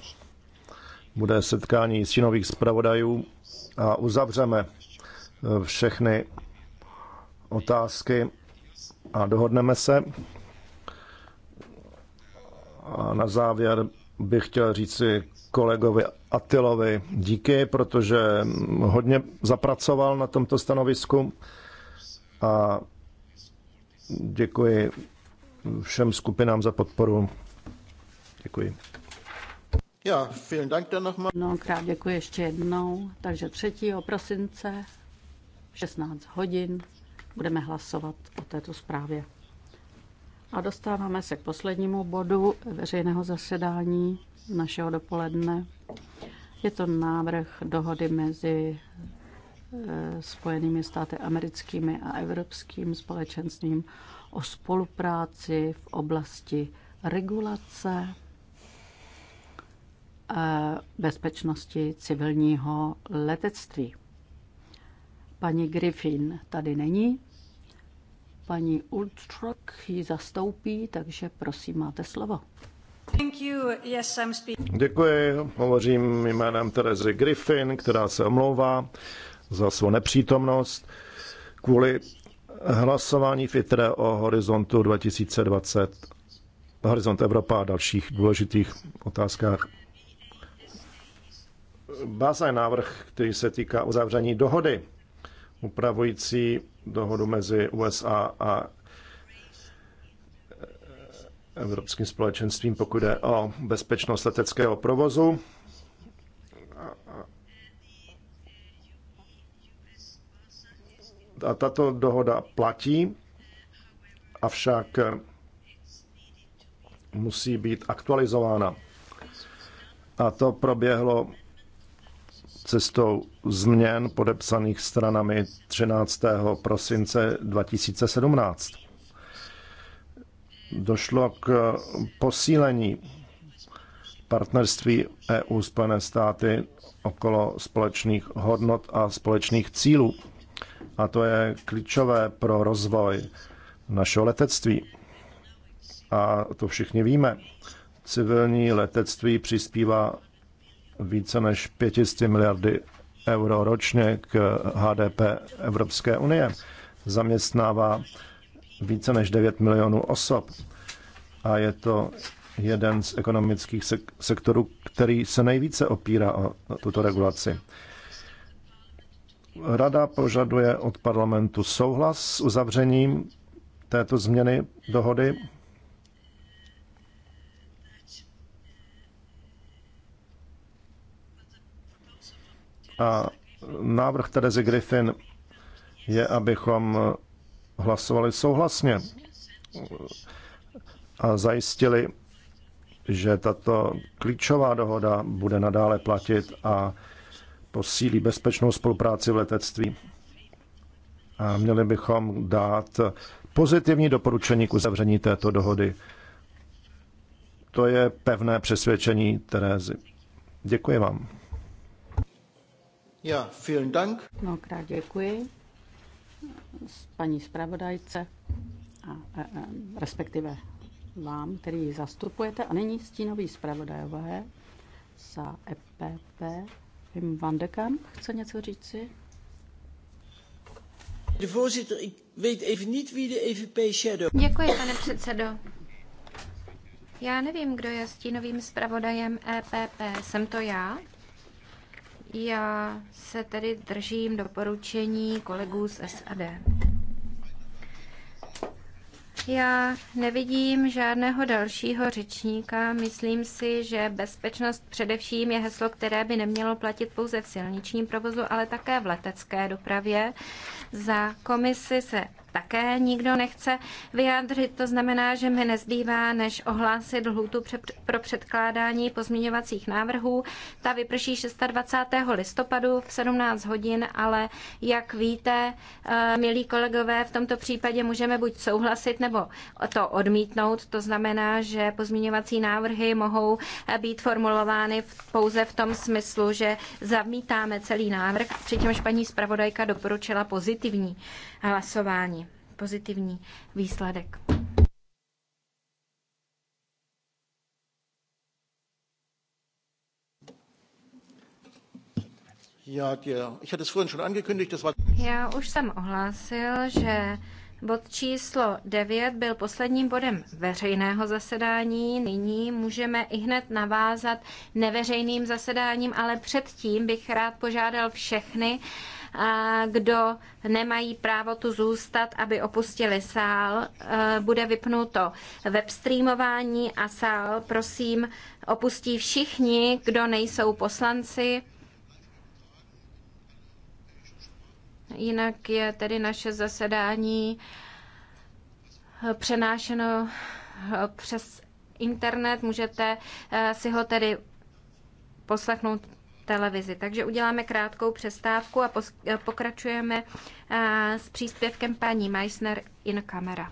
bude setkání stínových zpravodajů a uzavřeme eh, všechny otázky a dohodneme se. A na závěr bych chtěl říci kolegovi Atilovi díky, protože hodně zapracoval na tomto stanovisku a děkuji všem skupinám za podporu. Děkuji. Já, vielen Dank dann nochmal. Mnohokrát děkuji ještě jednou. Takže 3. prosince 16 hodin budeme hlasovat o této zprávě. A dostáváme se k poslednímu bodu veřejného zasedání našeho dopoledne. Je to návrh dohody mezi e, Spojenými státy americkými a Evropským společenstvím o spolupráci v oblasti regulace e, bezpečnosti civilního letectví. Paní Griffin tady není, Paní Ultrok ji zastoupí, takže prosím, máte slovo. Yes, Děkuji, hovořím jménem Terezy Griffin, která se omlouvá za svou nepřítomnost kvůli hlasování v ITRE o horizontu 2020, horizont Evropa a dalších důležitých otázkách. Báza návrh, který se týká uzavření dohody upravující dohodu mezi USA a Evropským společenstvím, pokud jde o bezpečnost leteckého provozu. A tato dohoda platí, avšak musí být aktualizována. A to proběhlo cestou změn podepsaných stranami 13. prosince 2017. Došlo k posílení partnerství EU Spojené státy okolo společných hodnot a společných cílů. A to je klíčové pro rozvoj našeho letectví. A to všichni víme. Civilní letectví přispívá více než 500 miliardy euro ročně k HDP Evropské unie. Zaměstnává více než 9 milionů osob a je to jeden z ekonomických sektorů, který se nejvíce opírá o tuto regulaci. Rada požaduje od parlamentu souhlas s uzavřením této změny dohody A návrh Terezy Griffin je, abychom hlasovali souhlasně a zajistili, že tato klíčová dohoda bude nadále platit a posílí bezpečnou spolupráci v letectví. A měli bychom dát pozitivní doporučení k uzavření této dohody. To je pevné přesvědčení Terézy. Děkuji vám. Ja, vielen Dank. Mnohokrát děkuji S paní zpravodajce, a, a, a, respektive vám, který ji zastupujete. A nyní stínový zpravodajové za EPP. Vim van de Kamp chce něco říci? E děkuji, pane předsedo. Já nevím, kdo je stínovým zpravodajem EPP. Jsem to já? Já se tedy držím doporučení kolegů z SAD. Já nevidím žádného dalšího řečníka. Myslím si, že bezpečnost především je heslo, které by nemělo platit pouze v silničním provozu, ale také v letecké dopravě. Za komisi se také nikdo nechce vyjádřit. To znamená, že mi nezbývá, než ohlásit lhůtu pro předkládání pozměňovacích návrhů. Ta vyprší 26. listopadu v 17 hodin, ale jak víte, eh, milí kolegové, v tomto případě můžeme buď souhlasit nebo to odmítnout. To znamená, že pozměňovací návrhy mohou eh, být formulovány pouze v tom smyslu, že zamítáme celý návrh, přičemž paní zpravodajka doporučila pozitivní hlasování pozitivní výsledek. Já už jsem ohlásil, že bod číslo 9 byl posledním bodem veřejného zasedání. Nyní můžeme i hned navázat neveřejným zasedáním, ale předtím bych rád požádal všechny, kdo nemají právo tu zůstat, aby opustili sál. Eh, bude vypnuto webstreamování a sál, prosím, opustí všichni, kdo nejsou poslanci. Jinak je tedy naše zasedání eh, přenášeno eh, přes internet. Můžete si ho tedy poslechnout televizi. Takže uděláme krátkou přestávku a pokračujeme s příspěvkem paní Meissner in camera.